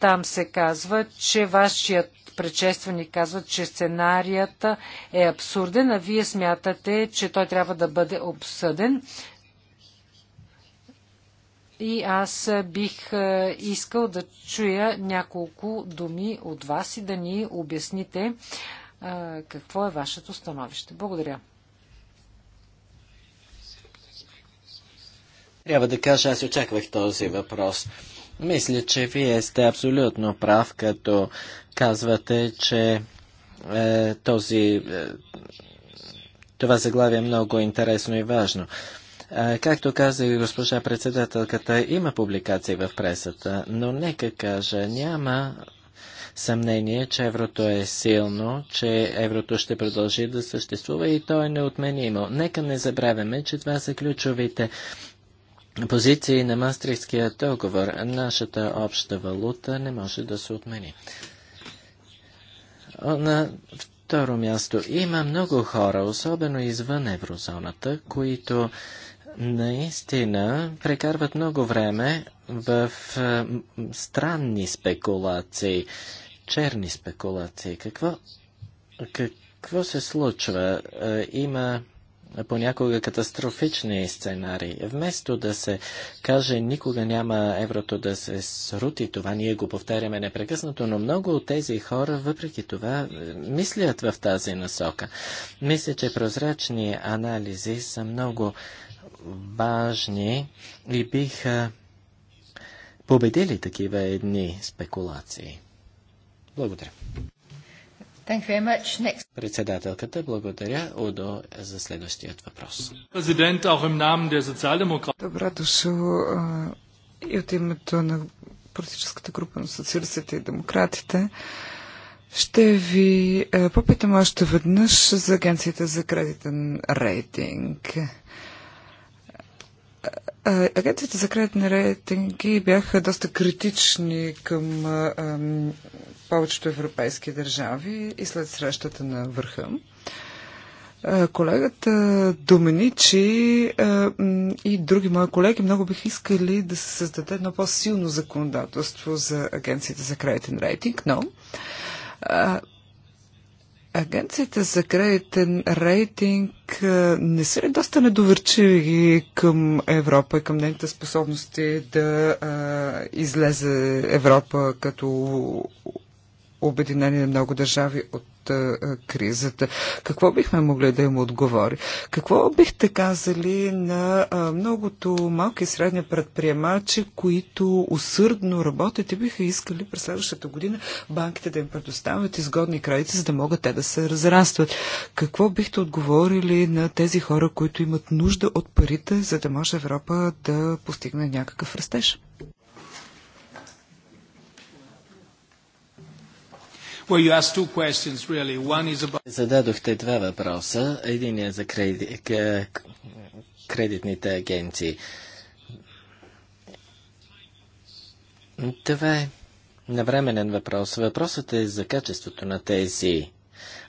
Там се казва, че вашият предшественик казва, че сценарията е абсурден, а вие смятате, че той трябва да бъде обсъден. И аз бих е, искал да чуя няколко думи от вас и да ни обясните е, какво е вашето становище. Благодаря. Трябва да кажа, аз очаквах този въпрос. Мисля, че вие сте абсолютно прав, като казвате, че е, този, е, това заглавие е много интересно и важно. Е, Както каза и госпожа председателката, има публикации в пресата, но нека кажа, няма съмнение, че еврото е силно, че еврото ще продължи да съществува и то е неотменимо. Нека не забравяме, че това са ключовите позиции на Мастрихския договор. Нашата обща валута не може да се отмени. На второ място има много хора, особено извън еврозоната, които наистина прекарват много време в е, странни спекулации, черни спекулации. Какво, какво се случва? Е, има понякога катастрофични сценарии. Вместо да се каже никога няма еврото да се срути, това ние го повтаряме непрекъснато, но много от тези хора въпреки това е, мислят в тази насока. Мисля, че прозрачни анализи са много важни и биха победили такива едни спекулации. Благодаря. Thank you very much. Next. Председателката, благодаря. Удо за следващият въпрос. Добре дошъл и от името на политическата група на социалистите и демократите. Ще ви попитам още веднъж за агенцията за кредитен рейтинг. Агенцията за кредитни рейтинги бяха доста критични към повечето европейски държави и след срещата на върха. Колегата Доменичи и други мои колеги много бих искали да се създаде едно по-силно законодателство за агенцията за кредитен рейтинг, но Агенцията за кредитен рейтинг не са ли доста недоверчиви към Европа и към нейните способности да а, излезе Европа като обединение на много държави от от а, кризата. Какво бихме могли да им отговори? Какво бихте казали на а, многото малки и средни предприемачи, които усърдно работят и биха искали през следващата година банките да им предоставят изгодни кредити, за да могат те да се разрастват? Какво бихте отговорили на тези хора, които имат нужда от парите, за да може Европа да постигне някакъв растеж? Зададохте два въпроса. Един е за кредитните агенции. Това е навременен въпрос. Въпросът е за качеството на тези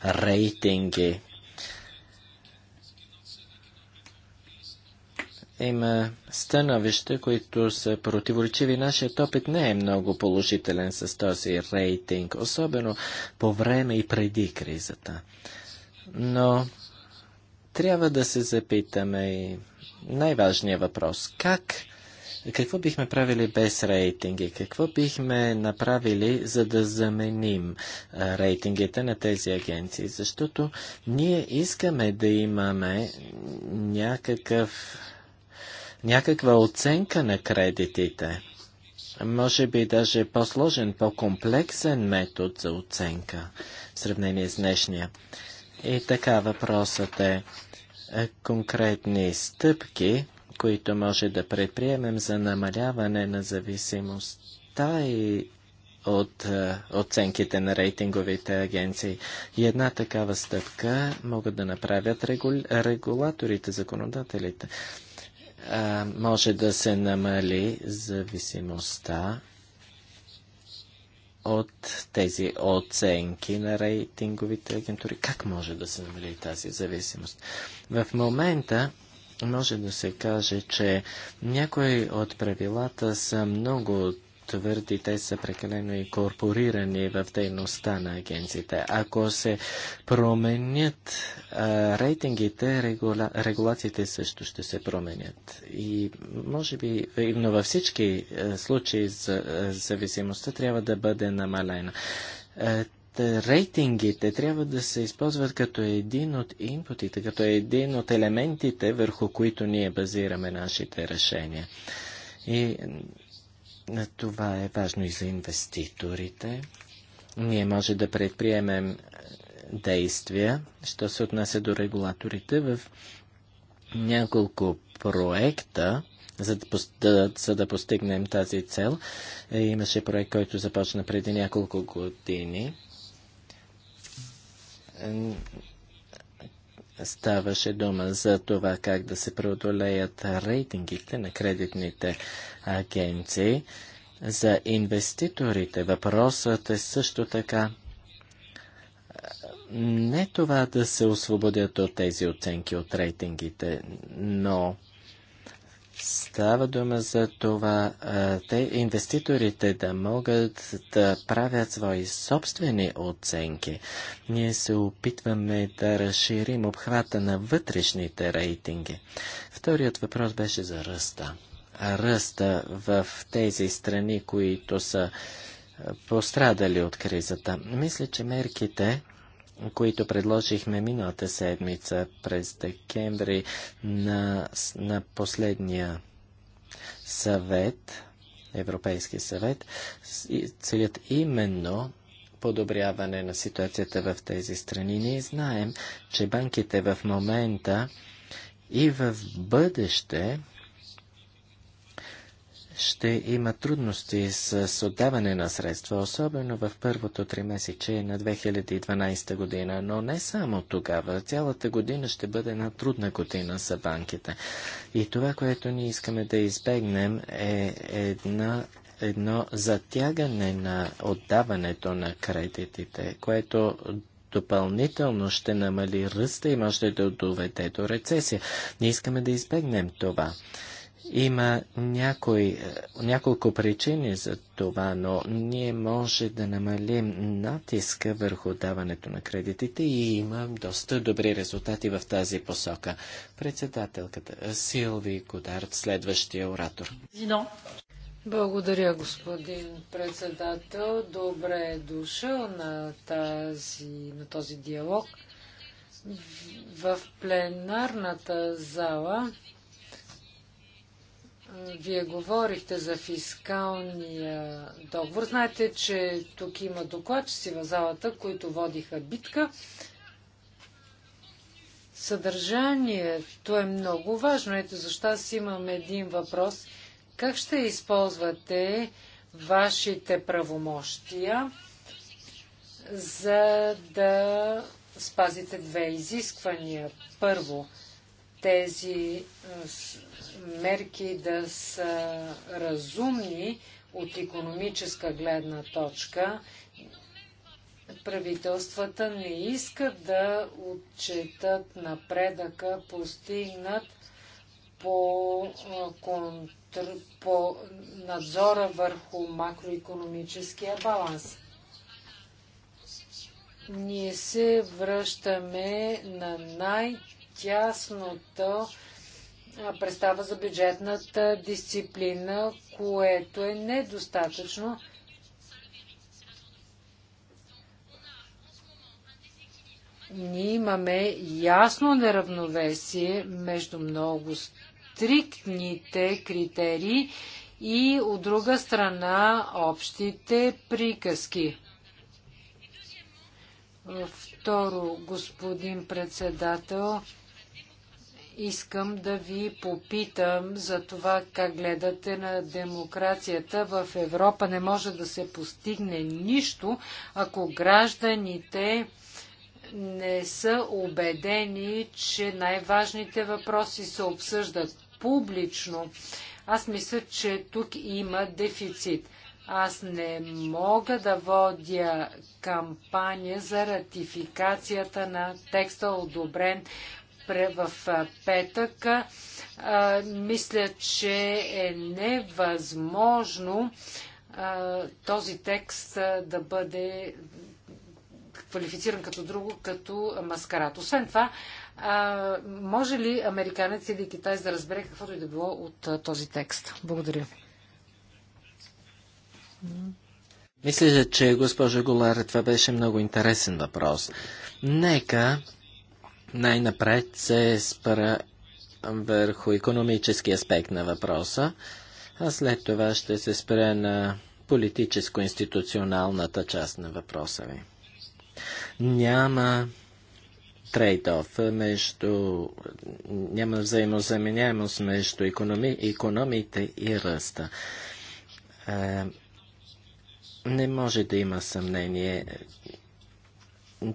рейтинги. Има становища, които са противоречиви. Нашият опит не е много положителен с този рейтинг, особено по време и преди кризата. Но трябва да се запитаме и най важният въпрос. Как какво бихме правили без рейтинги? Какво бихме направили, за да заменим рейтингите на тези агенции? Защото ние искаме да имаме някакъв някаква оценка на кредитите. Може би даже по-сложен, по-комплексен метод за оценка в сравнение с днешния. И така въпросът е, е конкретни стъпки, които може да предприемем за намаляване на зависимостта и от е, оценките на рейтинговите агенции. И една такава стъпка могат да направят регу... регулаторите, законодателите може да се намали зависимостта от тези оценки на рейтинговите агентури. Как може да се намали тази зависимост? В момента може да се каже, че някои от правилата са много твърди, те са прекалено инкорпорирани в дейността на агенциите. Ако се променят а, рейтингите, регула... регулациите също ще се променят. И може би, но във всички а, случаи за, а, зависимостта трябва да бъде намалена. рейтингите трябва да се използват като един от инпутите, като един от елементите, върху които ние базираме нашите решения. И това е важно и за инвеститорите. Ние може да предприемем е, действия, що се отнася до регулаторите в няколко проекта, за да, да, за да постигнем тази цел. Е, имаше проект, който започна преди няколко години. Е, ставаше дума за това как да се преодолеят рейтингите на кредитните агенции. За инвеститорите въпросът е също така не това да се освободят от тези оценки от рейтингите, но Става дума за това те, инвеститорите да могат да правят свои собствени оценки. Ние се опитваме да разширим обхвата на вътрешните рейтинги. Вторият въпрос беше за ръста. Ръста в тези страни, които са пострадали от кризата. Мисля, че мерките които предложихме миналата седмица през декември на, на последния съвет, Европейски съвет, целят именно подобряване на ситуацията в тези страни. Ние знаем, че банките в момента и в бъдеще ще има трудности с отдаване на средства, особено в първото три месече на 2012 година, но не само тогава. Цялата година ще бъде една трудна година за банките. И това, което ние искаме да избегнем е една едно затягане на отдаването на кредитите, което допълнително ще намали ръста и може да доведе до рецесия. Не искаме да избегнем това. Има някой, е, няколко причини за това, но ние може да намалим натиска върху даването на кредитите и има доста добри резултати в тази посока. Председателката Силви Годард, следващия оратор. Благодаря, господин председател. Добре е дошъл на, тази, на този диалог. В пленарната зала вие говорихте за фискалния договор. Знаете, че тук има докладчици в залата, които водиха битка. Съдържанието е много важно. Ето защо аз имам един въпрос. Как ще използвате вашите правомощия, за да спазите две изисквания? Първо, тези мерки да са разумни от економическа гледна точка. Правителствата не искат да отчетат напредъка, постигнат по, контр... по надзора върху макроекономическия баланс. Ние се връщаме на най- Тясното представа за бюджетната дисциплина, което е недостатъчно. Ние имаме ясно неравновесие между много стриктните критерии и от друга страна общите приказки. Второ, господин председател, Искам да ви попитам за това как гледате на демокрацията. В Европа не може да се постигне нищо, ако гражданите не са убедени, че най-важните въпроси се обсъждат публично. Аз мисля, че тук има дефицит. Аз не мога да водя кампания за ратификацията на текста, одобрен в петък. Мисля, че е невъзможно този текст да бъде квалифициран като друго, като маскарад. Освен това, може ли американец или Китай да разбере каквото и да било от този текст? Благодаря. Мисля, че госпожа Голар, това беше много интересен въпрос. Нека най-напред се спра върху економически аспект на въпроса, а след това ще се спра на политическо-институционалната част на въпроса ви. Няма трейд-оф между, няма взаимозаменяемост между економи, економите и ръста. Е, не може да има съмнение,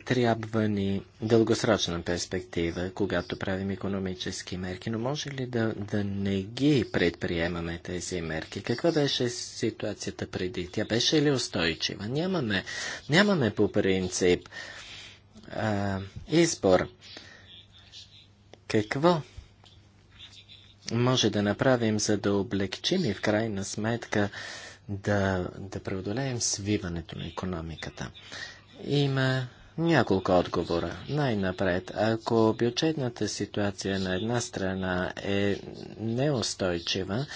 трябва ни дългосрочна перспектива, когато правим економически мерки, но може ли да, да не ги предприемаме тези мерки? Каква беше ситуацията преди? Тя беше ли устойчива? Нямаме, нямаме по принцип а, избор. Какво може да направим, за да облегчим и в крайна сметка да, да преодолеем свиването на економиката? Има няколко отговора. Най-напред, ако бюджетната ситуация на една страна е неустойчива,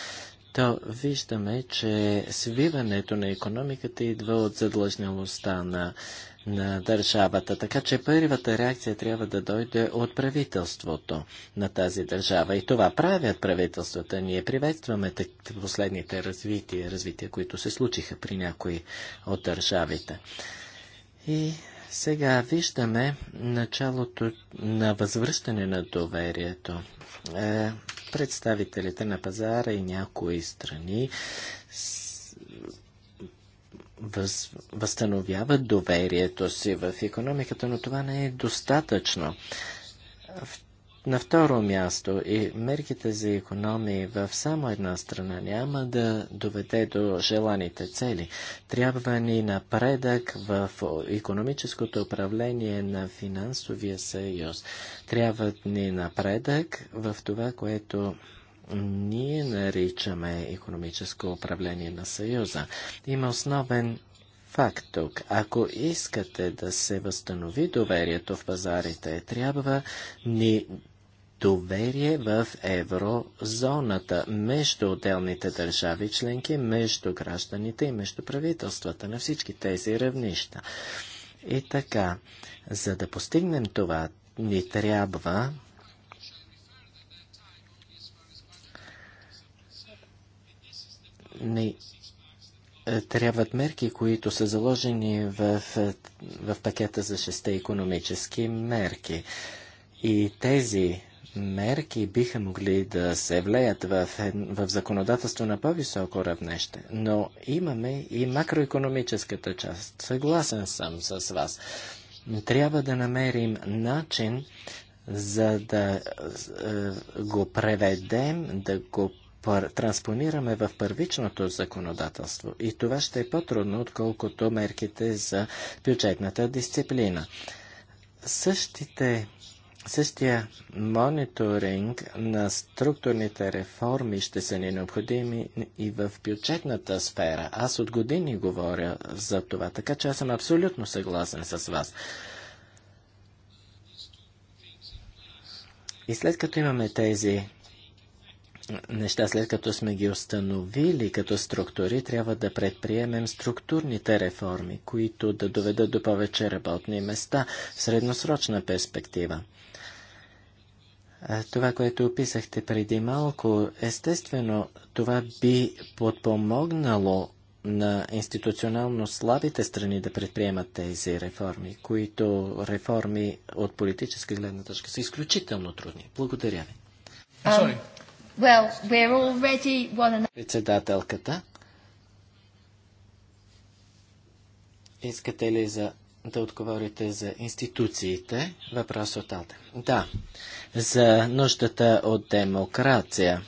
то виждаме, че свиването на економиката идва от задлъжнялостта на, на държавата. Така че първата реакция трябва да дойде от правителството на тази държава. И това правят правителствата. Ние приветстваме последните развития, развития, които се случиха при някои от държавите. И сега виждаме началото на възвръщане на доверието. Е, представителите на пазара и някои страни въз... възстановяват доверието си в економиката, но това не е достатъчно. В на второ място, и мерките за економии в само една страна няма да доведе до желаните цели. Трябва ни напредък в економическото управление на финансовия съюз. Трябва ни напредък в това, което ние наричаме економическо управление на съюза. Има основен факт тук. Ако искате да се възстанови доверието в пазарите, трябва ни доверие в еврозоната между отделните държави членки, между гражданите и между правителствата на всички тези равнища. И така, за да постигнем това, ни трябва ни е, трябват мерки, които са заложени в, е, в пакета за шесте економически мерки. И тези мерки биха могли да се влеят в, в законодателство на по-високо равнеще, но имаме и макроекономическата част. Съгласен съм с вас. Трябва да намерим начин, за да е, го преведем, да го транспонираме в първичното законодателство. И това ще е по-трудно, отколкото мерките за бюджетната дисциплина. Същите Същия мониторинг на структурните реформи ще са ни необходими и в бюджетната сфера. Аз от години говоря за това, така че аз съм абсолютно съгласен с вас. И след като имаме тези неща, след като сме ги установили като структури, трябва да предприемем структурните реформи, които да доведат до повече работни места в средносрочна перспектива това, което описахте преди малко, естествено, това би подпомогнало на институционално слабите страни да предприемат тези реформи, които реформи от политическа гледна точка са изключително трудни. Благодаря ви. Um, Председателката. Искате ли за да отговорите за институциите. Въпрос от Алте. Да, за нуждата от демокрация.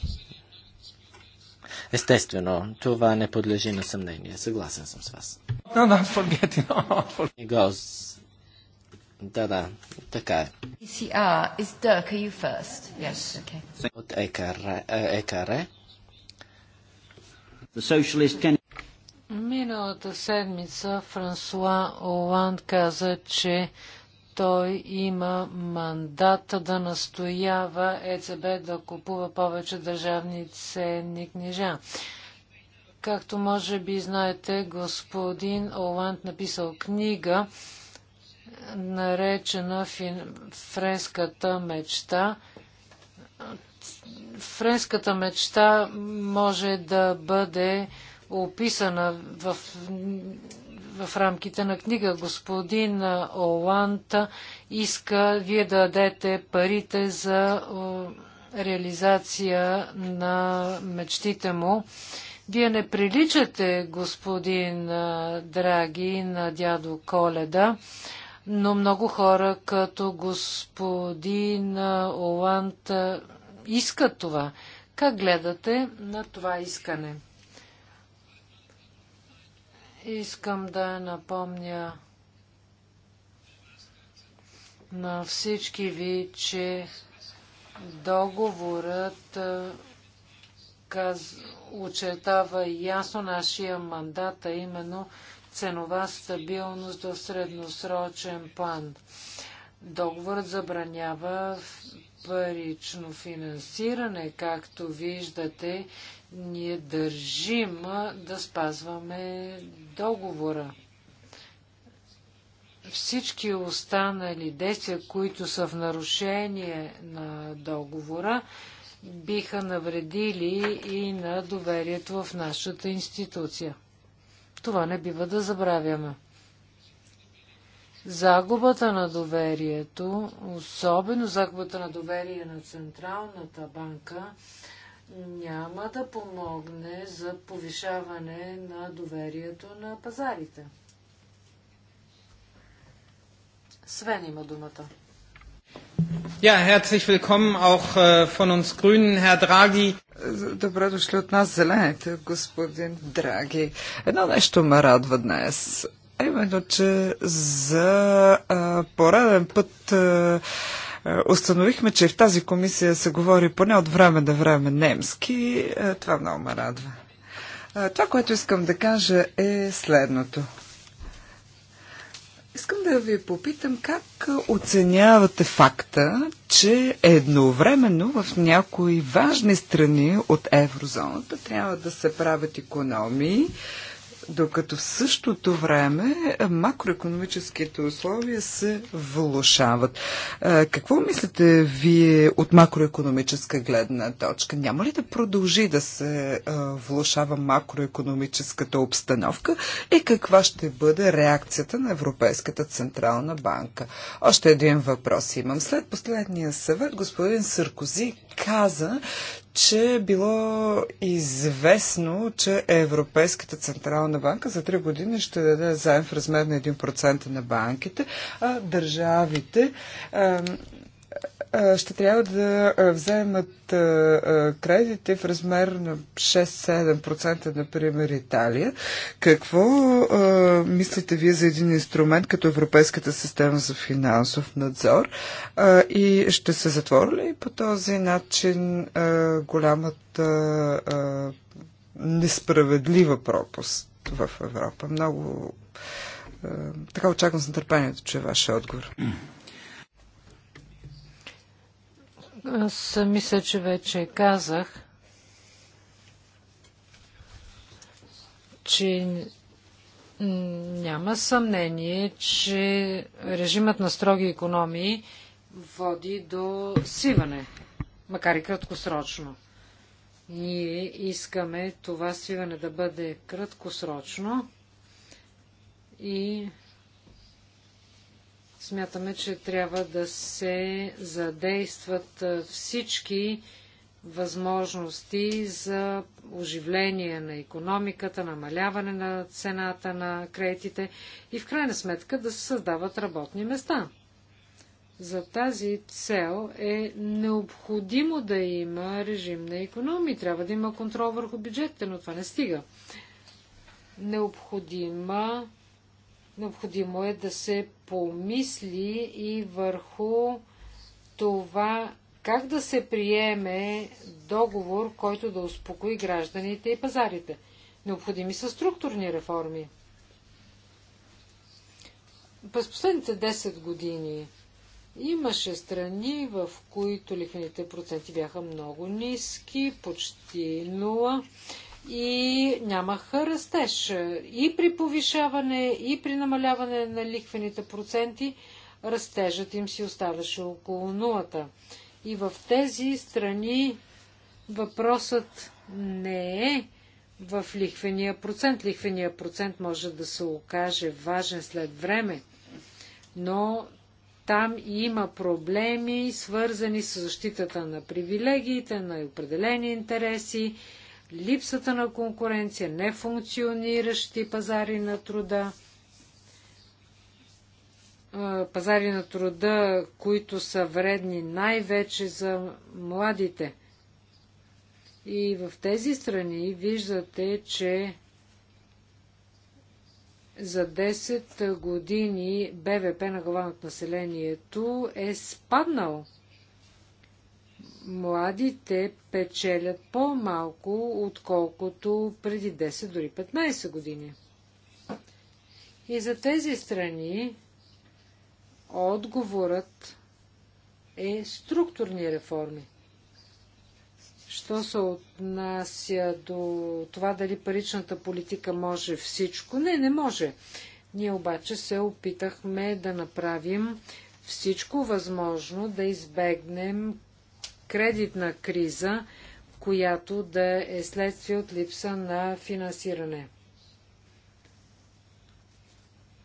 Естествено, това не подлежи на съмнение. Съгласен съм с вас. No, no, forget it. Go. Да, да, така е. ECR is Dirk, are you first? Yes, okay. От ЕКР. Е, The socialist can... Миналата седмица Франсуа Оланд каза, че той има мандат да настоява ЕЦБ да купува повече държавни ценни книжа. Както може би знаете, господин Оланд написал книга, наречена Френската мечта. Френската мечта може да бъде описана в, в рамките на книга. Господин Оланта иска вие да дадете парите за реализация на мечтите му. Вие не приличате, господин Драги, на дядо Коледа, но много хора като господин Оланта, искат това. Как гледате на това искане? Искам да напомня на всички ви, че договорът каз... очертава ясно нашия мандат, а именно ценова стабилност в средносрочен план. Договорът забранява парично финансиране, както виждате, ние държим да спазваме договора. Всички останали действия, които са в нарушение на договора, биха навредили и на доверието в нашата институция. Това не бива да забравяме. Загубата на доверието, особено загубата на доверие на Централната банка, няма да помогне за повишаване на доверието на пазарите. Свен има думата. Ja, herzlich willkommen auch äh, von uns Grünen, Herr Draghi. Добре дошли от нас зелените, господин Драги. Едно нещо ме радва днес. Именно, че за а, пореден път а, е, установихме, че в тази комисия се говори поне от време на време немски. Е, това много ме радва. Е, това, което искам да кажа е следното. Искам да ви попитам как оценявате факта, че едновременно в някои важни страни от еврозоната трябва да се правят економии, докато в същото време е, макроекономическите условия се влушават. Е, какво мислите вие от макроекономическа гледна точка? Няма ли да продължи да се е, влушава макроекономическата обстановка и каква ще бъде реакцията на Европейската Централна банка? Още един въпрос имам. След последния съвет господин Саркози каза, че било известно, че Европейската Централна банка за 3 години ще даде заем в размер на 1% на банките, а държавите ще трябва да вземат кредити в размер на 6-7%, например, Италия. Какво мислите вие за един инструмент като Европейската система за финансов надзор? И ще се затвори ли по този начин голямата несправедлива пропуст в Европа? Много така очаквам с нетърпението, че е вашия отговор. Аз мисля, че вече казах, че няма съмнение, че режимът на строги економии води до сиване, макар и краткосрочно. Ние искаме това сиване да бъде краткосрочно и Смятаме, че трябва да се задействат всички възможности за оживление на економиката, намаляване на цената на кредитите и в крайна сметка да се създават работни места. За тази цел е необходимо да има режим на економии, трябва да има контрол върху бюджетите, но това не стига. Необходима Необходимо е да се помисли и върху това как да се приеме договор, който да успокои гражданите и пазарите. Необходими са структурни реформи. През последните 10 години имаше страни, в които лихвените проценти бяха много ниски, почти нула и нямаха растеж. И при повишаване, и при намаляване на лихвените проценти, растежът им си оставаше около нулата. И в тези страни въпросът не е в лихвения процент. Лихвения процент може да се окаже важен след време, но там има проблеми, свързани с защитата на привилегиите, на определени интереси, липсата на конкуренция, нефункциониращи пазари на труда, пазари на труда, които са вредни най-вече за младите. И в тези страни виждате, че за 10 години БВП на глава от населението е спаднал младите печелят по-малко, отколкото преди 10, дори 15 години. И за тези страни отговорът е структурни реформи. Що се отнася до това дали паричната политика може всичко? Не, не може. Ние обаче се опитахме да направим всичко възможно да избегнем кредитна криза, която да е следствие от липса на финансиране.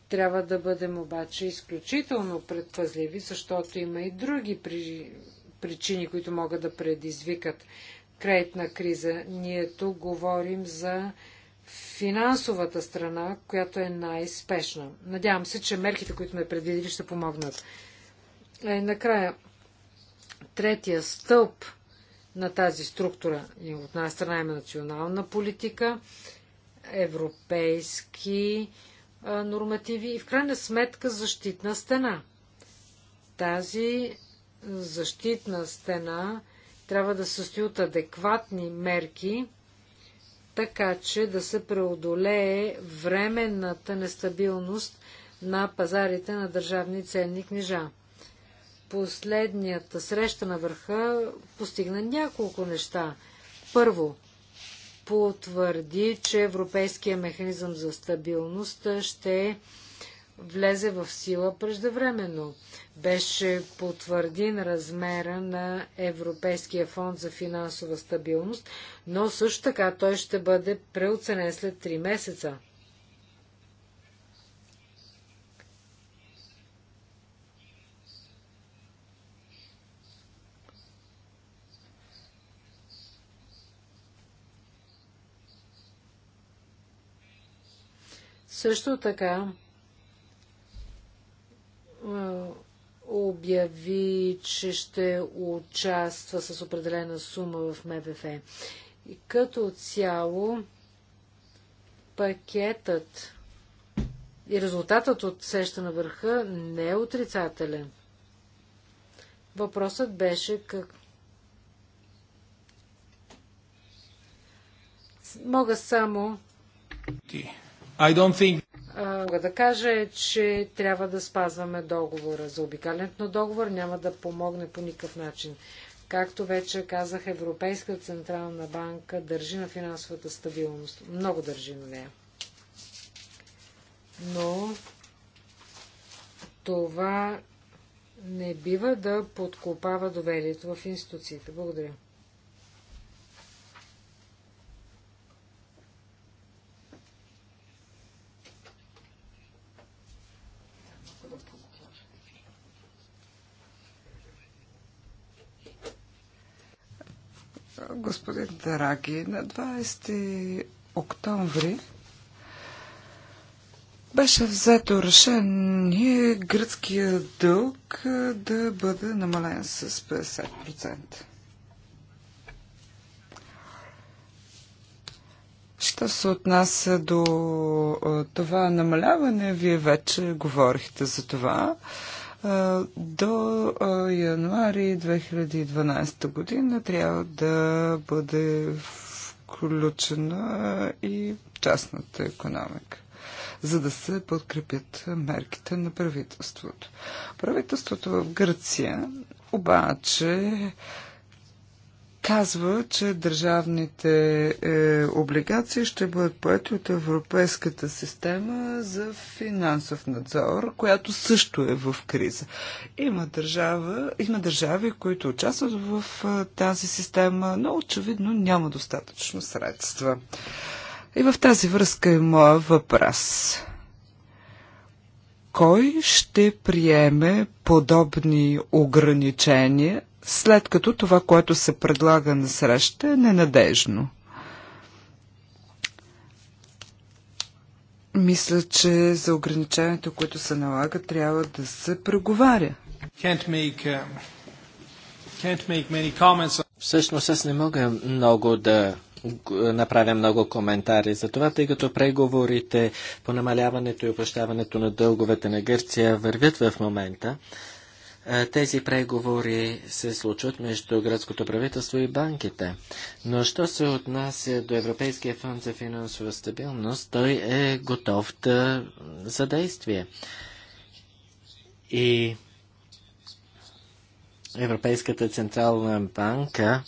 Трябва да бъдем обаче изключително предпазливи, защото има и други причини, които могат да предизвикат кредитна криза. Ние тук говорим за финансовата страна, която е най-спешна. Надявам се, че мерките, които ме предвидили, ще помогнат. Е, накрая, третия стълб на тази структура. И от една страна има национална политика, европейски нормативи и в крайна сметка защитна стена. Тази защитна стена трябва да състои от адекватни мерки, така че да се преодолее временната нестабилност на пазарите на държавни ценни книжа последнията среща на върха постигна няколко неща. Първо, потвърди, че Европейския механизъм за стабилност ще влезе в сила преждевременно. Беше потвърден размера на Европейския фонд за финансова стабилност, но също така той ще бъде преоценен след 3 месеца. Също така обяви, че ще участва с определена сума в МВФ. И като цяло пакетът и резултатът от сеща на върха не е отрицателен. Въпросът беше как... Мога само... I don't think... Мога да кажа, че трябва да спазваме договора. За обикалянето на договор няма да помогне по никакъв начин. Както вече казах, Европейска централна банка държи на финансовата стабилност. Много държи на нея. Но това не бива да подкопава доверието в институциите. Благодаря. господин Дараги. На 20 октомври беше взето решение гръцкия дълг да бъде намален с 50%. Що се отнася до това намаляване, вие вече говорихте за това до януари 2012 година трябва да бъде включена и частната економика за да се подкрепят мерките на правителството. Правителството в Гърция обаче казва, че държавните е, облигации ще бъдат поети от Европейската система за финансов надзор, която също е в криза. Има, държава, има държави, които участват в е, тази система, но очевидно няма достатъчно средства. И в тази връзка е моя въпрос кой ще приеме подобни ограничения след като това, което се предлага на среща, е ненадежно. Мисля, че за ограниченията, които се налага, трябва да се преговаря. Uh, Всъщност аз не мога много да направя много коментари за това, тъй като преговорите по намаляването и опрощаването на дълговете на Гърция вървят в момента. Е, тези преговори се случват между градското правителство и банките. Но що се отнася до Европейския фонд за финансова стабилност, той е готов да за действие. И Европейската централна банка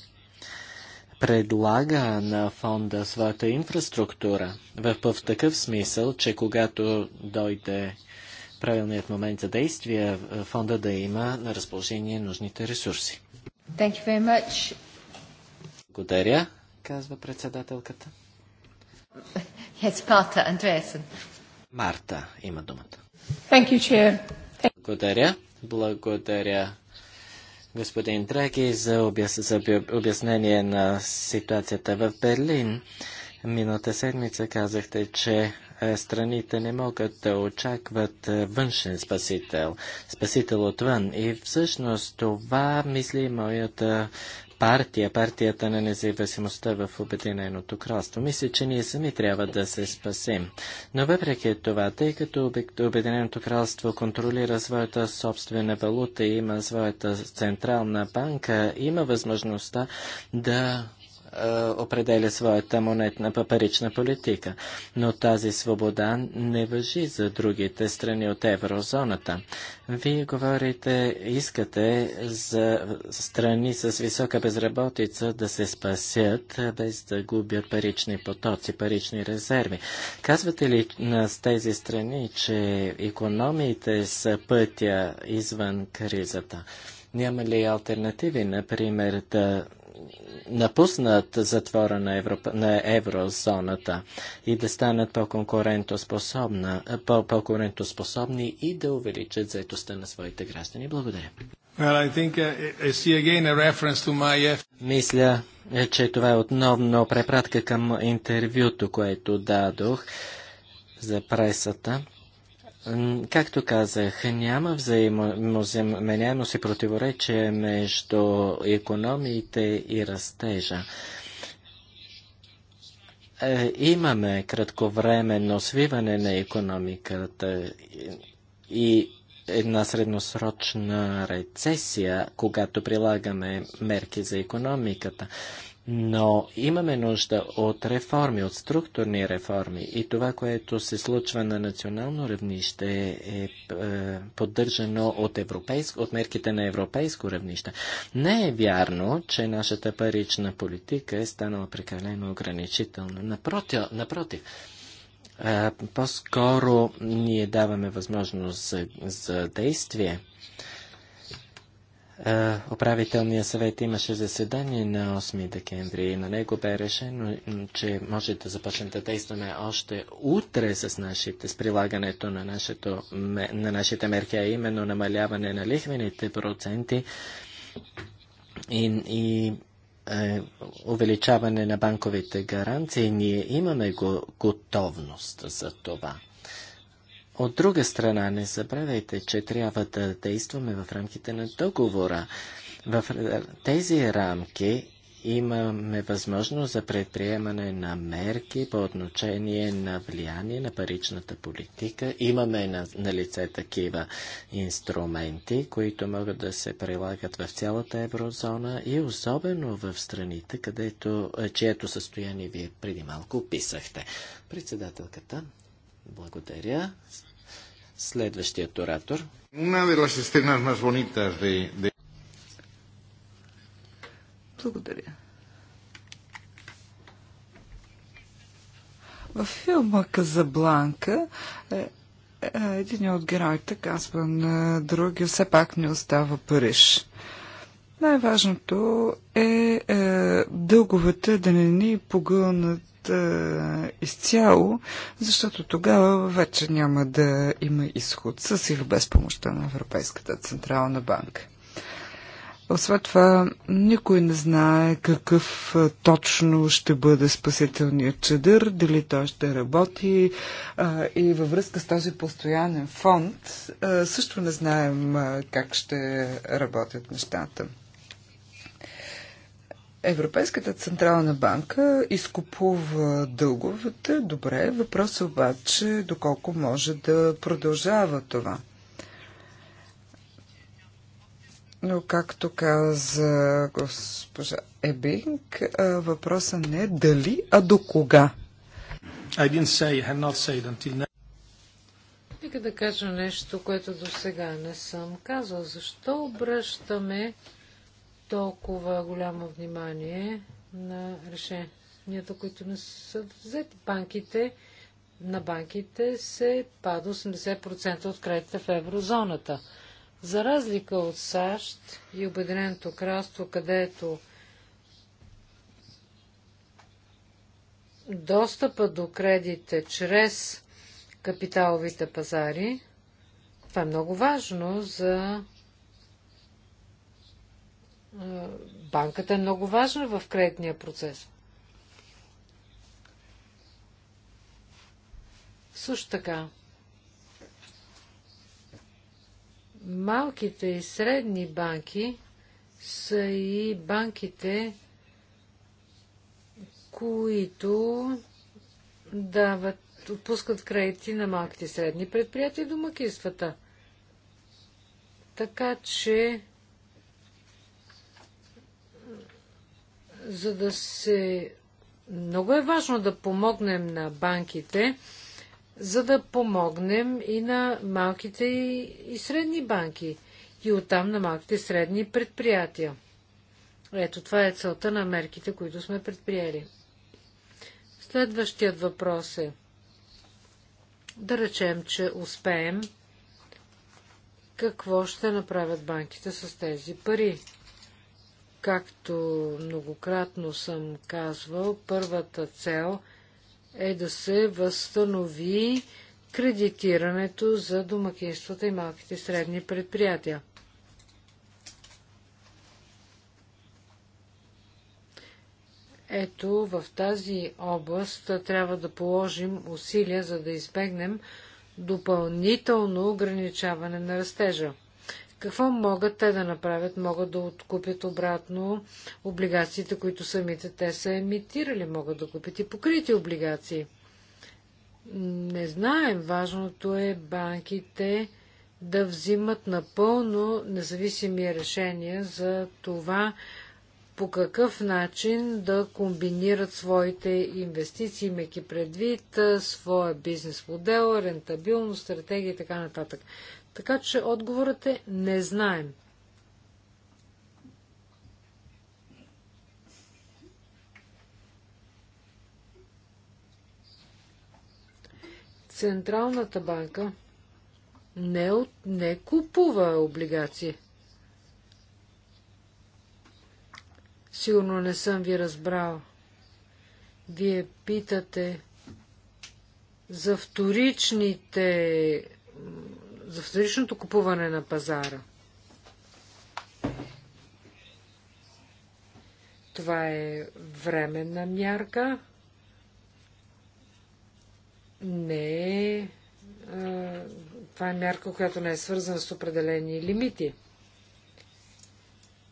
предлага на фонда своята инфраструктура в такъв смисъл, че когато дойде правилният момент за действие е, фонда да има на разположение нужните ресурси. Thank you very much. Благодаря, казва председателката. Yes, Марта Андреасен. Марта има думата. Thank you, Chair. Thank... Благодаря. Благодаря, господин Драги, за, обяс... за обяснение на ситуацията в Берлин. Миналата седмица казахте, че е, страните не могат да очакват е, външен спасител, спасител отвън. И всъщност това мисли моята партия, партията на независимостта в Обединеното кралство. Мисля, че ние сами трябва да се спасим. Но въпреки това, тъй като Обединеното кралство контролира своята собствена валута и има своята централна банка, има възможността да е, определя своята монетна парична политика. Но тази свобода не въжи за другите страни от еврозоната. Вие говорите, искате за страни с висока безработица да се спасят, без да губят парични потоци, парични резерви. Казвате ли на тези страни, че економиите са пътя извън кризата? Няма ли альтернативи, например, да напуснат затвора на, Европа, на еврозоната и да станат по-конкурентоспособни по и да увеличат заетостта на своите граждани. Благодаря. Well, think, uh, my... Мисля, е, че това е отново препратка към интервюто, което дадох за пресата. Както казах, няма взаимозаменяемост и противоречие между економиите и растежа. Е, имаме кратковременно свиване на економиката и една средносрочна рецесия, когато прилагаме мерки за економиката. Но имаме нужда от реформи, от структурни реформи. И това, което се случва на национално равнище, е, е поддържано от, европейско, от мерките на европейско равнище. Не е вярно, че нашата парична политика е станала прекалено ограничителна. Напротив, напротив по-скоро ние даваме възможност за, за действие управителният съвет имаше заседание на 8 декември и на него бе решено, че може да започнем да действаме още утре с, нашите, с прилагането на, нашето, на нашите мерки, а именно намаляване на лихвените проценти и, и е, увеличаване на банковите гаранции. Ние имаме го, готовност за това. От друга страна, не забравяйте, че трябва да действаме в рамките на договора. В тези рамки имаме възможност за предприемане на мерки по отношение на влияние на паричната политика. Имаме на, на лице такива инструменти, които могат да се прилагат в цялата еврозона и особено в страните, където, е, чието състояние вие преди малко описахте. Председателката, благодаря. Следващият оратор. Благодаря. В филма Казабланка е, е, един от героите казва на Други, все пак не остава Париж. Най-важното е, е дълговете да не ни погълнат а, е, изцяло, защото тогава вече няма да има изход с или без помощта на Европейската Централна банка. Освен това, никой не знае какъв е, точно ще бъде спасителният чадър, дали той ще работи е, и във връзка с този постоянен фонд също не знаем как ще работят нещата. Европейската централна банка изкупува дълговете, добре, въпрос е обаче доколко може да продължава това. Но както каза госпожа Ебинг, въпроса не е дали, а до кога. I didn't say, have not said until now. Нека да кажа нещо, което до сега не съм казал. Защо обръщаме толкова голямо внимание на решенията, които не са взети. Банките, на банките се пада 80% от кредита в еврозоната. За разлика от САЩ и Обединеното кралство, където достъпа до кредите чрез капиталовите пазари, това е много важно за банката е много важна в кредитния процес. Също така, малките и средни банки са и банките, които дават, отпускат кредити на малките и средни предприятия и домакинствата. Така че за да се... Много е важно да помогнем на банките, за да помогнем и на малките и средни банки, и оттам на малките и средни предприятия. Ето, това е целта на мерките, които сме предприели. Следващият въпрос е да речем, че успеем, какво ще направят банките с тези пари? Както многократно съм казвал, първата цел е да се възстанови кредитирането за домакинствата и малките и средни предприятия. Ето, в тази област трябва да положим усилия, за да избегнем допълнително ограничаване на растежа. Какво могат те да направят? Могат да откупят обратно облигациите, които самите те са емитирали. Могат да купят и покрити облигации. Не знаем. Важното е банките да взимат напълно независими решения за това, по какъв начин да комбинират своите инвестиции, имайки предвид своя бизнес модел, рентабилност, стратегия и така нататък. Така че отговорът е не знаем. Централната банка не, от, не купува облигации. Сигурно не съм ви разбрал. Вие питате за вторичните за вторичното купуване на пазара. Това е временна мярка. Не е, е. Това е мярка, която не е свързана с определени лимити.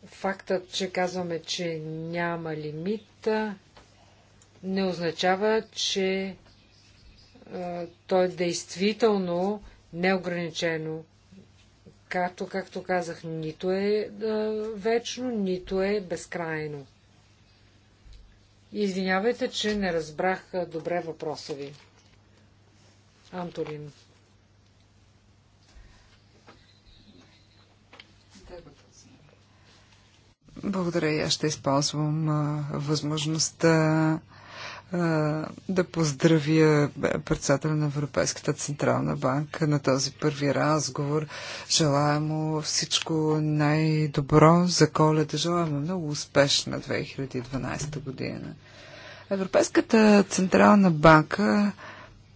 Фактът, че казваме, че няма лимит, е, не означава, че е, той действително неограничено. Както, както казах, нито е а, вечно, нито е безкрайно. Извинявайте, че не разбрах добре въпроса ви. Антолин. Благодаря и аз ще използвам а, възможността да поздравя е, председателя на Европейската Централна банка на този първи разговор. Желая му всичко най-добро за коледа. Желая му много успешна 2012 година. Европейската Централна банка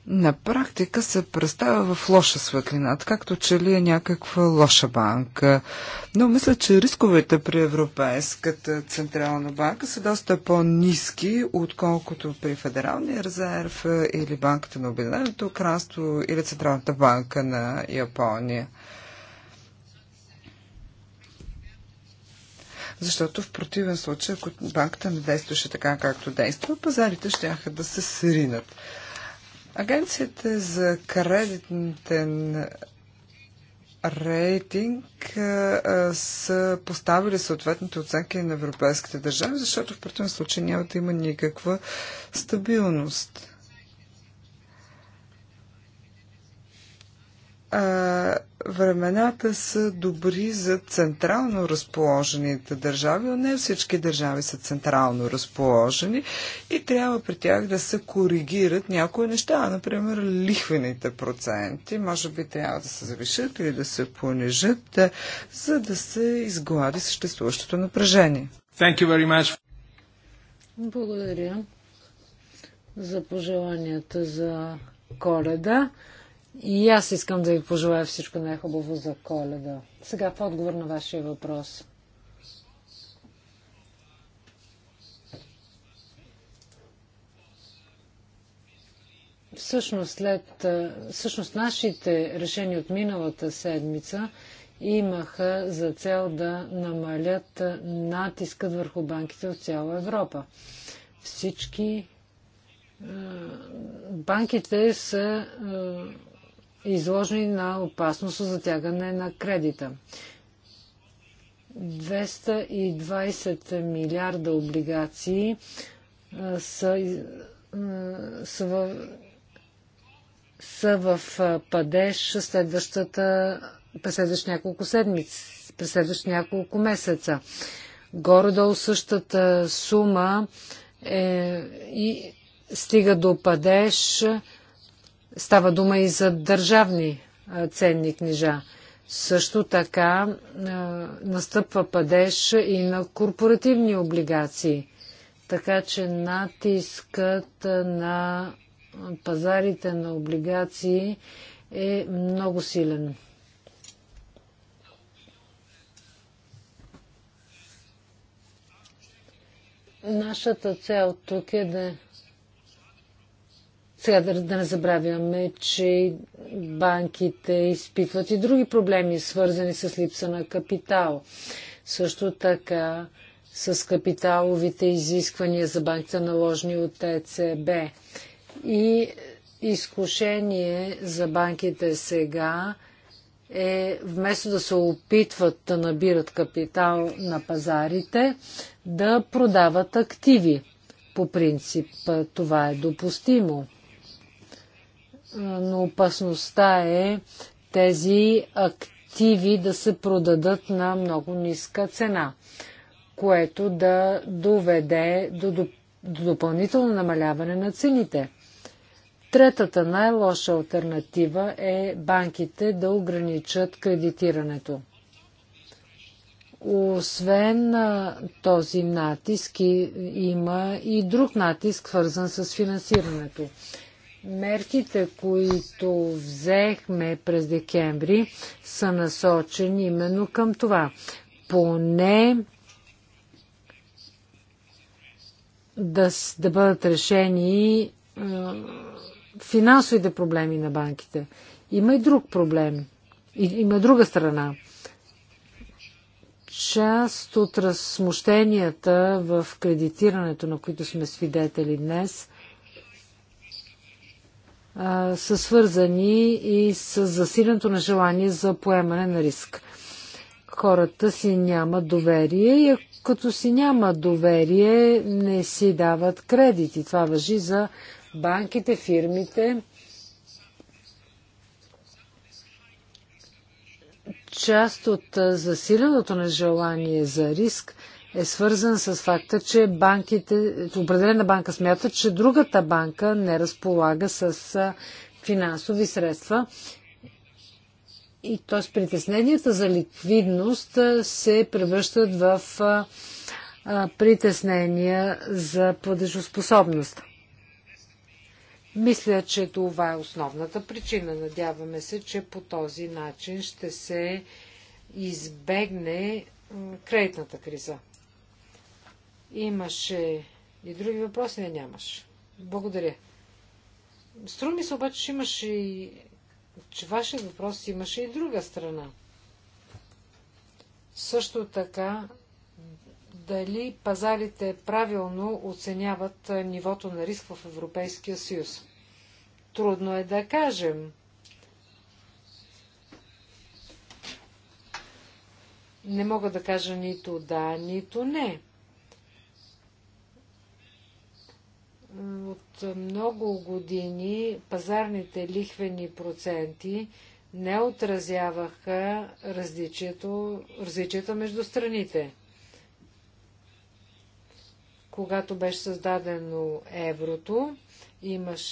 на практика се представя в лоша светлина, както че ли е някаква лоша банка. Но мисля, че рисковете при Европейската Централна банка са доста по-низки, отколкото при Федералния резерв е, или Банката на Обединеното кралство или Централната банка на Япония. Защото в противен случай, ако банката не действаше така, както действа, пазарите ще да се сринат. Агенцията за кредитен рейтинг са поставили съответните оценки на европейските държави, защото в противен случай няма да има никаква стабилност. времената са добри за централно разположените държави, но не всички държави са централно разположени и трябва при тях да се коригират някои неща, например лихвените проценти, може би трябва да се завишат или да се понижат, е, за да се изглади съществуващото напрежение. Thank you very much. Благодаря за пожеланията за коледа. И аз искам да ви пожелая всичко най-хубаво за коледа. Сега в отговор на вашия въпрос. Всъщност, след, всъщност нашите решения от миналата седмица имаха за цел да намалят натискът върху банките от цяла Европа. Всички банките са изложени на опасност от затягане на кредита. 220 милиарда облигации са, са, в, са в падеж следващата, през следващ няколко седмици, през следващ няколко месеца. Горе-долу същата сума е, и стига до падеж Става дума и за държавни ценни книжа. Също така настъпва падеж и на корпоративни облигации. Така че натискът на пазарите на облигации е много силен. Нашата цел тук е да сега да, да не забравяме, че банките изпитват и други проблеми, свързани с липса на капитал. Също така с капиталовите изисквания за банките наложени от ЕЦБ. И изкушение за банките сега е вместо да се опитват да набират капитал на пазарите, да продават активи. По принцип това е допустимо но опасността е тези активи да се продадат на много ниска цена, което да доведе до, до, до допълнително намаляване на цените. Третата най-лоша альтернатива е банките да ограничат кредитирането. Освен този натиск има и друг натиск, свързан с финансирането. Мерките, които взехме през декември, са насочени именно към това. Поне да, да бъдат решени е, финансовите проблеми на банките. Има и друг проблем. И, има друга страна. Част от разсмущенията в кредитирането, на които сме свидетели днес, са свързани и с засиленото на желание за поемане на риск. Хората си нямат доверие и като си няма доверие, не си дават кредити. Това въжи за банките, фирмите. Част от засиленото на желание за риск – е свързан с факта, че банките, определена банка смята, че другата банка не разполага с финансови средства. И т.е. притесненията за ликвидност се превръщат в притеснения за платежоспособност. Мисля, че това е основната причина. Надяваме се, че по този начин ще се избегне кредитната криза. Имаше и други въпроси, не нямаш. Благодаря. Струва ми се обаче, че имаше и... че вашия въпрос имаше и друга страна. Също така, дали пазарите правилно оценяват нивото на риск в Европейския съюз? Трудно е да кажем. Не мога да кажа нито да, нито не. от много години пазарните лихвени проценти не отразяваха различието, различията между страните. Когато беше създадено еврото, имаш,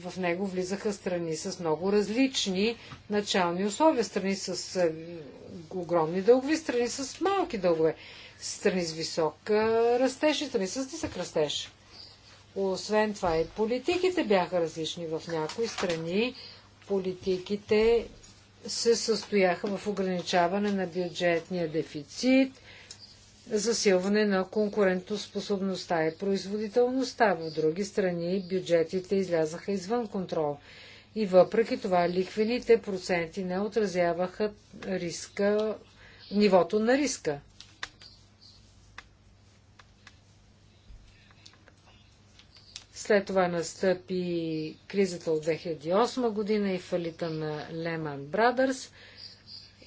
в него влизаха страни с много различни начални условия. Страни с е, огромни дългови, страни с малки дългове, страни с висок е, растеж и страни с нисък растеж. Освен това и политиките бяха различни в някои страни. Политиките се състояха в ограничаване на бюджетния дефицит, засилване на конкурентоспособността и производителността. В други страни бюджетите излязаха извън контрол. И въпреки това ликвените проценти не отразяваха риска, нивото на риска. След това настъпи кризата от 2008 година и фалита на Lehman Brothers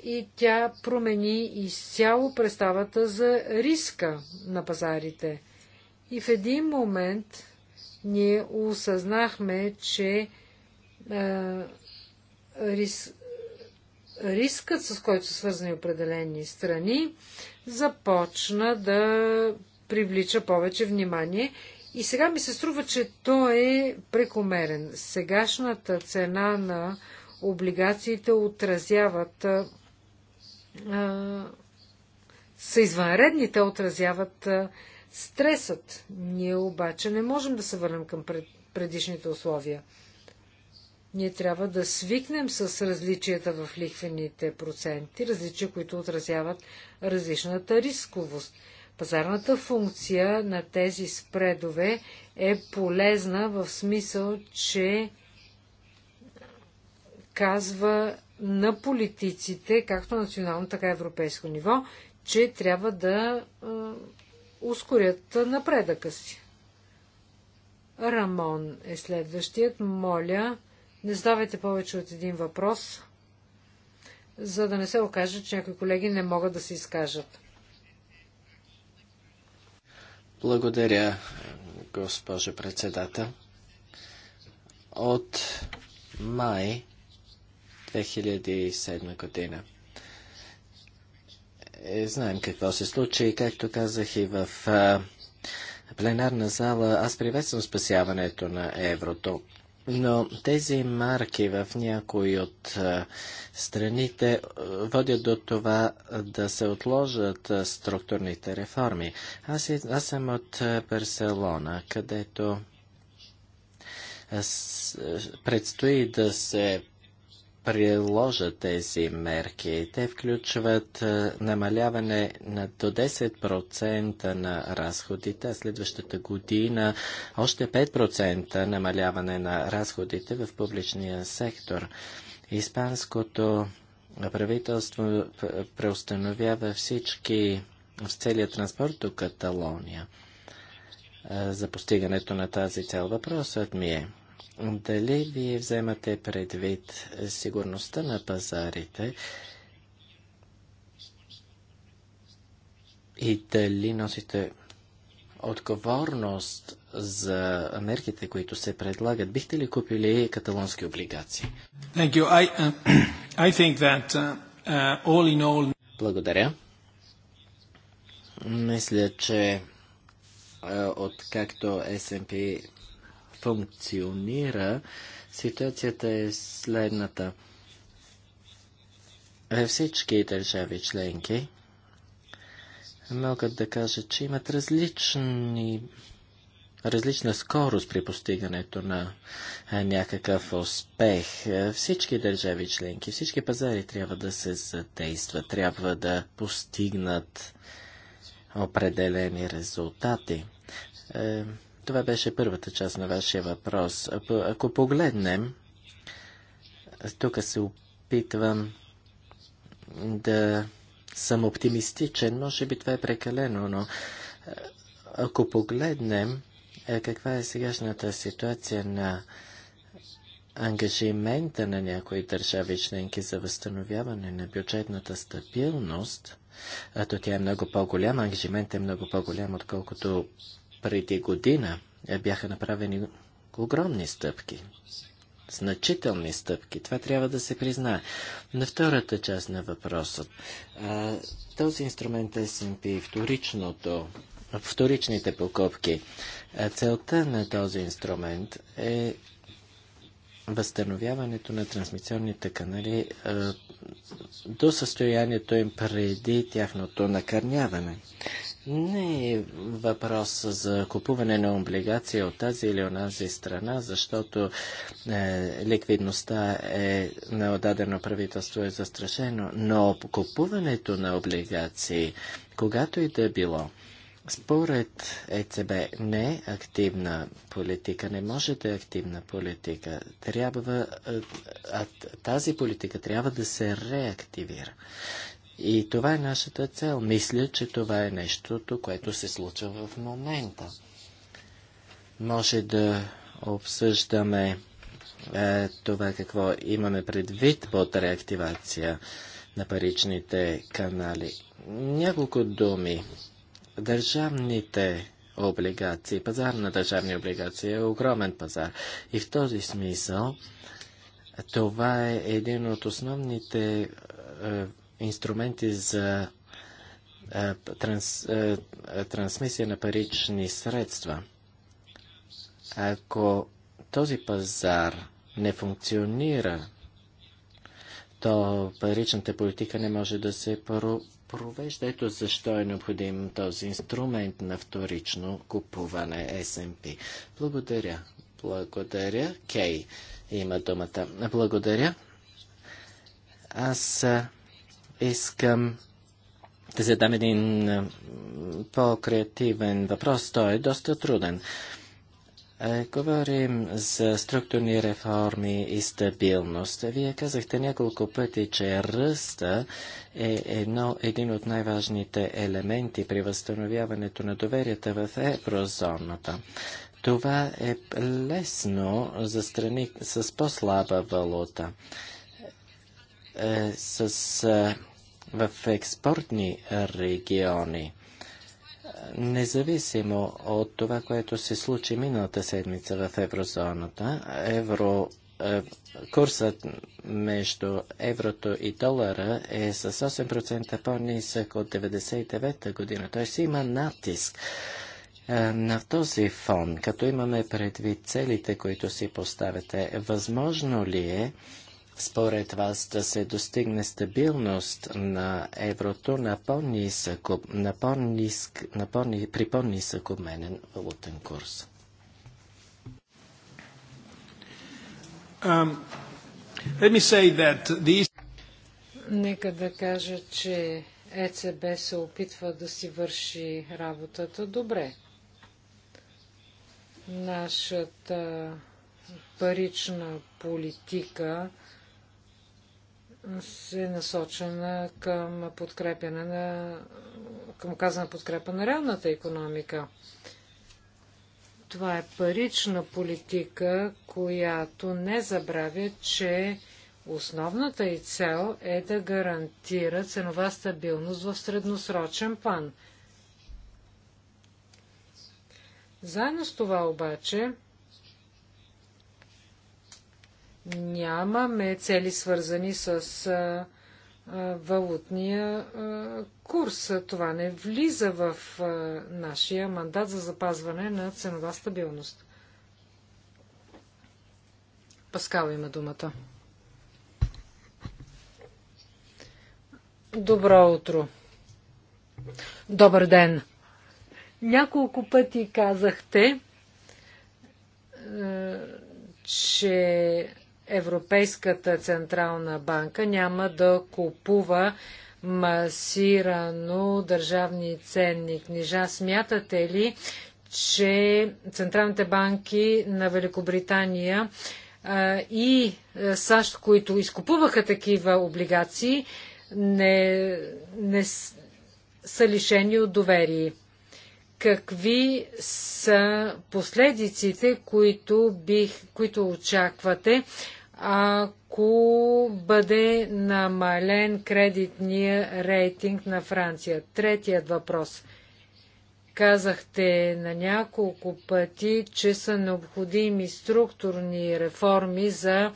и тя промени изцяло представата за риска на пазарите. И в един момент ние осъзнахме, че а, рис, рискът, с който са свързани определени страни, започна да привлича повече внимание и сега ми се струва, че той е прекомерен. Сегашната цена на облигациите отразяват а, са извънредни, те отразяват а, стресът. Ние обаче не можем да се върнем към пред, предишните условия. Ние трябва да свикнем с различията в лихвените проценти, различия, които отразяват различната рисковост. Пазарната функция на тези спредове е полезна в смисъл, че казва на политиците, както национално, така и европейско ниво, че трябва да ускорят напредъка си. Рамон е следващият. Моля, не задавайте повече от един въпрос, за да не се окаже, че някои колеги не могат да се изкажат. Благодаря, госпожо председател. От май 2007 година е, знаем какво се случи и както казах и в а, пленарна зала, аз приветствам спасяването на еврото. Но тези марки в някои от страните водят до това да се отложат структурните реформи. Аз, аз съм от Барселона, където предстои да се Приложа тези мерки. Те включват е, намаляване на до 10% на разходите, а следващата година още 5% намаляване на разходите в публичния сектор. Испанското правителство преустановява всички в целия транспорт до Каталония. Е, за постигането на тази цел въпросът ми е – дали вие вземате предвид сигурността на пазарите и дали носите отговорност за мерките, които се предлагат? Бихте ли купили каталонски облигации? Thank you. I, uh, I think that, uh, uh all in all... Благодаря. Мисля, че uh, откакто S&P функционира, ситуацията е следната. Във всички държави членки могат да кажат, че имат различни, различна скорост при постигането на някакъв успех. Всички държави членки, всички пазари трябва да се задействат, трябва да постигнат определени резултати. Е, това беше първата част на вашия въпрос. Ако погледнем, тук се опитвам да съм оптимистичен, може би това е прекалено, но ако погледнем каква е сегашната ситуация на ангажимента на някои държави членки за възстановяване на бюджетната стабилност, а то тя е много по-голяма, ангажимент е много по-голям, отколкото преди година е, бяха направени огромни стъпки. Значителни стъпки. Това трябва да се признае. На втората част на въпросът. този инструмент S&P, вторичното, вторичните покупки. целта на този инструмент е възстановяването на трансмисионните канали до състоянието им преди тяхното накърняване. Не е въпрос за купуване на облигации от тази или онази страна, защото е, ликвидността е на отдадено правителство е застрашено, но купуването на облигации, когато и да е било, според ЕЦБ не е активна политика, не може да е активна политика. Трябва, е, а тази политика трябва да се реактивира. И това е нашата цел. Мисля, че това е нещото, което се случва в момента. Може да обсъждаме е, това какво имаме предвид под реактивация на паричните канали. Няколко думи. Държавните облигации, пазар на държавни облигации е огромен пазар. И в този смисъл това е един от основните е, инструменти за транс, трансмисия на парични средства. Ако този пазар не функционира, то паричната политика не може да се провежда. Ето защо е необходим този инструмент на вторично купуване SMP. Благодаря. Благодаря. Кей има думата. Благодаря. Аз Искам да задам един по-креативен въпрос. Той е доста труден. Е, говорим за структурни реформи и стабилност. Вие казахте няколко пъти, че ръста е едно, един от най-важните елементи при възстановяването на доверията в еврозоната. Това е лесно за страни с по-слаба валута. Е, с в експортни региони. Независимо от това, което се случи миналата седмица в еврозоната, евро, е, курсът между еврото и долара е с 8% по-нисък от 99-та година. Т.е. има натиск. Е, на този фон, като имаме предвид целите, които си поставяте, възможно ли е според вас да се достигне стабилност на еврото на по-нисък, на по-нисък, на по при по-нисък обменен валутен курс? Um, let me say that Нека да кажа, че ЕЦБ се опитва да си върши работата добре. Нашата парична политика се насочена към подкрепяне на към оказана подкрепа на реалната економика. Това е парична политика, която не забравя, че основната и цел е да гарантира ценова стабилност в средносрочен план. Заедно с това обаче Нямаме цели свързани с а, а, валутния а, курс. Това не влиза в а, нашия мандат за запазване на ценова стабилност. Паскал има думата. Добро утро. Добър ден. Няколко пъти казахте, че Европейската централна банка няма да купува масирано държавни ценни книжа. Смятате ли, че централните банки на Великобритания и САЩ, които изкупуваха такива облигации, не, не са лишени от доверие какви са последиците, които, бих, които очаквате, ако бъде намален кредитния рейтинг на Франция? Третият въпрос. Казахте на няколко пъти, че са необходими структурни реформи за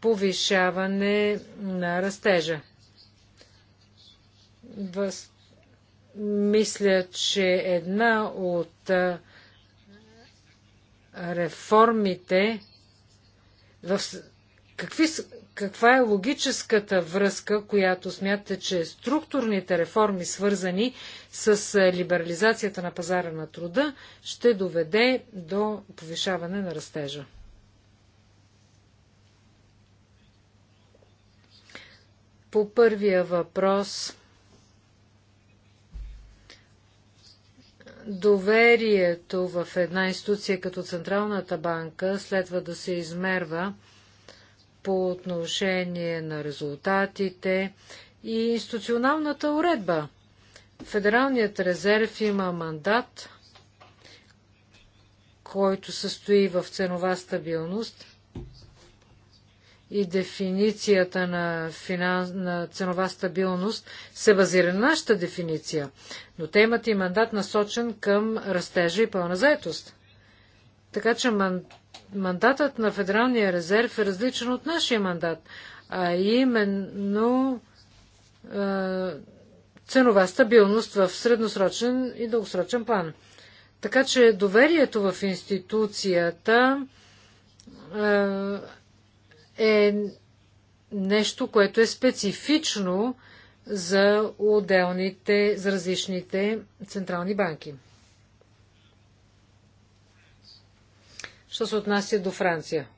повишаване на растежа. Мисля, че една от реформите в... Какви, каква е логическата връзка, която смятате, че структурните реформи, свързани с либерализацията на пазара на труда, ще доведе до повишаване на растежа? По първия въпрос доверието в една институция като Централната банка следва да се измерва по отношение на резултатите и институционалната уредба. Федералният резерв има мандат, който състои в ценова стабилност и дефиницията на, финанс... на ценова стабилност се базира на нашата дефиниция, но те имат и мандат насочен към растежа и пълна заетост. Така че ман... мандатът на Федералния резерв е различен от нашия мандат, а именно а... ценова стабилност в средносрочен и дългосрочен план. Така че доверието в институцията е нещо, което е специфично за отделните, за различните централни банки. Що се отнася до Франция?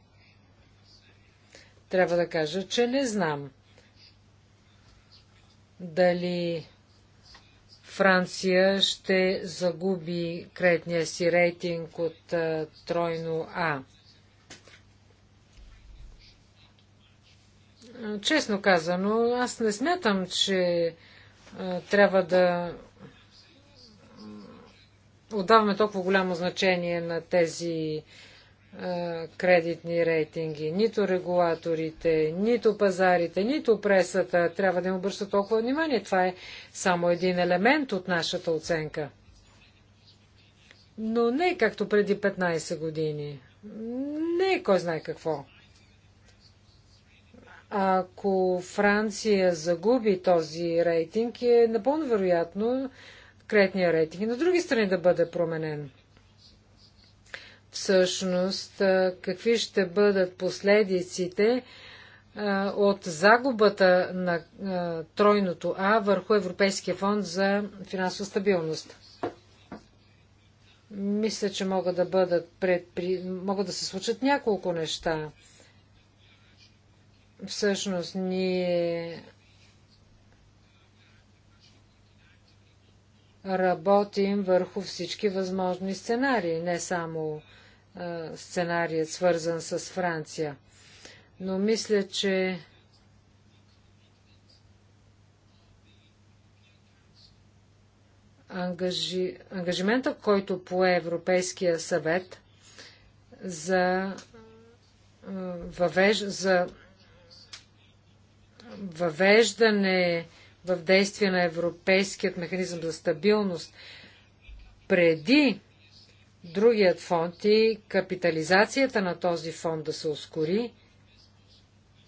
Трябва да кажа, че не знам дали Франция ще загуби кредитния си рейтинг от тройно А. Честно казано, аз не смятам, че трябва да отдаваме толкова голямо значение на тези кредитни рейтинги. Нито регулаторите, нито пазарите, нито пресата трябва да им обръщат толкова внимание. Това е само един елемент от нашата оценка. Но не както преди 15 години. Не кой знае какво. Ако Франция загуби този рейтинг, е напълно вероятно кредитния рейтинг и на други страни да бъде променен. Всъщност, какви ще бъдат последиците от загубата на тройното А върху Европейския фонд за финансова стабилност? Мисля, че могат да бъдат предпри... могат да се случат няколко неща. Всъщност ние работим върху всички възможни сценарии, не само сценарият свързан с Франция. Но мисля, че ангажи... ангажимента, който пое Европейския съвет за, въвеж... за въвеждане в действие на Европейският механизъм за стабилност преди другият фонд и капитализацията на този фонд да се ускори,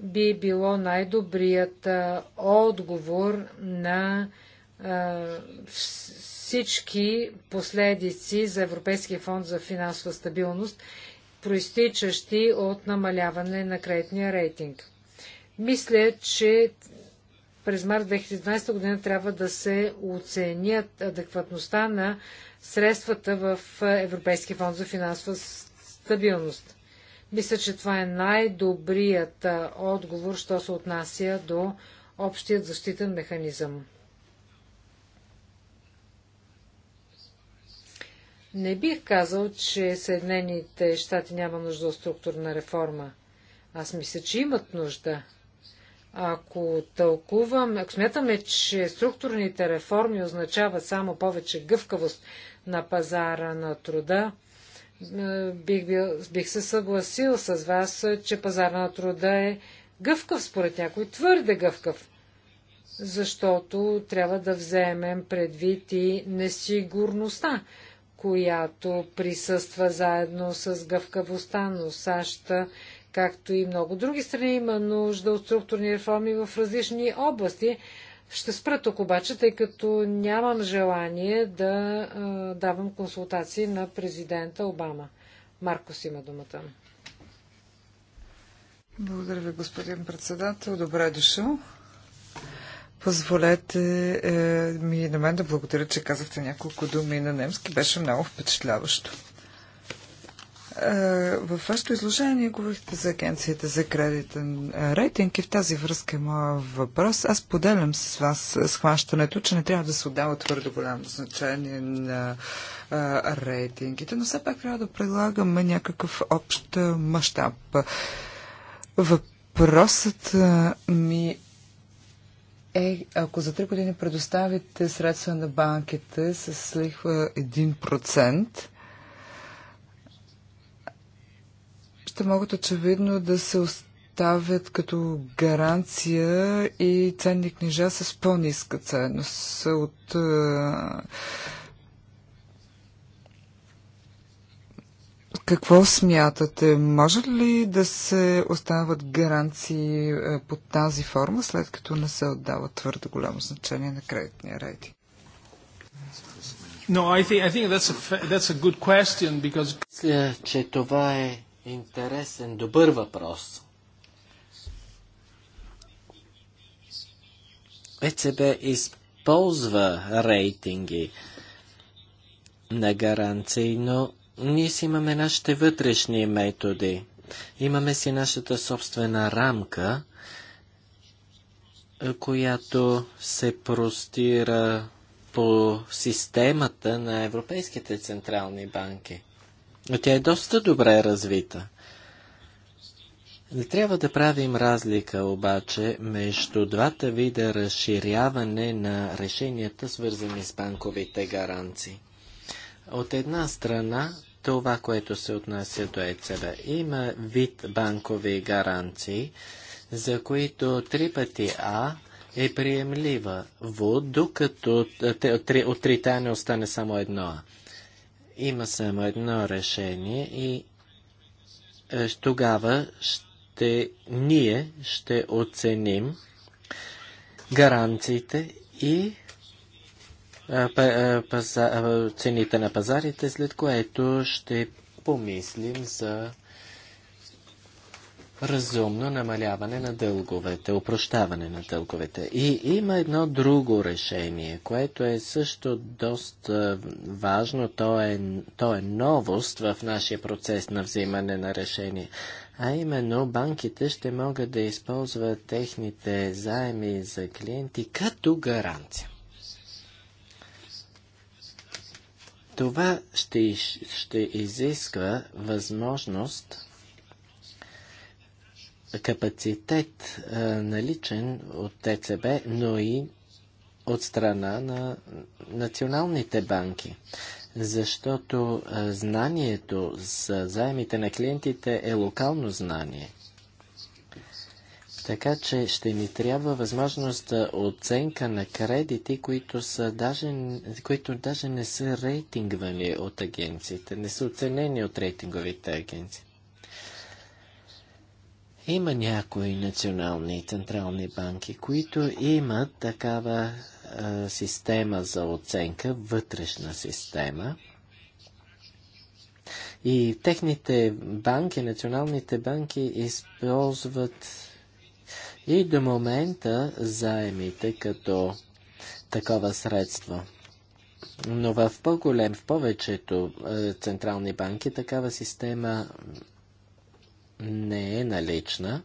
би било най-добрият отговор на всички последици за Европейския фонд за финансова стабилност, проистичащи от намаляване на кредитния рейтинг. Мисля, че през март 2012 година трябва да се оценят адекватността на средствата в Европейския фонд за финансова стабилност. Мисля, че това е най-добрият отговор, що се отнася до общият защитен механизъм. Не бих казал, че Съединените щати няма нужда от структурна реформа. Аз мисля, че имат нужда. Ако тълкувам, ако смятаме, че структурните реформи означават само повече гъвкавост на пазара на труда, бих, бил, бих се съгласил с вас, че пазара на труда е гъвкав според някой, твърде гъвкав, защото трябва да вземем предвид и несигурността, която присъства заедно с гъвкавостта, но САЩ както и много други страни, има нужда от структурни реформи в различни области. Ще спра тук обаче, тъй като нямам желание да а, давам консултации на президента Обама. Маркос има думата. Благодаря ви, господин председател. Добре е дошъл. Позволете е, ми на мен да благодаря, че казахте няколко думи на немски. Беше много впечатляващо. Е, в вашето изложение говорихте за агенцията за кредитен рейтинг и в тази връзка е моят въпрос. Аз поделям с вас схващането, че не трябва да се отдава твърдо голямо значение на е, рейтингите, но все пак трябва да предлагаме някакъв общ мащаб. Въпросът е, ми е, ако за три години предоставите средства на банките с лихва 1%, ще могат очевидно да се оставят като гаранция и ценни книжа с по-ниска ценност от Какво смятате? Може ли да се остават гаранции под тази форма, след като не се отдава твърде голямо значение на кредитния рейтинг? No, I think, I think that's a, that's a good question because... Мисля, че това е интересен, добър въпрос. ЕЦБ използва рейтинги на гаранции, но ние си имаме нашите вътрешни методи. Имаме си нашата собствена рамка, която се простира по системата на европейските централни банки. Тя е доста добре развита. Не трябва да правим разлика обаче между двата вида разширяване на решенията, свързани с банковите гаранции. От една страна, това, което се отнася до ЕЦБ, има вид банкови гаранции, за които три пъти А е приемлива, ВОД, докато от трите А не остане само едно А. Има само едно решение и е, тогава ще, ние ще оценим гаранциите и е, е, цените на пазарите, след което ще помислим за разумно намаляване на дълговете, упрощаване на дълговете. И има едно друго решение, което е също доста важно. То е, то е новост в нашия процес на взимане на решение. А именно банките ще могат да използват техните заеми за клиенти като гаранция. Това ще, ще изисква възможност капацитет наличен от ТЦБ, но и от страна на националните банки. Защото знанието за заемите на клиентите е локално знание. Така че ще ни трябва възможност за оценка на кредити, които, са даже, които даже не са рейтингвани от агенциите, не са оценени от рейтинговите агенции. Има някои национални и централни банки, които имат такава а, система за оценка, вътрешна система. И техните банки, националните банки, използват и до момента заемите като такова средство. Но в по-голем, в повечето централни банки такава система не е налична.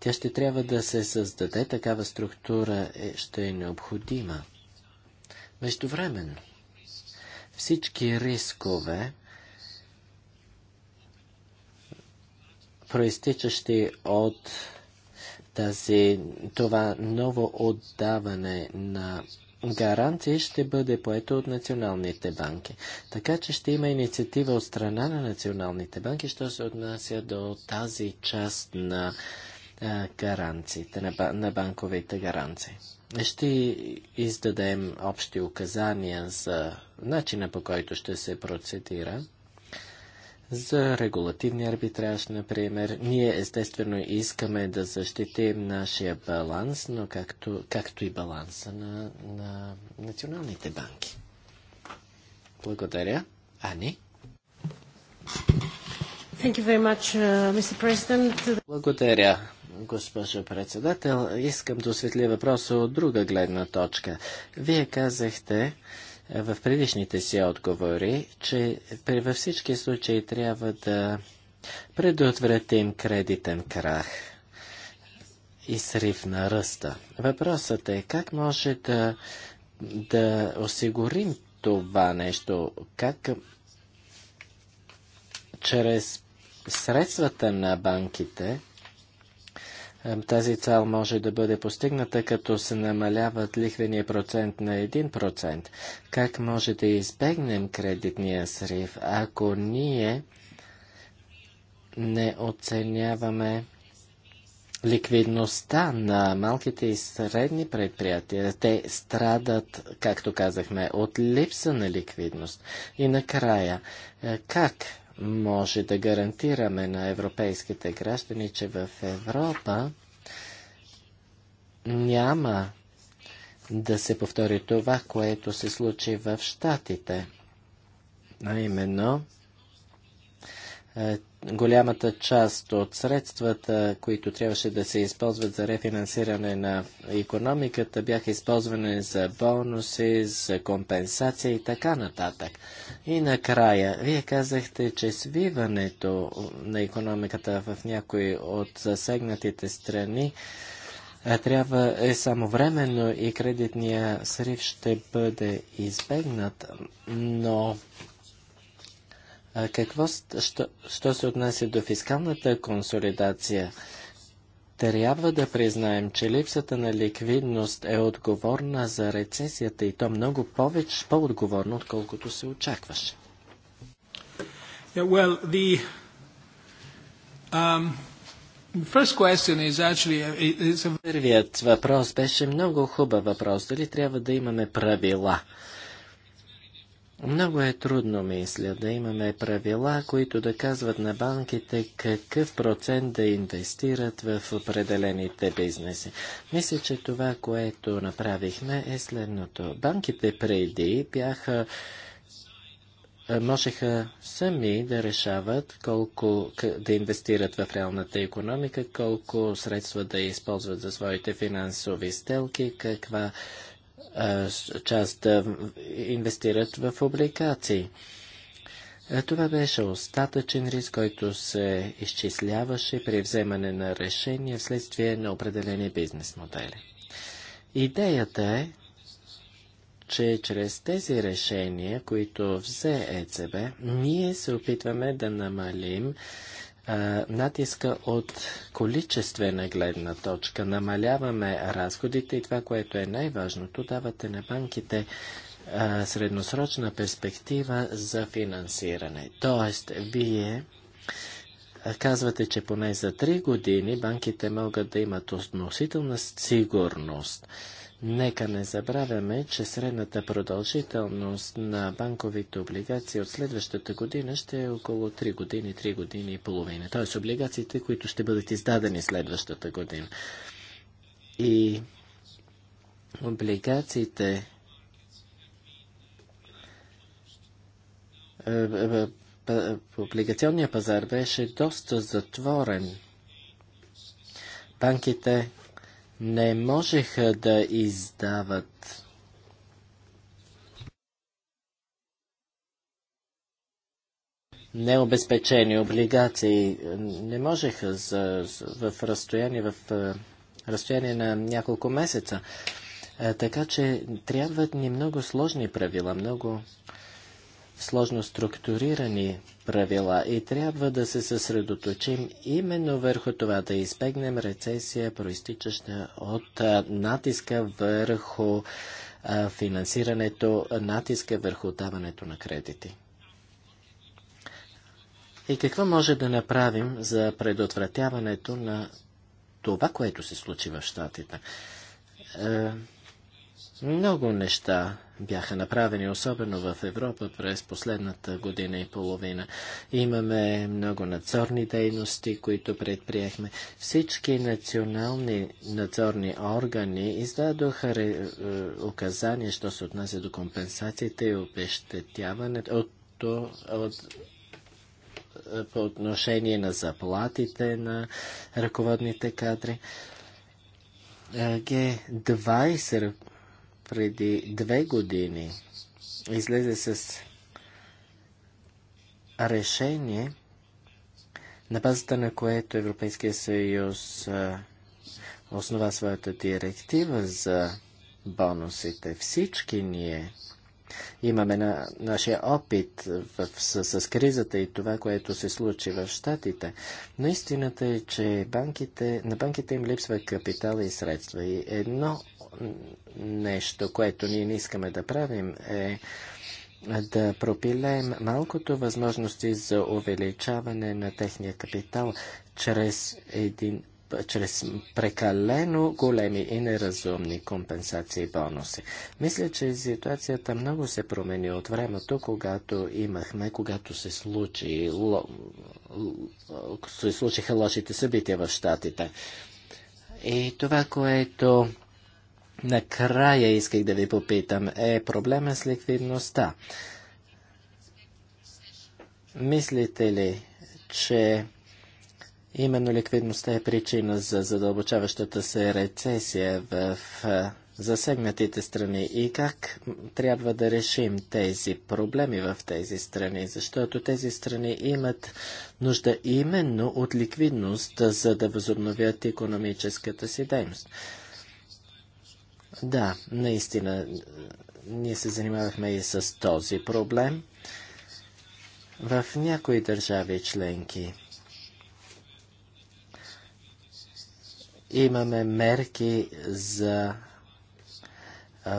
Тя ще трябва да се създаде, такава структура е, ще е необходима. Междувременно, всички рискове, проистичащи от тази, това ново отдаване на гаранции ще бъде поето от националните банки. Така че ще има инициатива от страна на националните банки, що се отнася до тази част на гаранциите, на, на банковите гаранции. Ще издадем общи указания за начина по който ще се процедира за регулативния арбитраж, например. Ние естествено искаме да защитим нашия баланс, но както, както и баланса на, на националните банки. Благодаря. Ани? Thank you very much, uh, Mr. President. Благодаря, госпожо председател. Искам да осветля въпроса от друга гледна точка. Вие казахте, uh, е, в предишните си отговори, че при във всички случаи трябва да предотвратим кредитен крах и срив на ръста. Въпросът е как може да, да осигурим това нещо, как чрез средствата на банките, тази цел може да бъде постигната, като се намаляват лихвения процент на 1%. Как може да избегнем кредитния срив, ако ние не оценяваме ликвидността на малките и средни предприятия. Те страдат, както казахме, от липса на ликвидност. И накрая, е, как може да гарантираме на европейските граждани, че в Европа няма да се повтори това, което се случи в Штатите. А именно, е, голямата част от средствата, които трябваше да се използват за рефинансиране на економиката, бяха използвани за бонуси, за компенсация и така нататък. И накрая, вие казахте, че свиването на економиката в някои от засегнатите страни трябва е само временно и кредитния срив ще бъде избегнат, но какво, що, що се отнася до фискалната консолидация? Трябва да признаем, че липсата на ликвидност е отговорна за рецесията и то много повече, по-отговорно, отколкото се очакваше. Yeah, well, the, um, uh, Първият въпрос беше много хубав въпрос. Дали трябва да имаме правила? Много е трудно, мисля, да имаме правила, които да казват на банките какъв процент да инвестират в определените бизнеси. Мисля, че това, което направихме е следното. Банките преди бяха е, можеха сами да решават колко да инвестират в реалната економика, колко средства да използват за своите финансови стелки, каква част инвестират в обликации. Това беше остатъчен риск, който се изчисляваше при вземане на решения вследствие на определени бизнес модели. Идеята е, че чрез тези решения, които взе ЕЦБ, ние се опитваме да намалим натиска от количествена гледна точка. Намаляваме разходите и това, което е най-важното, давате на банките а, средносрочна перспектива за финансиране. Тоест, вие казвате, че поне за 3 години банките могат да имат относителна сигурност Нека не забравяме, че средната продължителност на банковите облигации от следващата година ще е около 3 години, 3 години и половина. Т.е. облигациите, които ще бъдат издадени следващата година. И облигациите е, е, е, облигационният пазар беше доста затворен. Банките не можеха да издават необезпечени облигации. Не можеха за, за, в, разстояние, в разстояние на няколко месеца. Така че трябват ни много сложни правила, много сложно структурирани правила и трябва да се съсредоточим именно върху това, да избегнем рецесия, проистичаща от натиска върху финансирането, натиска върху отдаването на кредити. И какво може да направим за предотвратяването на това, което се случи в Штатите? Е, много неща бяха направени, особено в Европа през последната година и половина. Имаме много надзорни дейности, които предприехме. Всички национални надзорни органи издадоха ре, е, указания, що се отнася до компенсациите и обещетяването от, от е, по отношение на заплатите на ръководните кадри. Е, Г20 преди две години излезе с решение, на базата на което Европейския съюз основа своята директива за бонусите. Всички ние имаме на нашия опит в, с, с кризата и това, което се случи в Штатите. Но истината е, че банките, на банките им липсва капитал и средства. И едно нещо, което ние не искаме да правим е да пропилеем малкото възможности за увеличаване на техния капитал чрез един чрез прекалено големи и неразумни компенсации и бонуси. Мисля, че ситуацията много се промени от времето, когато имахме, когато се, случи, ло, се случиха лошите събития в Штатите. И това, което Накрая исках да ви попитам, е проблема с ликвидността. Мислите ли, че именно ликвидността е причина за задълбочаващата се рецесия в засегнатите страни и как трябва да решим тези проблеми в тези страни, защото тези страни имат нужда именно от ликвидност, за да възобновят економическата си дейност. Да, наистина, ние се занимавахме и с този проблем. В някои държави членки имаме мерки за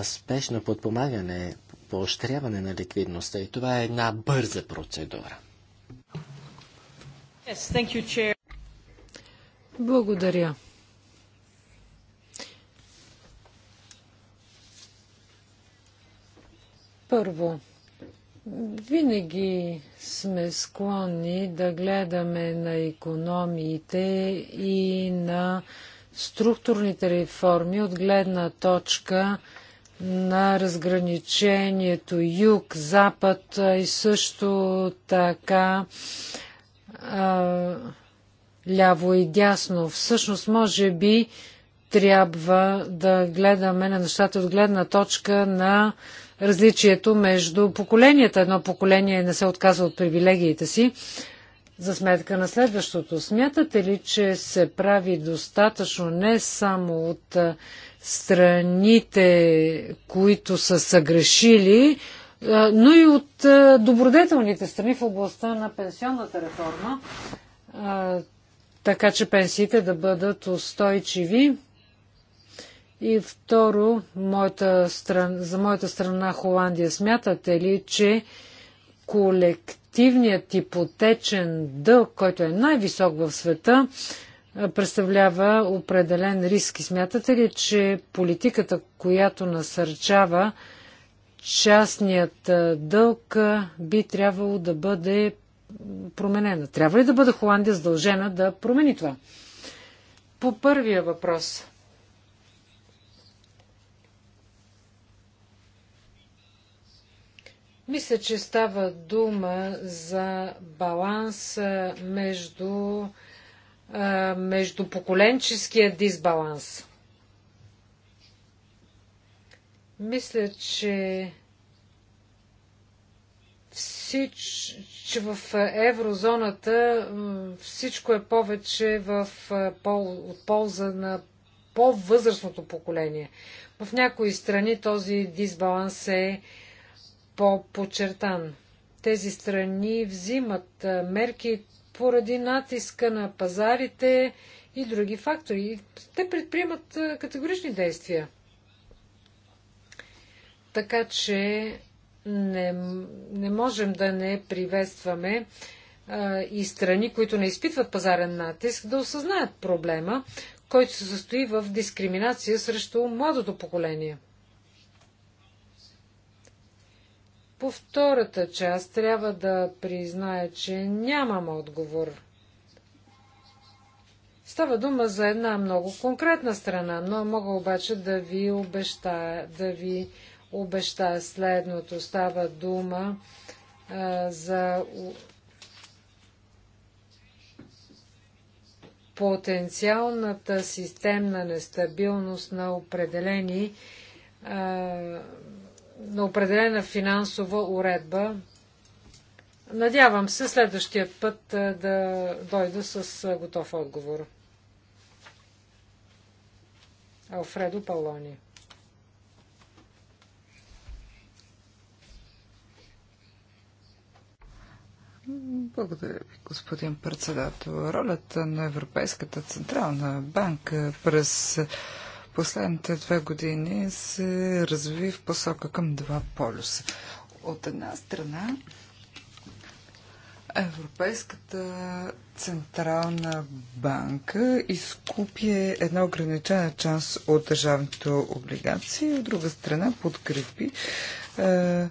спешно подпомагане, поощряване на ликвидността и това е една бърза процедура. Yes, you, Благодаря. Първо, винаги сме склонни да гледаме на економиите и на структурните реформи от гледна точка на разграничението юг-запад и също така а, ляво и дясно. Всъщност, може би трябва да гледаме на нещата от гледна точка на различието между поколенията. Едно поколение не се отказва от привилегиите си за сметка на следващото. Смятате ли, че се прави достатъчно не само от страните, които са съгрешили, но и от добродетелните страни в областта на пенсионната реформа, така че пенсиите да бъдат устойчиви и второ, моята стран, за моята страна Холандия, смятате ли, че колективният ипотечен дълг, който е най-висок в света, представлява определен риск. И смятате ли, че политиката, която насърчава частният дълг, би трябвало да бъде променена? Трябва ли да бъде Холандия задължена да промени това? По първия въпрос – Мисля, че става дума за баланс между, между поколенческия дисбаланс. Мисля, че всич, че в еврозоната всичко е повече в пол, от полза на по-възрастното поколение. В някои страни този дисбаланс е по-почертан. Тези страни взимат мерки поради натиска на пазарите и други фактори. Те предприемат категорични действия. Така че не, не можем да не приветстваме а, и страни, които не изпитват пазарен натиск, да осъзнаят проблема, който се състои в дискриминация срещу младото поколение. По втората част трябва да призная, че нямам отговор. Става дума за една много конкретна страна, но мога обаче да ви обещая, да ви обещая следното. Става дума а, за потенциалната системна нестабилност на определени а, на определена финансова уредба. Надявам се следващия път е, да дойда с е, готов отговор. Алфредо Палони. Благодаря ви, господин председател. Ролята на Европейската централна банка през последните две години се разви в посока към два полюса. От една страна Европейската централна банка изкупи една ограничена част от държавните облигации, от друга страна подкрепи е, е,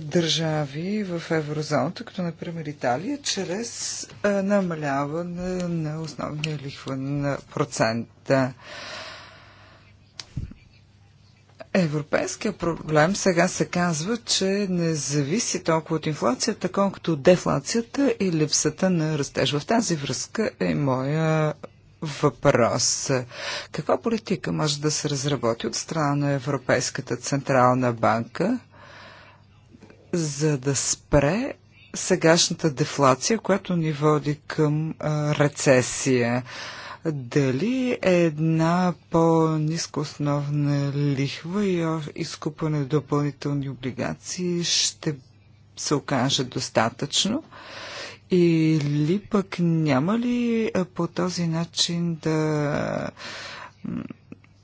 държави в еврозоната, като например Италия, чрез е, намаляване на основния лихвен процент. Е, Европейския проблем сега се казва, че не зависи толкова от инфлацията, колкото от дефлацията и липсата на растеж. В тази връзка е моя въпрос. Каква политика може да се разработи от страна на Европейската централна банка, за да спре сегашната дефлация, която ни води към а, рецесия? Дали една по-ниска основна лихва и изкупване допълнителни облигации ще се окаже достатъчно? Или пък няма ли по този начин да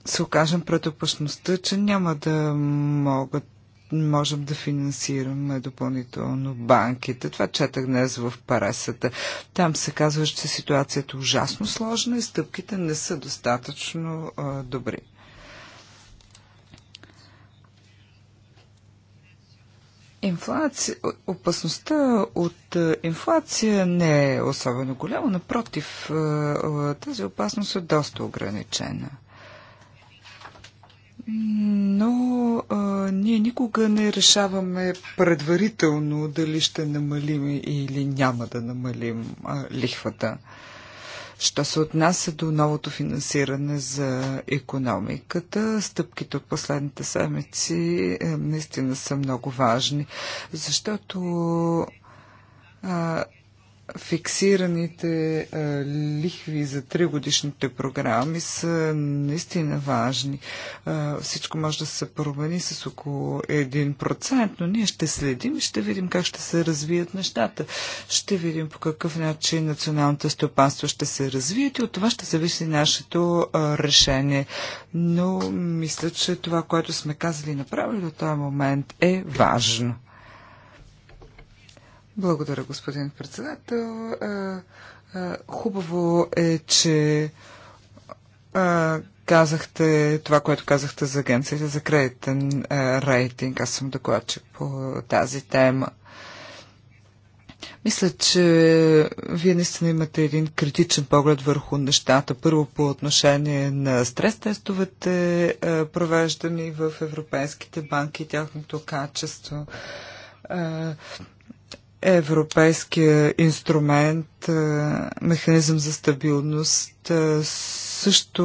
се окажем пред опасността, че няма да могат можем да финансираме допълнително банките. Това четах днес в пресата. Там се казва, че ситуацията е ужасно сложна и стъпките не са достатъчно а, добри. Инфлация, опасността от инфлация не е особено голяма, напротив, тази опасност е доста ограничена. Но а, ние никога не решаваме предварително дали ще намалим или няма да намалим а, лихвата. Що се отнася до новото финансиране за економиката, стъпките от последните седмици е, наистина са много важни, защото а, фиксираните а, лихви за тригодишните програми са наистина важни. А, всичко може да се промени с около 1%, но ние ще следим и ще видим как ще се развият нещата. Ще видим по какъв начин националната стопанства ще се развият и от това ще зависи нашето а, решение. Но мисля, че това, което сме казали и направили до този момент е важно. Благодаря, господин председател. Хубаво е, че казахте това, което казахте за агенцията за кредитен рейтинг. Аз съм докладчик по тази тема. Мисля, че вие наистина имате един критичен поглед върху нещата. Първо по отношение на стрес-тестовете, провеждани в европейските банки и тяхното качество. Европейския инструмент, е, механизъм за стабилност е, също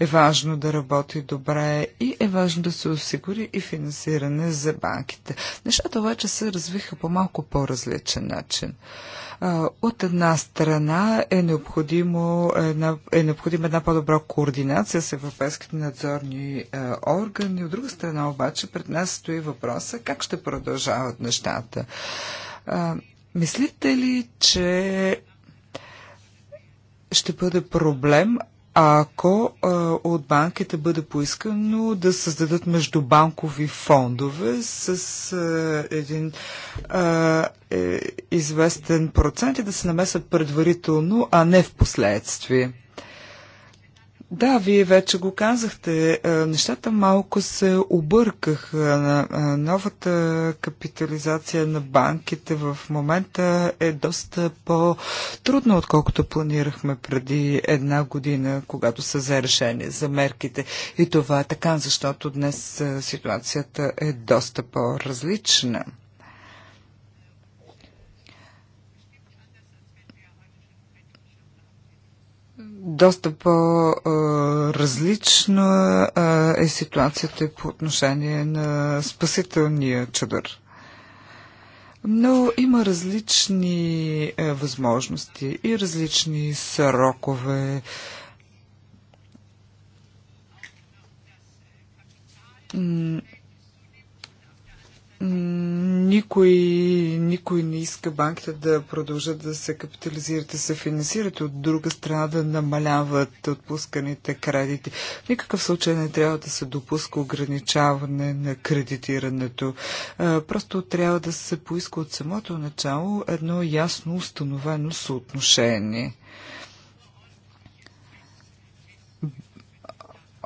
е, е важно да работи добре и е важно да се осигури и финансиране за банките. Нещата обаче се развиха по малко по-различен начин. От една страна е, необходимо, е необходима една по-добра координация с европейските надзорни органи. От друга страна обаче пред нас стои въпроса как ще продължават нещата. Мислите ли, че ще бъде проблем, ако а, от банките бъде поискано да създадат междубанкови фондове с а, един а, е, известен процент и да се намесат предварително, а не в последствие. Да, вие вече го казахте. Е, нещата малко се объркаха. Е, е, новата капитализация на банките в момента е доста по-трудна, отколкото планирахме преди една година, когато са взе решение за мерките. И това е така, защото днес ситуацията е доста по-различна. доста по-различна е ситуацията по отношение на спасителния чадър. Но има различни е, възможности и различни срокове. М- никой, никой не иска банките да продължат да се капитализират и да се финансират, от друга страна да намаляват отпусканите кредити. В никакъв случай не трябва да се допуска ограничаване на кредитирането. Просто трябва да се поиска от самото начало едно ясно установено съотношение.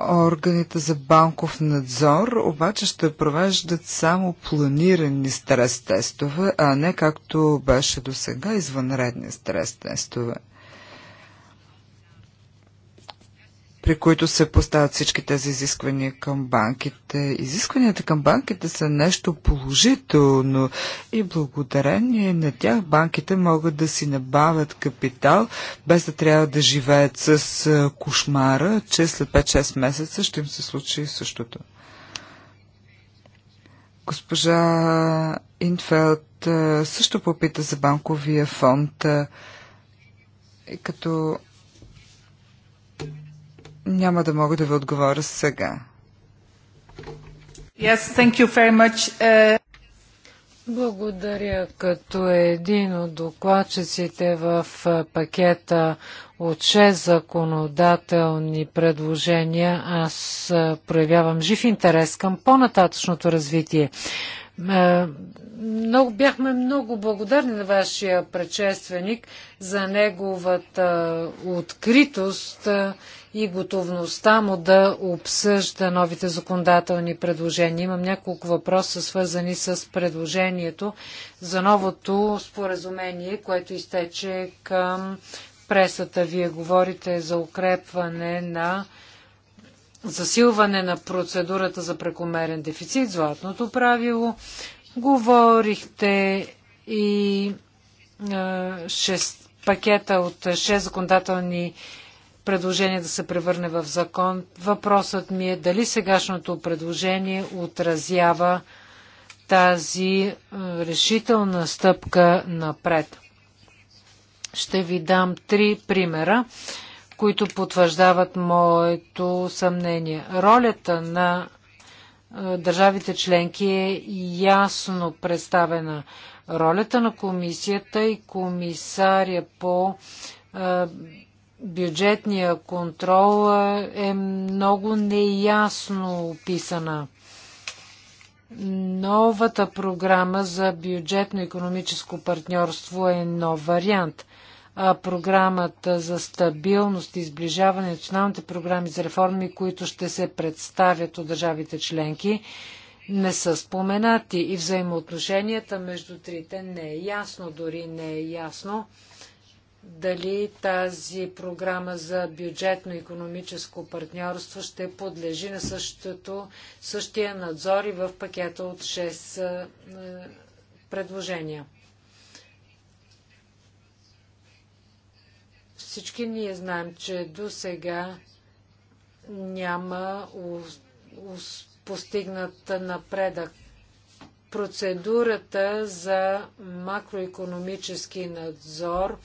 Органите за банков надзор обаче ще провеждат само планирани стрес-тестове, а не както беше до сега извънредни стрес-тестове. при които се поставят всички тези изисквания към банките. Изискванията към банките са нещо положително и благодарение на тях банките могат да си набавят капитал, без да трябва да живеят с кошмара, че след 5-6 месеца ще им се случи същото. Госпожа Инфелд също попита за банковия фонд, като няма да мога да ви отговоря сега. Yes, thank you very much. Uh... Благодаря. Като един от докладчиците в пакета от 6 законодателни предложения, аз проявявам жив интерес към по-нататъчното развитие. Е, много, бяхме много благодарни на вашия предшественик за неговата е, откритост е, и готовността му да обсъжда новите законодателни предложения. Имам няколко въпроса, свързани с предложението за новото споразумение, което изтече към пресата. Вие говорите за укрепване на засилване на процедурата за прекомерен дефицит, златното правило. Говорихте и шест, пакета от 6 законодателни предложения да се превърне в закон. Въпросът ми е дали сегашното предложение отразява тази решителна стъпка напред. Ще ви дам три примера които потвърждават моето съмнение. Ролята на е, държавите членки е ясно представена. Ролята на комисията и комисаря по е, бюджетния контрол е много неясно описана. Новата програма за бюджетно-економическо партньорство е нов вариант програмата за стабилност и сближаване, националните програми за реформи, които ще се представят от държавите членки, не са споменати и взаимоотношенията между трите не е ясно, дори не е ясно дали тази програма за бюджетно-економическо партньорство ще подлежи на същото, същия надзор и в пакета от 6 предложения. Всички ние знаем, че до сега няма постигнат напредък. Процедурата за макроекономически надзор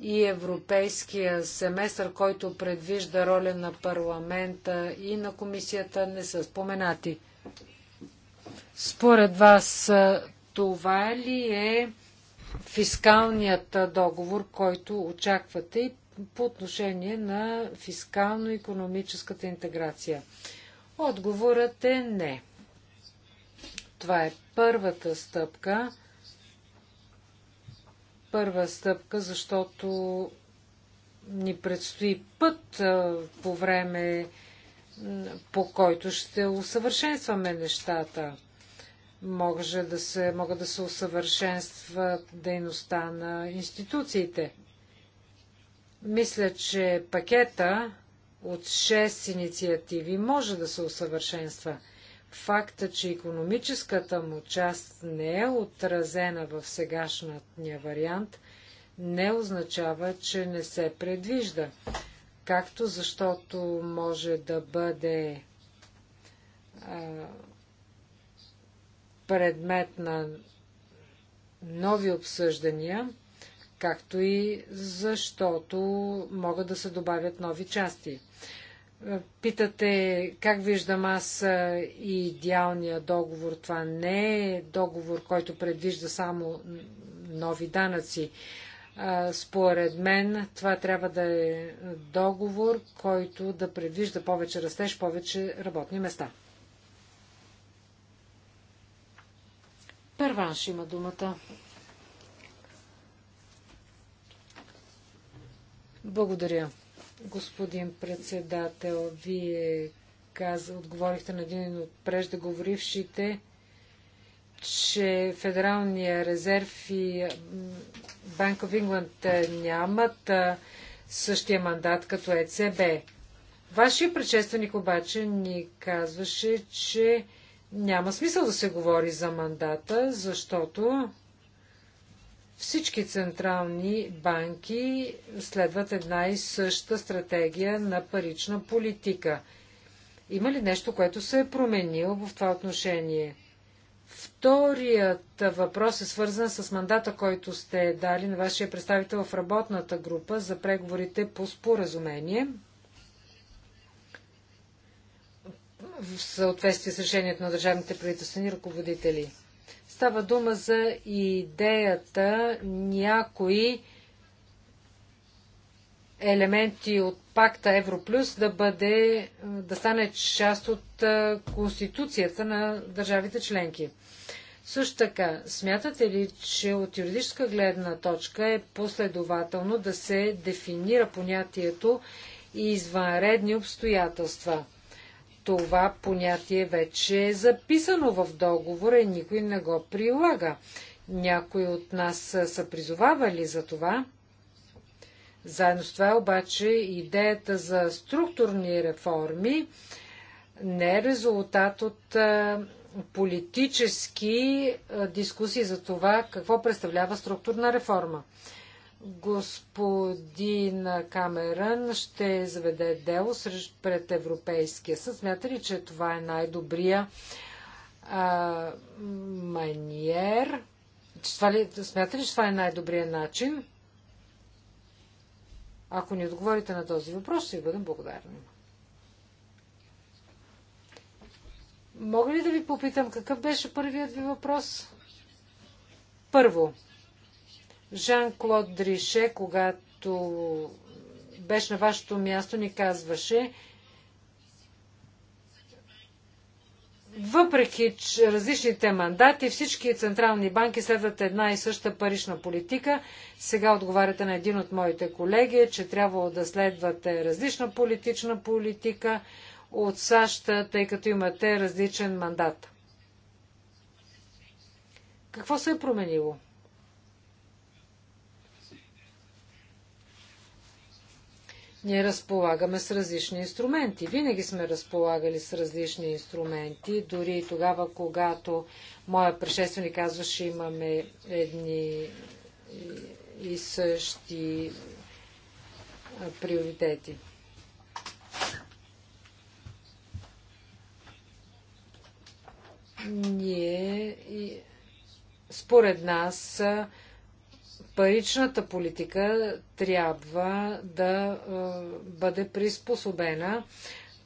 и европейския семестър, който предвижда роля на парламента и на комисията, не са споменати. Според вас това ли е фискалният договор, който очаквате и по отношение на фискално-економическата интеграция? Отговорът е не. Това е първата стъпка. Първа стъпка, защото ни предстои път по време, по който ще усъвършенстваме нещата. Може да се, могат да се усъвършенства дейността на институциите. Мисля, че пакета от 6 инициативи може да се усъвършенства. Факта, че економическата му част не е отразена в сегашния вариант, не означава, че не се предвижда. Както защото може да бъде а, предмет на нови обсъждания, както и защото могат да се добавят нови части. Е, питате как виждам аз и е, идеалния договор. Това не е договор, който предвижда само нови данъци. Е, според мен това трябва да е договор, който да предвижда повече растеж, повече работни места. Първанш има думата. Благодаря. Господин председател, вие каза, отговорихте на един от преждеговорившите, че Федералния резерв и Банк в Ингланд е, нямат същия мандат като ЕЦБ. Вашия предшественик обаче ни казваше, че няма смисъл да се говори за мандата, защото всички централни банки следват една и съща стратегия на парична политика. Има ли нещо, което се е променило в това отношение? Вторият въпрос е свързан с мандата, който сте дали на вашия представител в работната група за преговорите по споразумение. в съответствие с решението на държавните правителствени ръководители. Става дума за идеята някои елементи от пакта Европлюс да бъде, да стане част от конституцията на държавите членки. Също така, смятате ли, че от юридическа гледна точка е последователно да се дефинира понятието извънредни обстоятелства? това понятие вече е записано в договора и никой не го прилага. Някои от нас са призовавали за това. Заедно с това обаче идеята за структурни реформи не е резултат от политически дискусии за това какво представлява структурна реформа господин Камерън ще заведе дело пред Европейския съд. Смята ли, че това е най-добрия маниер? ли, смята ли, че това е най-добрия начин? Ако ни отговорите на този въпрос, ще ви бъдем благодарни. Мога ли да ви попитам какъв беше първият ви въпрос? Първо, Жан-Клод Дрише, когато беше на вашето място, ни казваше, въпреки различните мандати, всички централни банки следват една и съща парична политика. Сега отговаряте на един от моите колеги, че трябва да следвате различна политична политика от САЩ, тъй като имате различен мандат. Какво се е променило? Ние разполагаме с различни инструменти. Винаги сме разполагали с различни инструменти, дори и тогава, когато моя предшественик казваше, имаме едни и същи приоритети. Ние, според нас, паричната политика трябва да е, бъде приспособена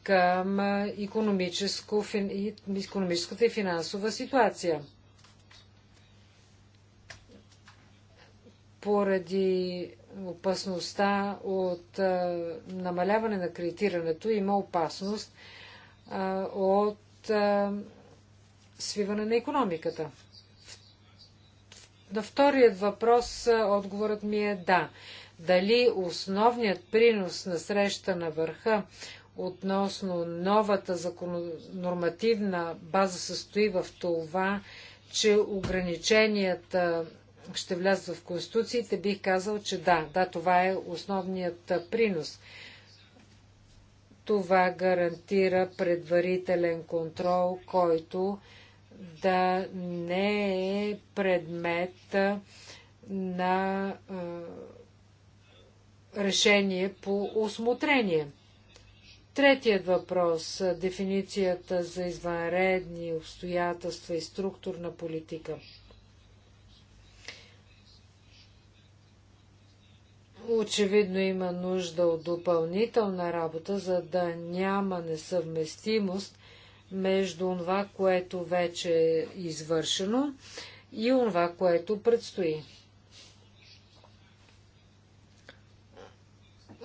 към економическо, економическата и финансова ситуация. Поради опасността от е, намаляване на кредитирането има опасност е, от свиване на економиката на вторият въпрос отговорът ми е да. Дали основният принос на среща на върха относно новата нормативна база състои в това, че ограниченията ще влязат в конституциите, бих казал, че да, да, това е основният принос. Това гарантира предварителен контрол, който да не е предмет на решение по осмотрение. Третият въпрос – дефиницията за извънредни обстоятелства и структурна политика. Очевидно има нужда от допълнителна работа, за да няма несъвместимост между това, което вече е извършено и това, което предстои.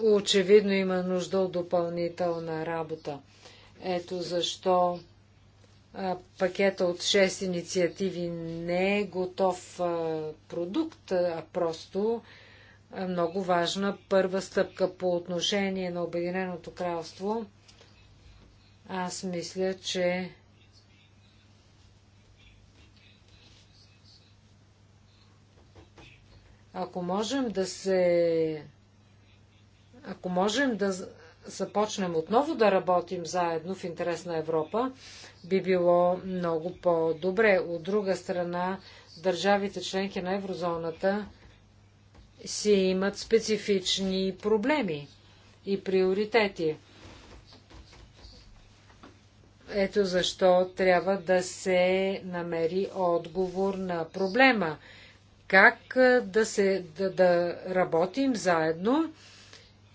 Очевидно има нужда от допълнителна работа. Ето защо пакета от 6 инициативи не е готов продукт, а просто много важна първа стъпка по отношение на Обединеното кралство. Аз мисля, че ако можем да се... Ако можем да започнем отново да работим заедно в интерес на Европа, би било много по-добре. От друга страна, държавите членки на еврозоната си имат специфични проблеми и приоритети. Ето защо трябва да се намери отговор на проблема. Как да, се, да, да работим заедно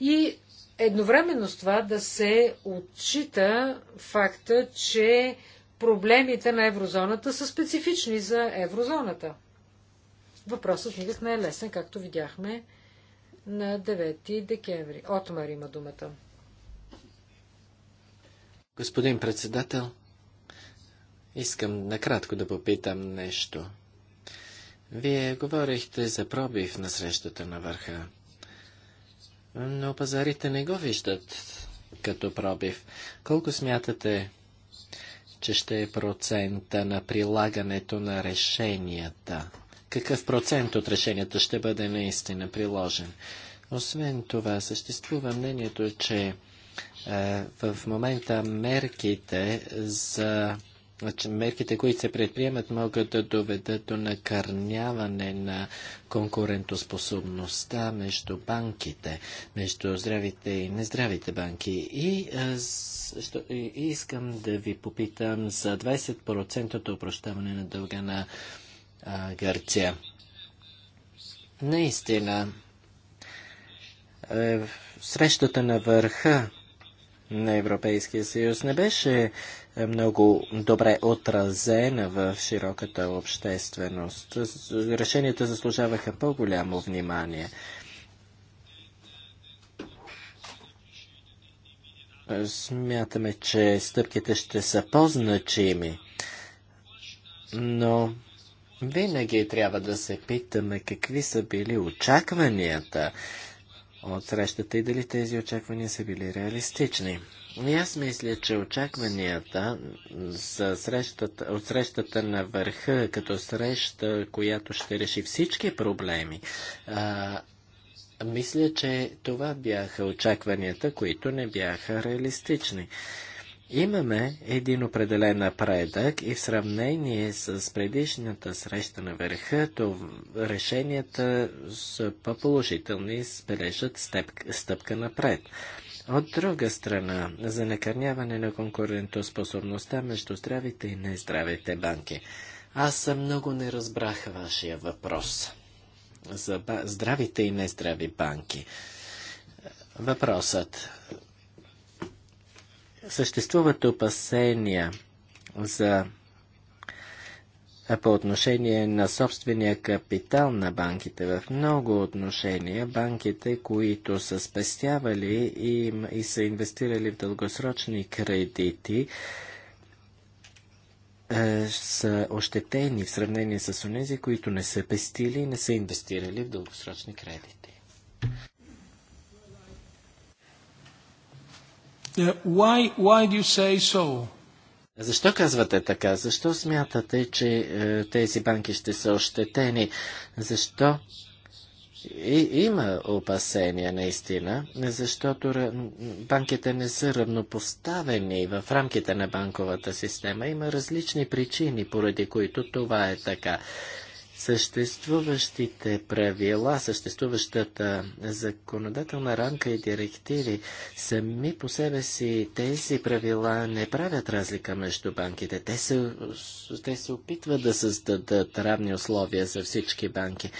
и едновременно с това да се отчита факта, че проблемите на еврозоната са специфични за еврозоната. Въпросът никак не е лесен, както видяхме на 9 декември. Отмар има думата. Господин председател, искам накратко да попитам нещо. Вие говорихте за пробив на срещата на върха, но пазарите не го виждат като пробив. Колко смятате, че ще е процента на прилагането на решенията? Какъв процент от решенията ще бъде наистина приложен? Освен това, съществува мнението, че е, в момента мерките за значи, мерките, които се предприемат, могат да доведат до накърняване на конкурентоспособността между банките, между здравите и нездравите банки. И, аз, е, що, и искам да ви попитам за 20% опрощаване на дълга на а, Гърция. Наистина, е, срещата на върха на Европейския съюз не беше е, много добре отразена в широката общественост. Решенията заслужаваха по-голямо внимание. Смятаме, че стъпките ще са по-значими, но винаги трябва да се питаме какви са били очакванията от срещата и дали тези очаквания са били реалистични. И аз мисля, че очакванията за срещата, от срещата на върха, като среща, която ще реши всички проблеми, а, мисля, че това бяха очакванията, които не бяха реалистични. Имаме един определен напредък и в сравнение с предишната среща на върха, то решенията са по-положителни, и сбележат стъпка напред. От друга страна, за накърняване на конкурентоспособността между здравите и нездравите банки. Аз съм много не разбрах вашия въпрос за здравите и нездрави банки. Въпросът Съществуват опасения за по отношение на собствения капитал на банките. В много отношения банките, които са спестявали и, и са инвестирали в дългосрочни кредити, е, са ощетени в сравнение с онези, които не са пестили и не са инвестирали в дългосрочни кредити. Е, why, why do you say so? Защо казвате така? Защо смятате, че е, тези банки ще са ощетени? Защо? И, има опасения наистина, защото банките не са равнопоставени в рамките на банковата система. Има различни причини, поради които това е така. Съществуващите правила, съществуващата законодателна рамка и директиви сами по себе си тези правила не правят разлика между банките. Те се, те се опитват да създадат равни условия за всички банки.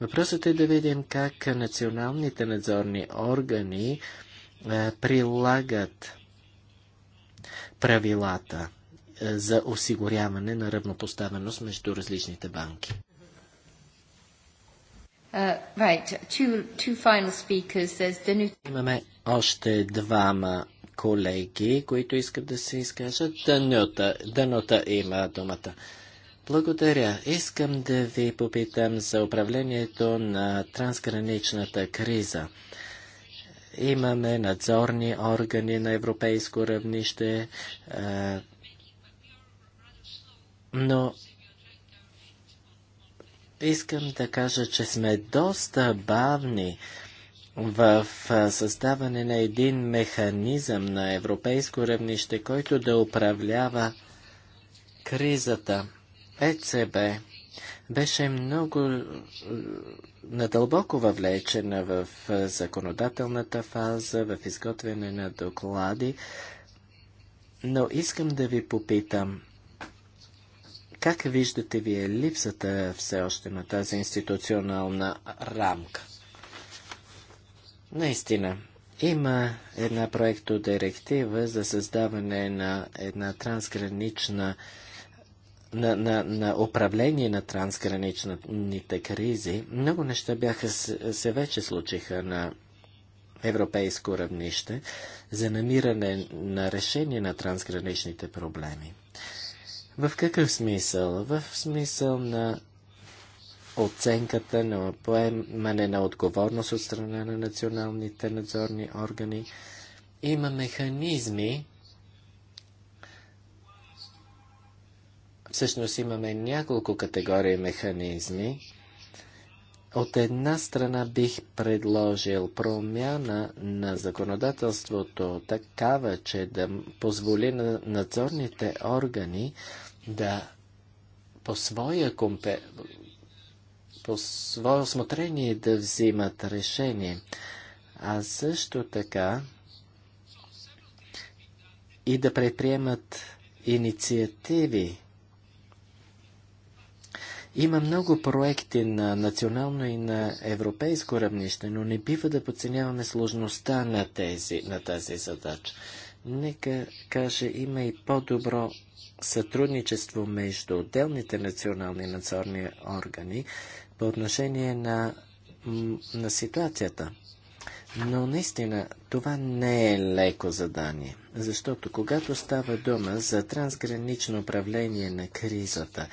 Въпросът е да видим как националните надзорни органи прилагат правилата за осигуряване на равнопоставеност между различните банки. Uh, right. two, two final speakers. There's Имаме още двама колеги, които искат да се изкажат. Данута, Данута има думата. Благодаря. Искам да ви попитам за управлението на трансграничната криза. Имаме надзорни органи на европейско равнище, е, но Искам да кажа, че сме доста бавни в създаване на един механизъм на европейско равнище, който да управлява кризата. ЕЦБ беше много надълбоко въвлечена в законодателната фаза, в изготвяне на доклади, но искам да ви попитам, как виждате вие липсата все още на тази институционална рамка? Наистина, има една проектодиректива за създаване на една трансгранична на, на, на управление на трансграничните кризи. Много неща бяха, се вече случиха на европейско равнище за намиране на решение на трансграничните проблеми. В какъв смисъл? В смисъл на оценката на поемане на отговорност от страна на националните надзорни органи. Има механизми, всъщност имаме няколко категории механизми. От една страна бих предложил промяна на законодателството такава, че да позволи на надзорните органи да по своя компе... по свое осмотрение да взимат решение, а също така и да предприемат инициативи. Има много проекти на национално и на европейско равнище, но не бива да подценяваме сложността на, тези, на тази задача. Нека каже, има и по-добро сътрудничество между отделните национални надзорни органи по отношение на, на ситуацията. Но наистина това не е леко задание, защото когато става дума за трансгранично управление на кризата,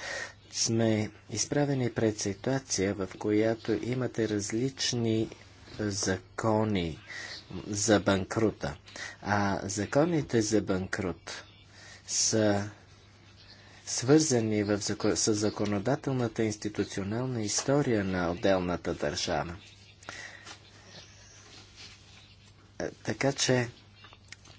сме изправени пред ситуация, в която имате различни закони, за банкрута. А законите за банкрут са свързани в, с законодателната институционална история на отделната държава. Е, така че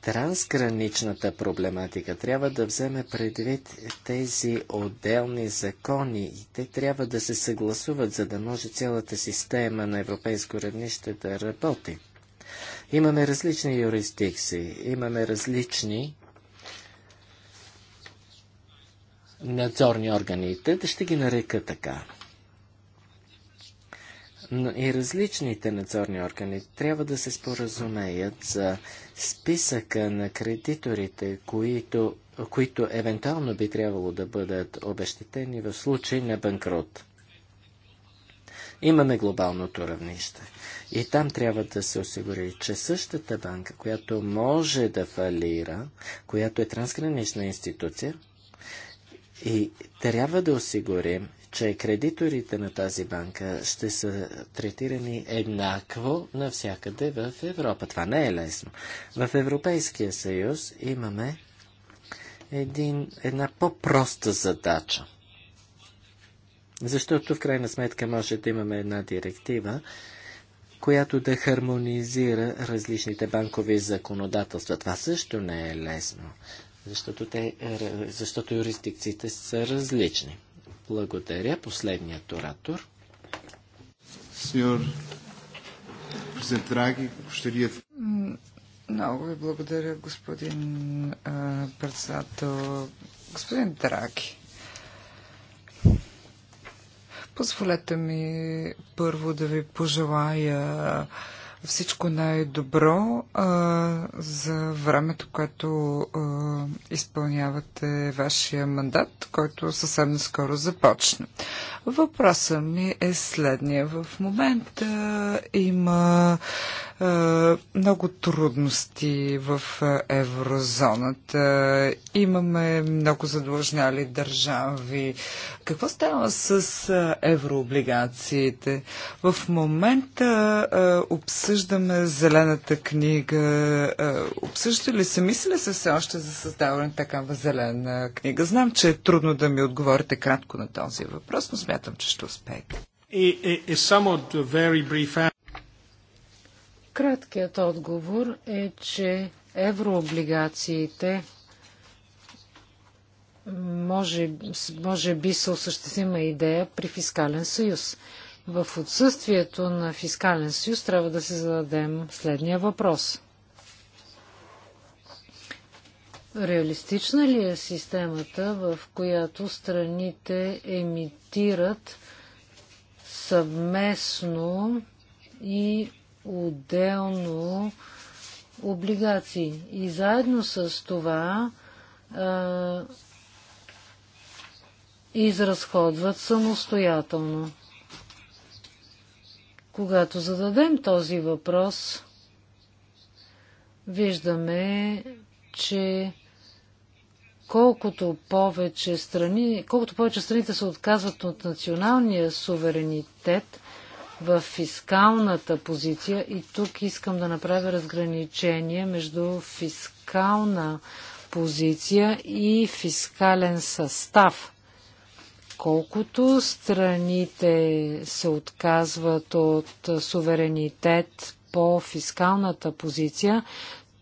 трансграничната проблематика трябва да вземе предвид тези отделни закони и те трябва да се съгласуват, за да може цялата система на европейско равнище да работи. Имаме различни юрисдикции, имаме различни надзорни органи. Те ще ги нарека така. Но и различните надзорни органи трябва да се споразумеят за списъка на кредиторите, които, които евентуално би трябвало да бъдат обещетени в случай на банкрот. Имаме глобалното равнище. И там трябва да се осигури, че същата банка, която може да фалира, която е трансгранична институция, и трябва да осигурим, че кредиторите на тази банка ще са третирани еднакво навсякъде в Европа. Това не е лесно. В Европейския съюз имаме един, една по-проста задача. Защото в крайна сметка може да имаме една директива, която да хармонизира различните банкови законодателства. Това също не е лесно, защото, те, е, защото юрисдикциите са различни. Благодаря. Последният оратор. Много ви благодаря, господин а, председател. Господин Драги, Позволете ми първо да ви пожелая всичко най-добро за времето, което а, изпълнявате вашия мандат, който съвсем скоро започна. Въпросът ми е следния. В момента има а, много трудности в еврозоната. Имаме много задлъжняли държави. Какво става с еврооблигациите? В момента обсъждаме обсъждаме зелената книга. Е, обсъжда ли се, мисля се все още за създаване такава зелена книга? Знам, че е трудно да ми отговорите кратко на този въпрос, но смятам, че ще успеете. Краткият отговор е, че еврооблигациите може, може би са осъществима идея при фискален съюз. В отсъствието на фискален съюз трябва да се зададем следния въпрос. Реалистична ли е системата, в която страните емитират съвместно и отделно облигации. И заедно с това изразходват самостоятелно. Когато зададем този въпрос, виждаме, че колкото повече страни, колкото повече страните се отказват от националния суверенитет в фискалната позиция, и тук искам да направя разграничение между фискална позиция и фискален състав. Колкото страните се отказват от суверенитет по фискалната позиция,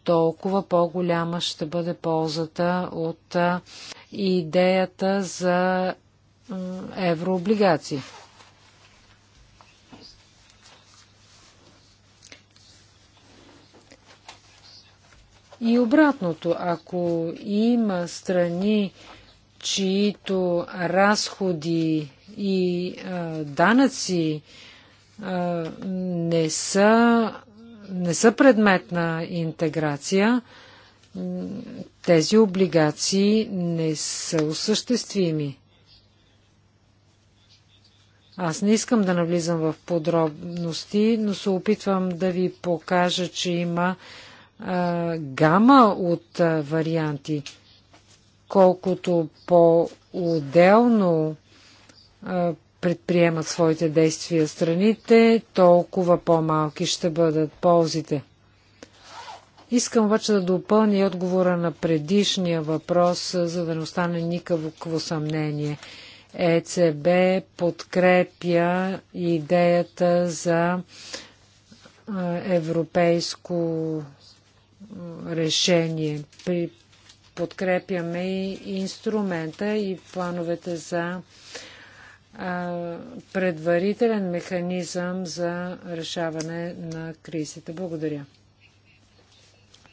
толкова по-голяма ще бъде ползата от идеята за еврооблигации. И обратното, ако има страни, чието разходи и данъци не са, не са предмет на интеграция, тези облигации не са осъществими. Аз не искам да навлизам в подробности, но се опитвам да ви покажа, че има а, гама от а, варианти колкото по-отделно предприемат своите действия страните, толкова по-малки ще бъдат ползите. Искам обаче да допълня отговора на предишния въпрос, за да не остане никакво съмнение. ЕЦБ подкрепя идеята за европейско решение. При Подкрепяме и инструмента и плановете за предварителен механизъм за решаване на кризите. Благодаря.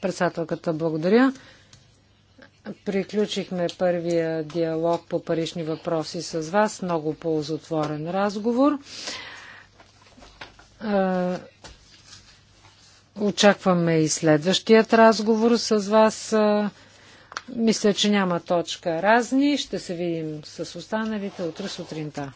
Председателката, благодаря. Приключихме първия диалог по парични въпроси с вас. Много ползотворен разговор. Очакваме и следващият разговор с вас. Мисля, че няма точка разни. Ще се видим с останалите утре сутринта.